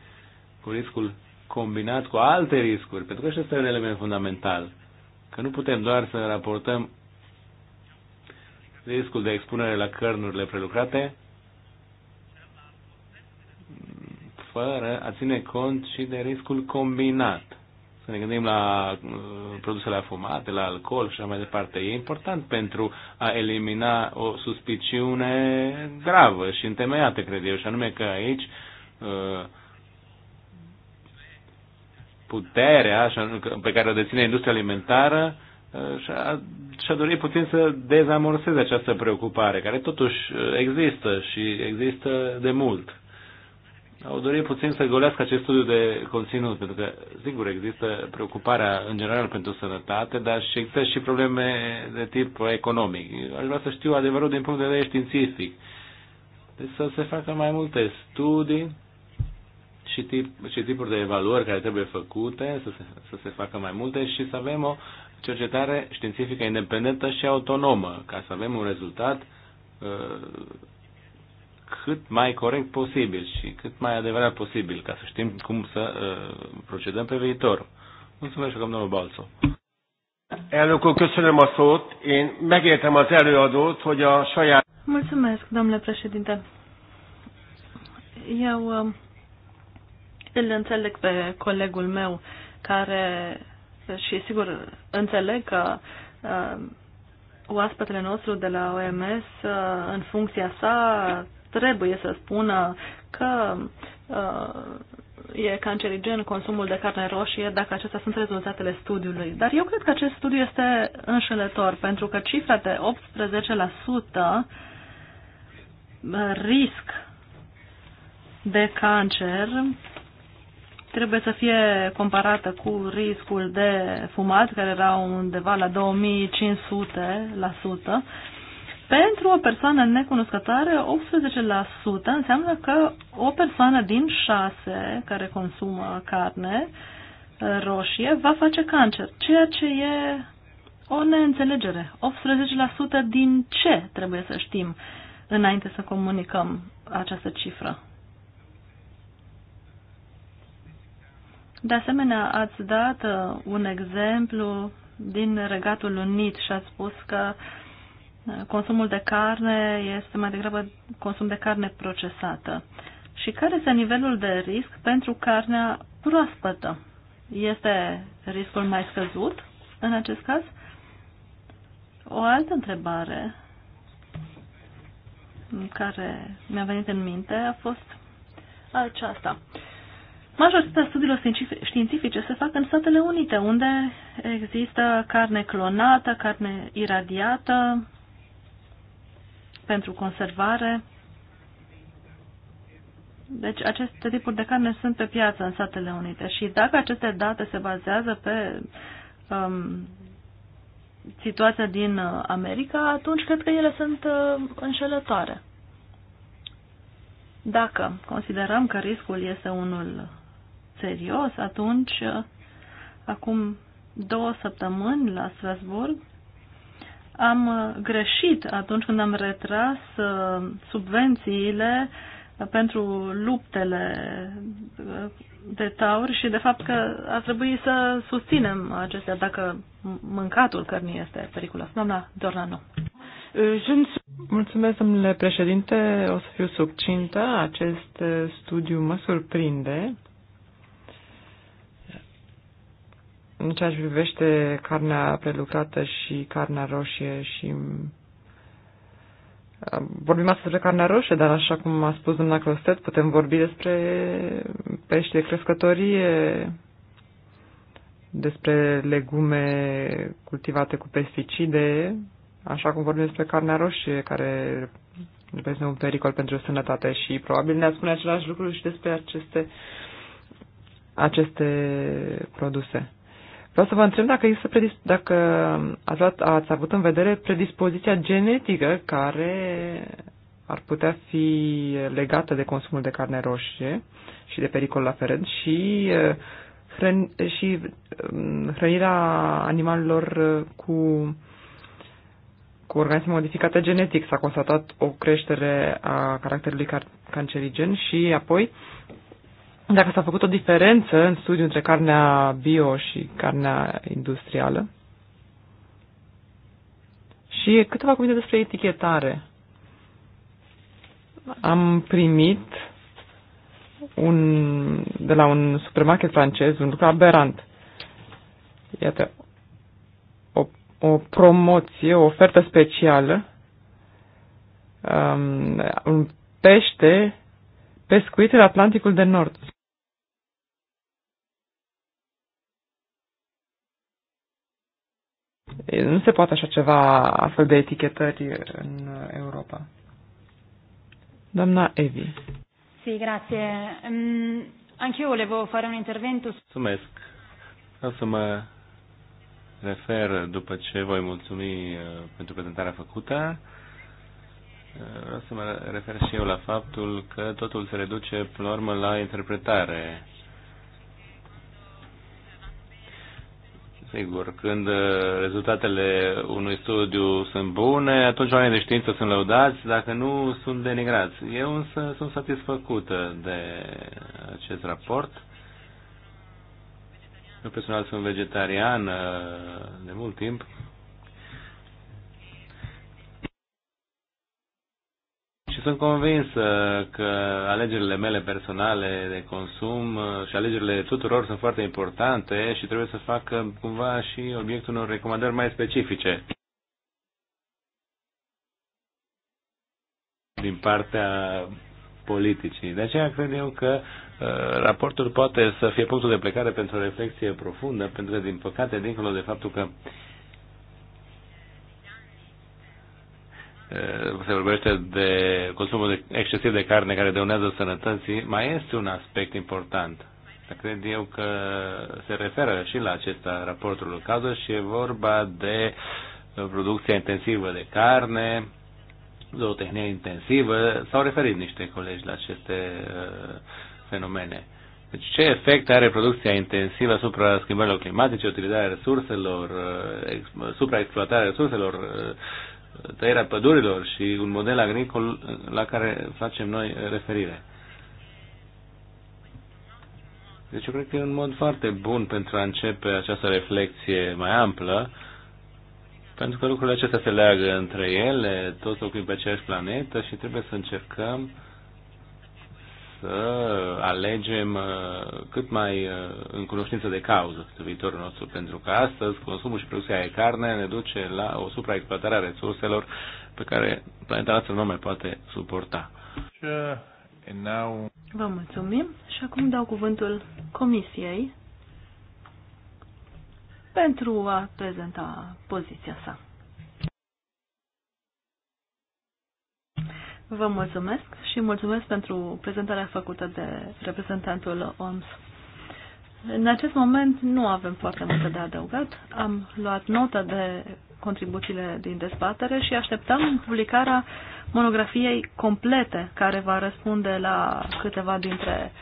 cu riscul combinat cu alte riscuri, pentru că și este un element fundamental, că nu putem doar să raportăm riscul de expunere la cărnurile prelucrate, fără a ține cont și de riscul combinat. Să ne gândim la uh, produsele afumate, la alcool și așa mai departe. E important pentru a elimina o suspiciune gravă și întemeiată, cred eu, și anume că aici uh, puterea pe care o deține industria alimentară uh, și-a, și-a dorit puțin să dezamorseze această preocupare, care totuși există și există de mult au dorit puțin să golească acest studiu de conținut, pentru că, sigur, există preocuparea în general pentru sănătate, dar și există și probleme de tip economic. Aș vrea să știu adevărul din punct de vedere științific. Deci să se facă mai multe studii și, tip, și tipuri de evaluări care trebuie făcute, să se, să se facă mai multe și să avem o cercetare științifică independentă și autonomă, ca să avem un rezultat uh, cât mai corect posibil și cât mai adevărat posibil, ca să știm cum să uh, procedăm pe viitor. Mulțumesc, domnul Balțo. Elnök úr, köszönöm a szót. Én megértem az előadót, hogy a saját... Mulțumesc, domnule președinte. Eu uh, îl înțeleg pe colegul meu care, și sigur, înțeleg că uh, oaspetele nostru de la OMS, uh, în funcția sa, trebuie să spună că uh, e cancerigen consumul de carne roșie dacă acestea sunt rezultatele studiului. Dar eu cred că acest studiu este înșelător, pentru că cifra de 18% uh, risc de cancer trebuie să fie comparată cu riscul de fumat, care era undeva la 2500%, pentru o persoană necunoscătoare, 18% înseamnă că o persoană din 6 care consumă carne uh, roșie va face cancer, ceea ce e o neînțelegere. 18% din ce trebuie să știm înainte să comunicăm această cifră? De asemenea, ați dat uh, un exemplu din Regatul Unit și ați spus că uh, consumul de carne este mai degrabă consum de carne procesată. Și care este nivelul de risc pentru carnea proaspătă? Este riscul mai scăzut în acest caz? O altă întrebare care mi-a venit în minte a fost aceasta. Majoritatea studiilor științifice se fac în Statele Unite, unde există carne clonată, carne iradiată, pentru conservare. Deci aceste tipuri de carne sunt pe piață în Statele Unite și dacă aceste date se bazează pe um, situația din uh, America, atunci cred că ele sunt uh, înșelătoare. Dacă considerăm că riscul este unul serios, atunci, uh, acum două săptămâni la Strasburg, am uh, greșit atunci când am retras uh, subvențiile pentru luptele uh, de tauri și de fapt că ar trebui să susținem acestea dacă mâncatul cărnii este periculos. Doamna nu. Mulțumesc, domnule președinte, o să fiu subcintă. Acest studiu mă surprinde în ceea ce privește carnea prelucrată și carnea roșie și uh, vorbim astăzi despre carnea roșie, dar așa cum a spus doamna Clostet, putem vorbi despre pește, crescătorie, despre legume cultivate cu pesticide, așa cum vorbim despre carnea roșie, care reprezintă un pericol pentru sănătate și probabil ne-a spune același lucru și despre aceste, aceste produse. Vreau să vă întreb dacă, este predis- dacă ați, luat, ați avut în vedere predispoziția genetică care ar putea fi legată de consumul de carne roșie și de pericolul aferent și, uh, hrân- și um, hrănirea animalelor uh, cu cu organisme modificate genetic s-a constatat o creștere a caracterului car- cancerigen și apoi dacă s-a făcut o diferență în studiu între carnea bio și carnea industrială. Și câteva cuvinte despre etichetare. Am primit un, de la un supermarket francez un lucru aberant. Iată, o, o promoție, o ofertă specială, um, un pește pescuit în Atlanticul de Nord. Nu se poate așa ceva, astfel de etichetări în Europa. Doamna Evi. Sì, grazie. Um, anch'io volevo fare un intervento. Mulțumesc. Vreau să mă refer după ce voi mulțumi eh, pentru prezentarea făcută. Eh, vreau să mă refer și eu la faptul că totul se reduce până la urmă la interpretare. Sigur, când uh, rezultatele unui studiu sunt bune, atunci oamenii de știință sunt lăudați, dacă nu, sunt denigrați. Eu însă sunt satisfăcută de acest raport. Eu personal sunt vegetarian uh, de mult timp Și sunt convins că alegerile mele personale de consum uh, și alegerile tuturor sunt foarte importante și trebuie să facă cumva și obiectul unor recomandări mai specifice. din partea politicii. De aceea cred eu că uh, raportul poate să fie punctul de plecare pentru o reflexie profundă, pentru că, din păcate, dincolo de faptul că uh, Eh, se vorbește de consumul de, excesiv de carne care dăunează sănătății, mai este un aspect important. Cred eu că se referă și la acest raportul lui Cază și e vorba de producția intensivă de carne, zootehnie intensivă, s-au referit niște colegi la aceste uh, fenomene. Deci ce efect are producția intensivă asupra schimbărilor climatice, utilizarea resurselor, uh, eh, supraexploatarea resurselor, uh, tăierea pădurilor și un model agricol la care facem noi referire. Deci eu cred că e un mod foarte bun pentru a începe această reflexie mai amplă, pentru că lucrurile acestea se leagă între ele, toți locuim pe aceeași planetă și trebuie să încercăm uh, să alegem uh, cât mai uh, în cunoștință de cauză viitorul nostru, pentru că astăzi consumul și producția de carne ne duce la o supraexploatare a resurselor pe care planeta noastră nu mai poate suporta. Vă mulțumim și acum dau cuvântul Comisiei pentru a prezenta poziția sa. Vă mulțumesc și mulțumesc pentru prezentarea făcută de reprezentantul OMS. În acest moment nu avem foarte multe de adăugat. Am luat notă de contribuțiile din dezbatere și așteptăm publicarea monografiei complete care va răspunde la câteva dintre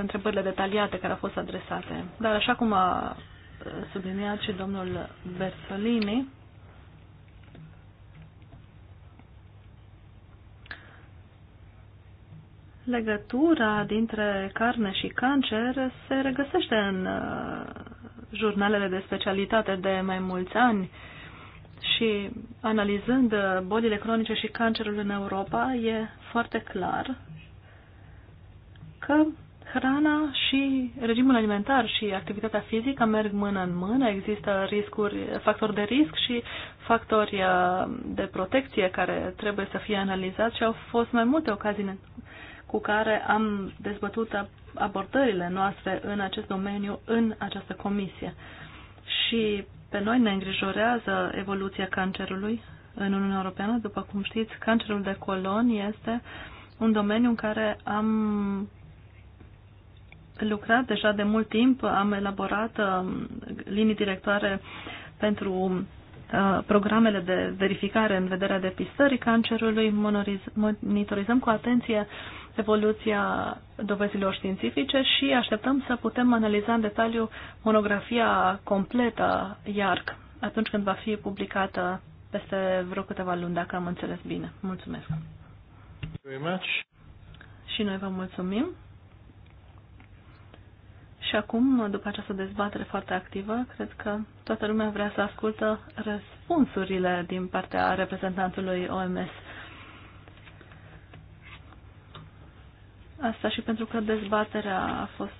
întrebările detaliate care au fost adresate. Dar așa cum a subliniat și domnul Bersolini, legătura dintre carne și cancer se regăsește în uh, jurnalele de specialitate de mai mulți ani și analizând uh, bolile cronice și cancerul în Europa, e foarte clar că hrana și regimul alimentar și activitatea fizică merg mână în mână, există riscuri, factori de risc și factori uh, de protecție care trebuie să fie analizați și au fost mai multe ocazii cu care am dezbătut abordările noastre în acest domeniu în această comisie. Și pe noi ne îngrijorează evoluția cancerului în Uniunea Europeană. După cum știți, cancerul de colon este un domeniu în care am lucrat deja de mult timp, am elaborat um, linii directoare pentru uh, programele de verificare în vederea depistării cancerului, monitorizăm cu atenție evoluția dovezilor științifice și așteptăm să putem analiza în detaliu monografia completă IARC atunci când va fi publicată peste vreo câteva luni, dacă am înțeles bine. Mulțumesc! Și noi vă mulțumim! Și acum, după această dezbatere foarte activă, cred că toată lumea vrea să ascultă răspunsurile din partea reprezentantului OMS Asta și pentru că dezbaterea a fost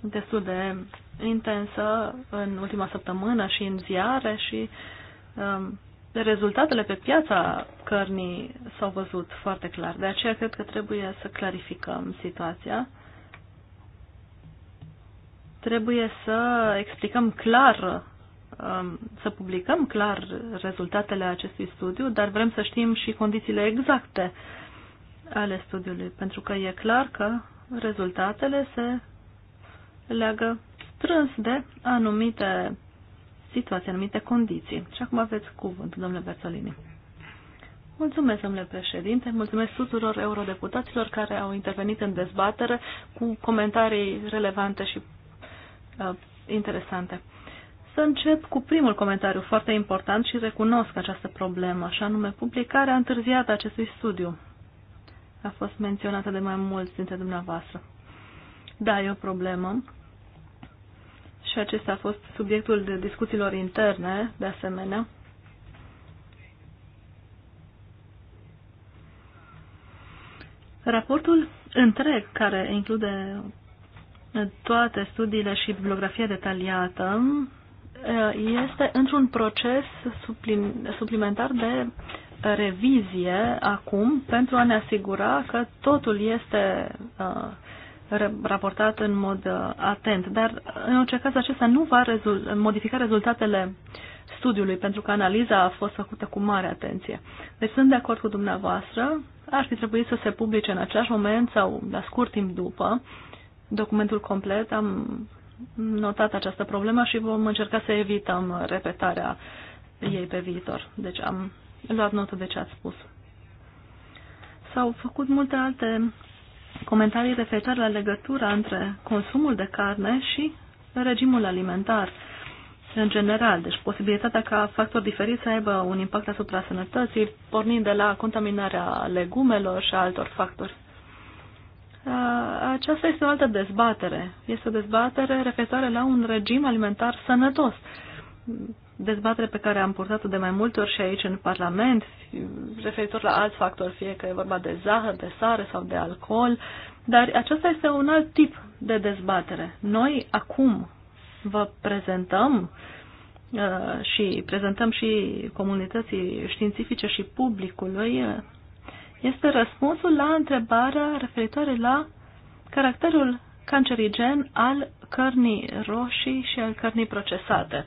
destul de intensă în ultima săptămână și în ziare și um, rezultatele pe piața cărnii s-au văzut foarte clar. De aceea cred că trebuie să clarificăm situația. Trebuie să explicăm clar, um, să publicăm clar rezultatele acestui studiu, dar vrem să știm și condițiile exacte uh, ale studiului, pentru că e clar că rezultatele se leagă strâns de anumite situații, anumite condiții. Și acum aveți cuvântul, domnule Bertolini. Mulțumesc, domnule președinte, mulțumesc tuturor eurodeputaților care au intervenit în dezbatere cu comentarii relevante și uh, interesante. Să încep cu primul comentariu foarte important și recunosc această problemă, așa nume publicarea întârziată acestui studiu a fost menționată de mai mulți dintre dumneavoastră. Da, e o problemă și acesta a fost subiectul de discuțiilor interne, de asemenea. Raportul întreg, care include toate studiile și bibliografia detaliată, este într-un proces suplimentar de revizie acum pentru a ne asigura că totul este uh, raportat în mod uh, atent. Dar, în orice caz, acesta nu va rezult, modifica rezultatele studiului, pentru că analiza a fost făcută cu mare atenție. Deci sunt de acord cu dumneavoastră, ar fi trebuit să se publice în același moment sau la scurt timp după documentul complet. Am notat această problemă și vom încerca să evităm repetarea ei pe viitor. Deci am luat notă de ce ați spus. S-au făcut multe alte comentarii referitor la legătura între consumul de carne și regimul alimentar în general, deci posibilitatea ca factori diferiți să aibă un impact asupra sănătății, pornind de la contaminarea legumelor și altor factori. Aceasta este o altă dezbatere. Este o dezbatere referitoare la un regim alimentar sănătos dezbatere pe care am purtat-o de mai multe ori și aici în Parlament, referitor la alți factori, fie că e vorba de zahăr, de sare sau de alcool, dar acesta este un alt tip de dezbatere. Noi acum vă prezentăm uh, și prezentăm și comunității științifice și publicului uh, este răspunsul la întrebarea referitoare la caracterul cancerigen al cărnii roșii și al cărnii procesate.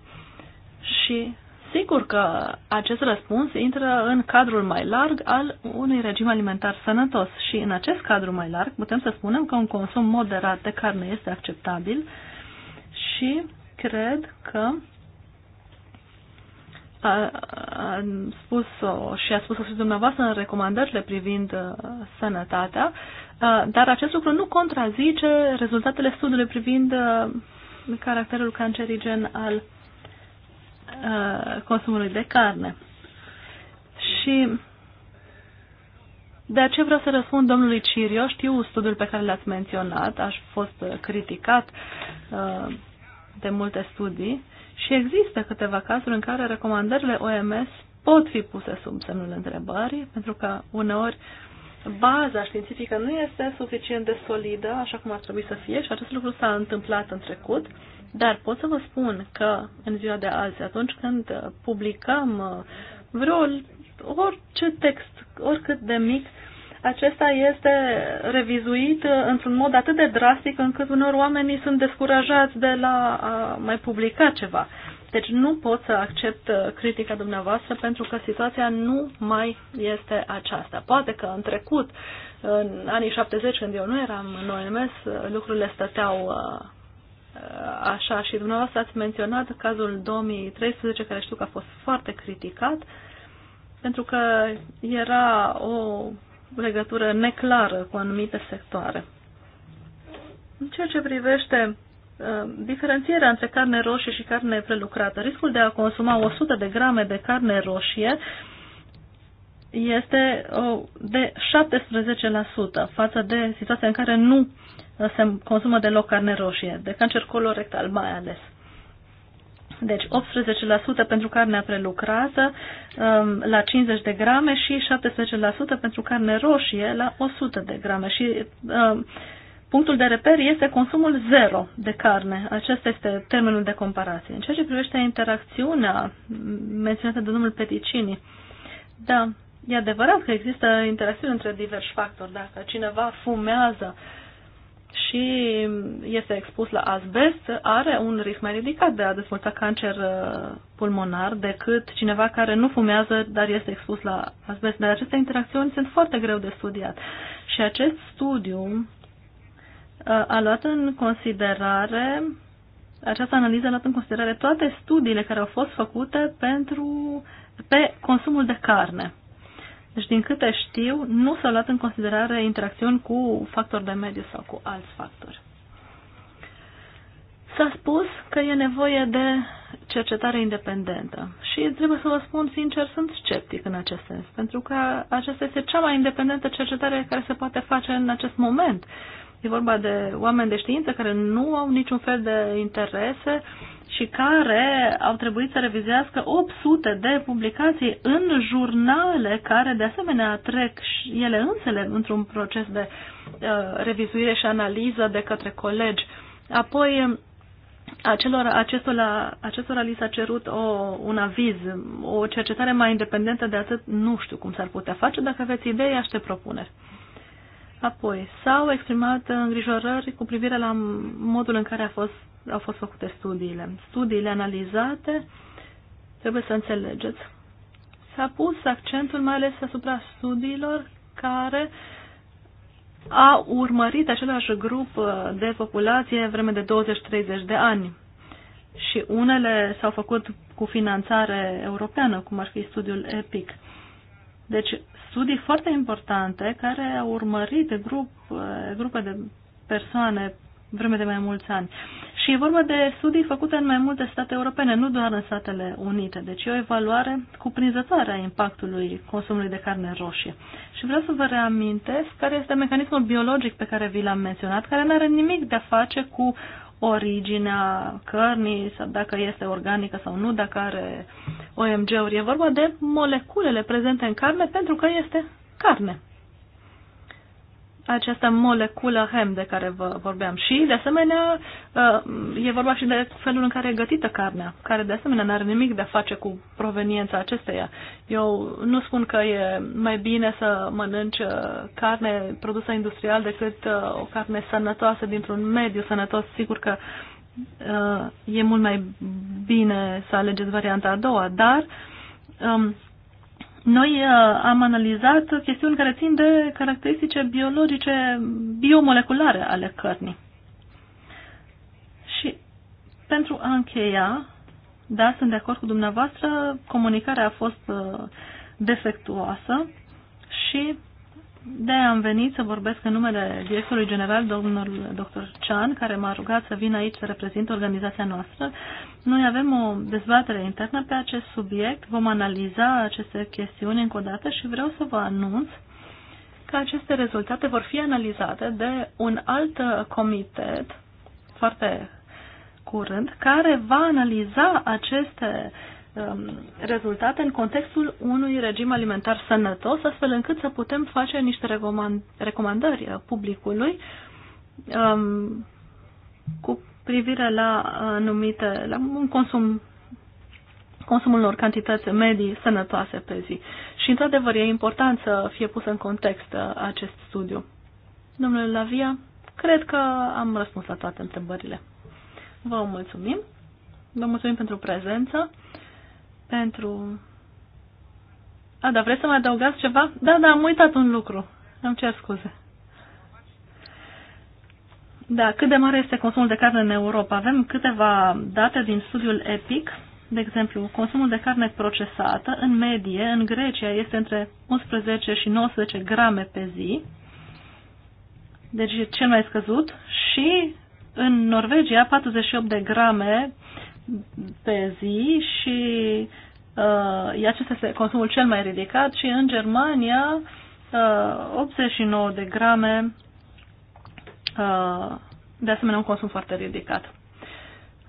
Și sigur că acest răspuns intră în cadrul mai larg al unui regim alimentar sănătos și în acest cadru mai larg putem să spunem că un consum moderat de carne este acceptabil și cred că a, a spus-o și a spus-o și dumneavoastră în recomandările privind a, uh, sănătatea, a, dar acest lucru nu contrazice rezultatele studiului privind a, uh, caracterul cancerigen al Uh, consumului de carne. Și de ce vreau să răspund domnului Cirio. Știu studiul pe care l-ați menționat, aș fost criticat uh, de multe studii și există câteva cazuri în care recomandările OMS pot fi puse sub semnul întrebării, pentru că uneori baza științifică nu este suficient de solidă, așa cum ar trebui să fie, și acest lucru s-a întâmplat în trecut. Uh, dar pot să vă spun că în ziua de azi, atunci când publicăm uh, vreo orice text, oricât de mic, acesta este revizuit uh, într-un mod atât de drastic încât unor oamenii sunt descurajați de la a mai publica ceva. Deci nu pot să accept uh, critica dumneavoastră pentru că situația nu mai este aceasta. Poate că în trecut, în anii 70, când eu nu eram în OMS, lucrurile stăteau Uh, așa și dumneavoastră ați menționat cazul 2013 care știu că a fost foarte criticat pentru că era o legătură neclară cu anumite sectoare. În ceea ce privește uh, diferențierea între carne roșie și carne prelucrată. Riscul de a consuma 100 de grame de carne roșie este uh, de 17% față de situația în care nu se consumă deloc carne roșie, de cancer colorectal mai ales. Deci 18% pentru carnea prelucrată um, la 50 de grame și 17% pentru carne roșie la 100 de grame. Și um, punctul de reper este consumul zero de carne. Acesta este termenul de comparație. În ceea ce privește interacțiunea menționată de domnul Peticini, da, e adevărat că există interacțiune între diversi factori. Dacă cineva fumează, uh, și este expus la asbest, are un risc mai ridicat de a dezvolta cancer uh, pulmonar decât cineva care nu fumează, dar este expus la asbest. Dar aceste interacțiuni sunt foarte greu de studiat. Și acest studiu uh, a luat în considerare, această analiză a luat în considerare toate studiile care au fost făcute pentru, pe consumul de carne. Deci, din câte știu, nu s-au luat în considerare interacțiuni cu factori de mediu sau cu alți factori. S-a spus că e nevoie de cercetare independentă și trebuie să vă spun sincer, sunt sceptic în acest sens, pentru că aceasta este cea mai independentă cercetare care se poate face în acest moment. E vorba de oameni de știință care nu au niciun fel de interese și care au trebuit să revizească 800 de publicații în jurnale care de asemenea trec și ele însele într-un proces de uh, revizuire și analiză de către colegi. Apoi Acelor, acestora, acestora li s-a cerut o, un aviz, o cercetare mai independentă de atât, nu știu cum s-ar putea face, dacă aveți idei, aștept propuneri. Apoi, s-au exprimat îngrijorări cu privire la modul în care a fost, au fost făcute studiile. Studiile analizate, trebuie să înțelegeți, s-a pus accentul mai ales asupra studiilor care uh, a urmărit același grup de populație vreme de 20-30 de ani. Și unele s-au făcut cu finanțare europeană, cum ar fi studiul EPIC. Deci studii foarte importante care au urmărit grup, grupe de persoane vreme de mai mulți ani. Și e vorba de studii făcute în mai multe state europene, nu doar în Statele Unite. Deci e o evaluare cuprinzătoare a impactului consumului de carne roșie. Și vreau să vă reamintesc care este mecanismul biologic pe care vi l-am menționat, care nu are nimic de a face cu originea cărnii, sau dacă este organică sau nu, dacă are OMG-uri. E vorba de moleculele prezente în carne pentru că este carne această moleculă hem de care vă vorbeam. Și, de asemenea, uh, e vorba și de felul în care e gătită carnea, care, de asemenea, n-are nimic de a face cu proveniența acesteia. Eu nu spun că e mai bine să mănânci uh, carne produsă industrial decât uh, o carne sănătoasă dintr-un mediu sănătos. Sigur că e mult mai bine să alegeți varianta a doua, dar um, noi uh, am analizat chestiuni care țin de caracteristice biologice, biomoleculare ale cărnii. Și pentru a încheia, da, sunt de acord cu dumneavoastră, comunicarea a fost uh, defectuoasă și de am venit să vorbesc în numele directorului general, domnul dr. Chan, care m-a rugat să vin aici să reprezint organizația noastră. Noi avem o dezbatere internă pe acest subiect, vom analiza aceste chestiuni încă o dată și vreau să vă anunț că aceste rezultate vor fi analizate de un alt comitet foarte curând, care va analiza aceste uh, Um, rezultate în contextul unui regim alimentar sănătos, astfel încât să putem face niște recomandări uh, publicului um, cu privire la anumite, la un consum consumul unor cantități medii sănătoase pe zi. Și, într-adevăr, e important să fie pus în context uh, acest studiu. Domnule Lavia, cred că am răspuns la toate întrebările. Vă mulțumim. Vă mulțumim pentru prezență pentru... A, dar vreți să mai adăugați ceva? Da, da, am uitat un lucru. Îmi cer scuze. Da, cât de mare este consumul de carne în Europa? Avem câteva date din studiul EPIC. De exemplu, consumul de carne procesată, în medie, în Grecia, este între 11 și 19 grame pe zi. Deci e cel mai scăzut. Și în Norvegia, 48 de grame pe zi și uh, acesta este consumul cel mai ridicat și în Germania uh, 89 de grame uh, de asemenea un consum foarte ridicat.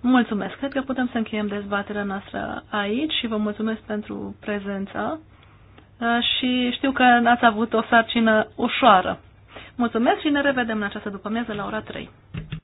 Mulțumesc! Cred că putem să încheiem dezbaterea noastră aici și vă mulțumesc pentru prezența uh, și știu că ați avut o sarcină ușoară. Mulțumesc și ne revedem în această după la ora 3.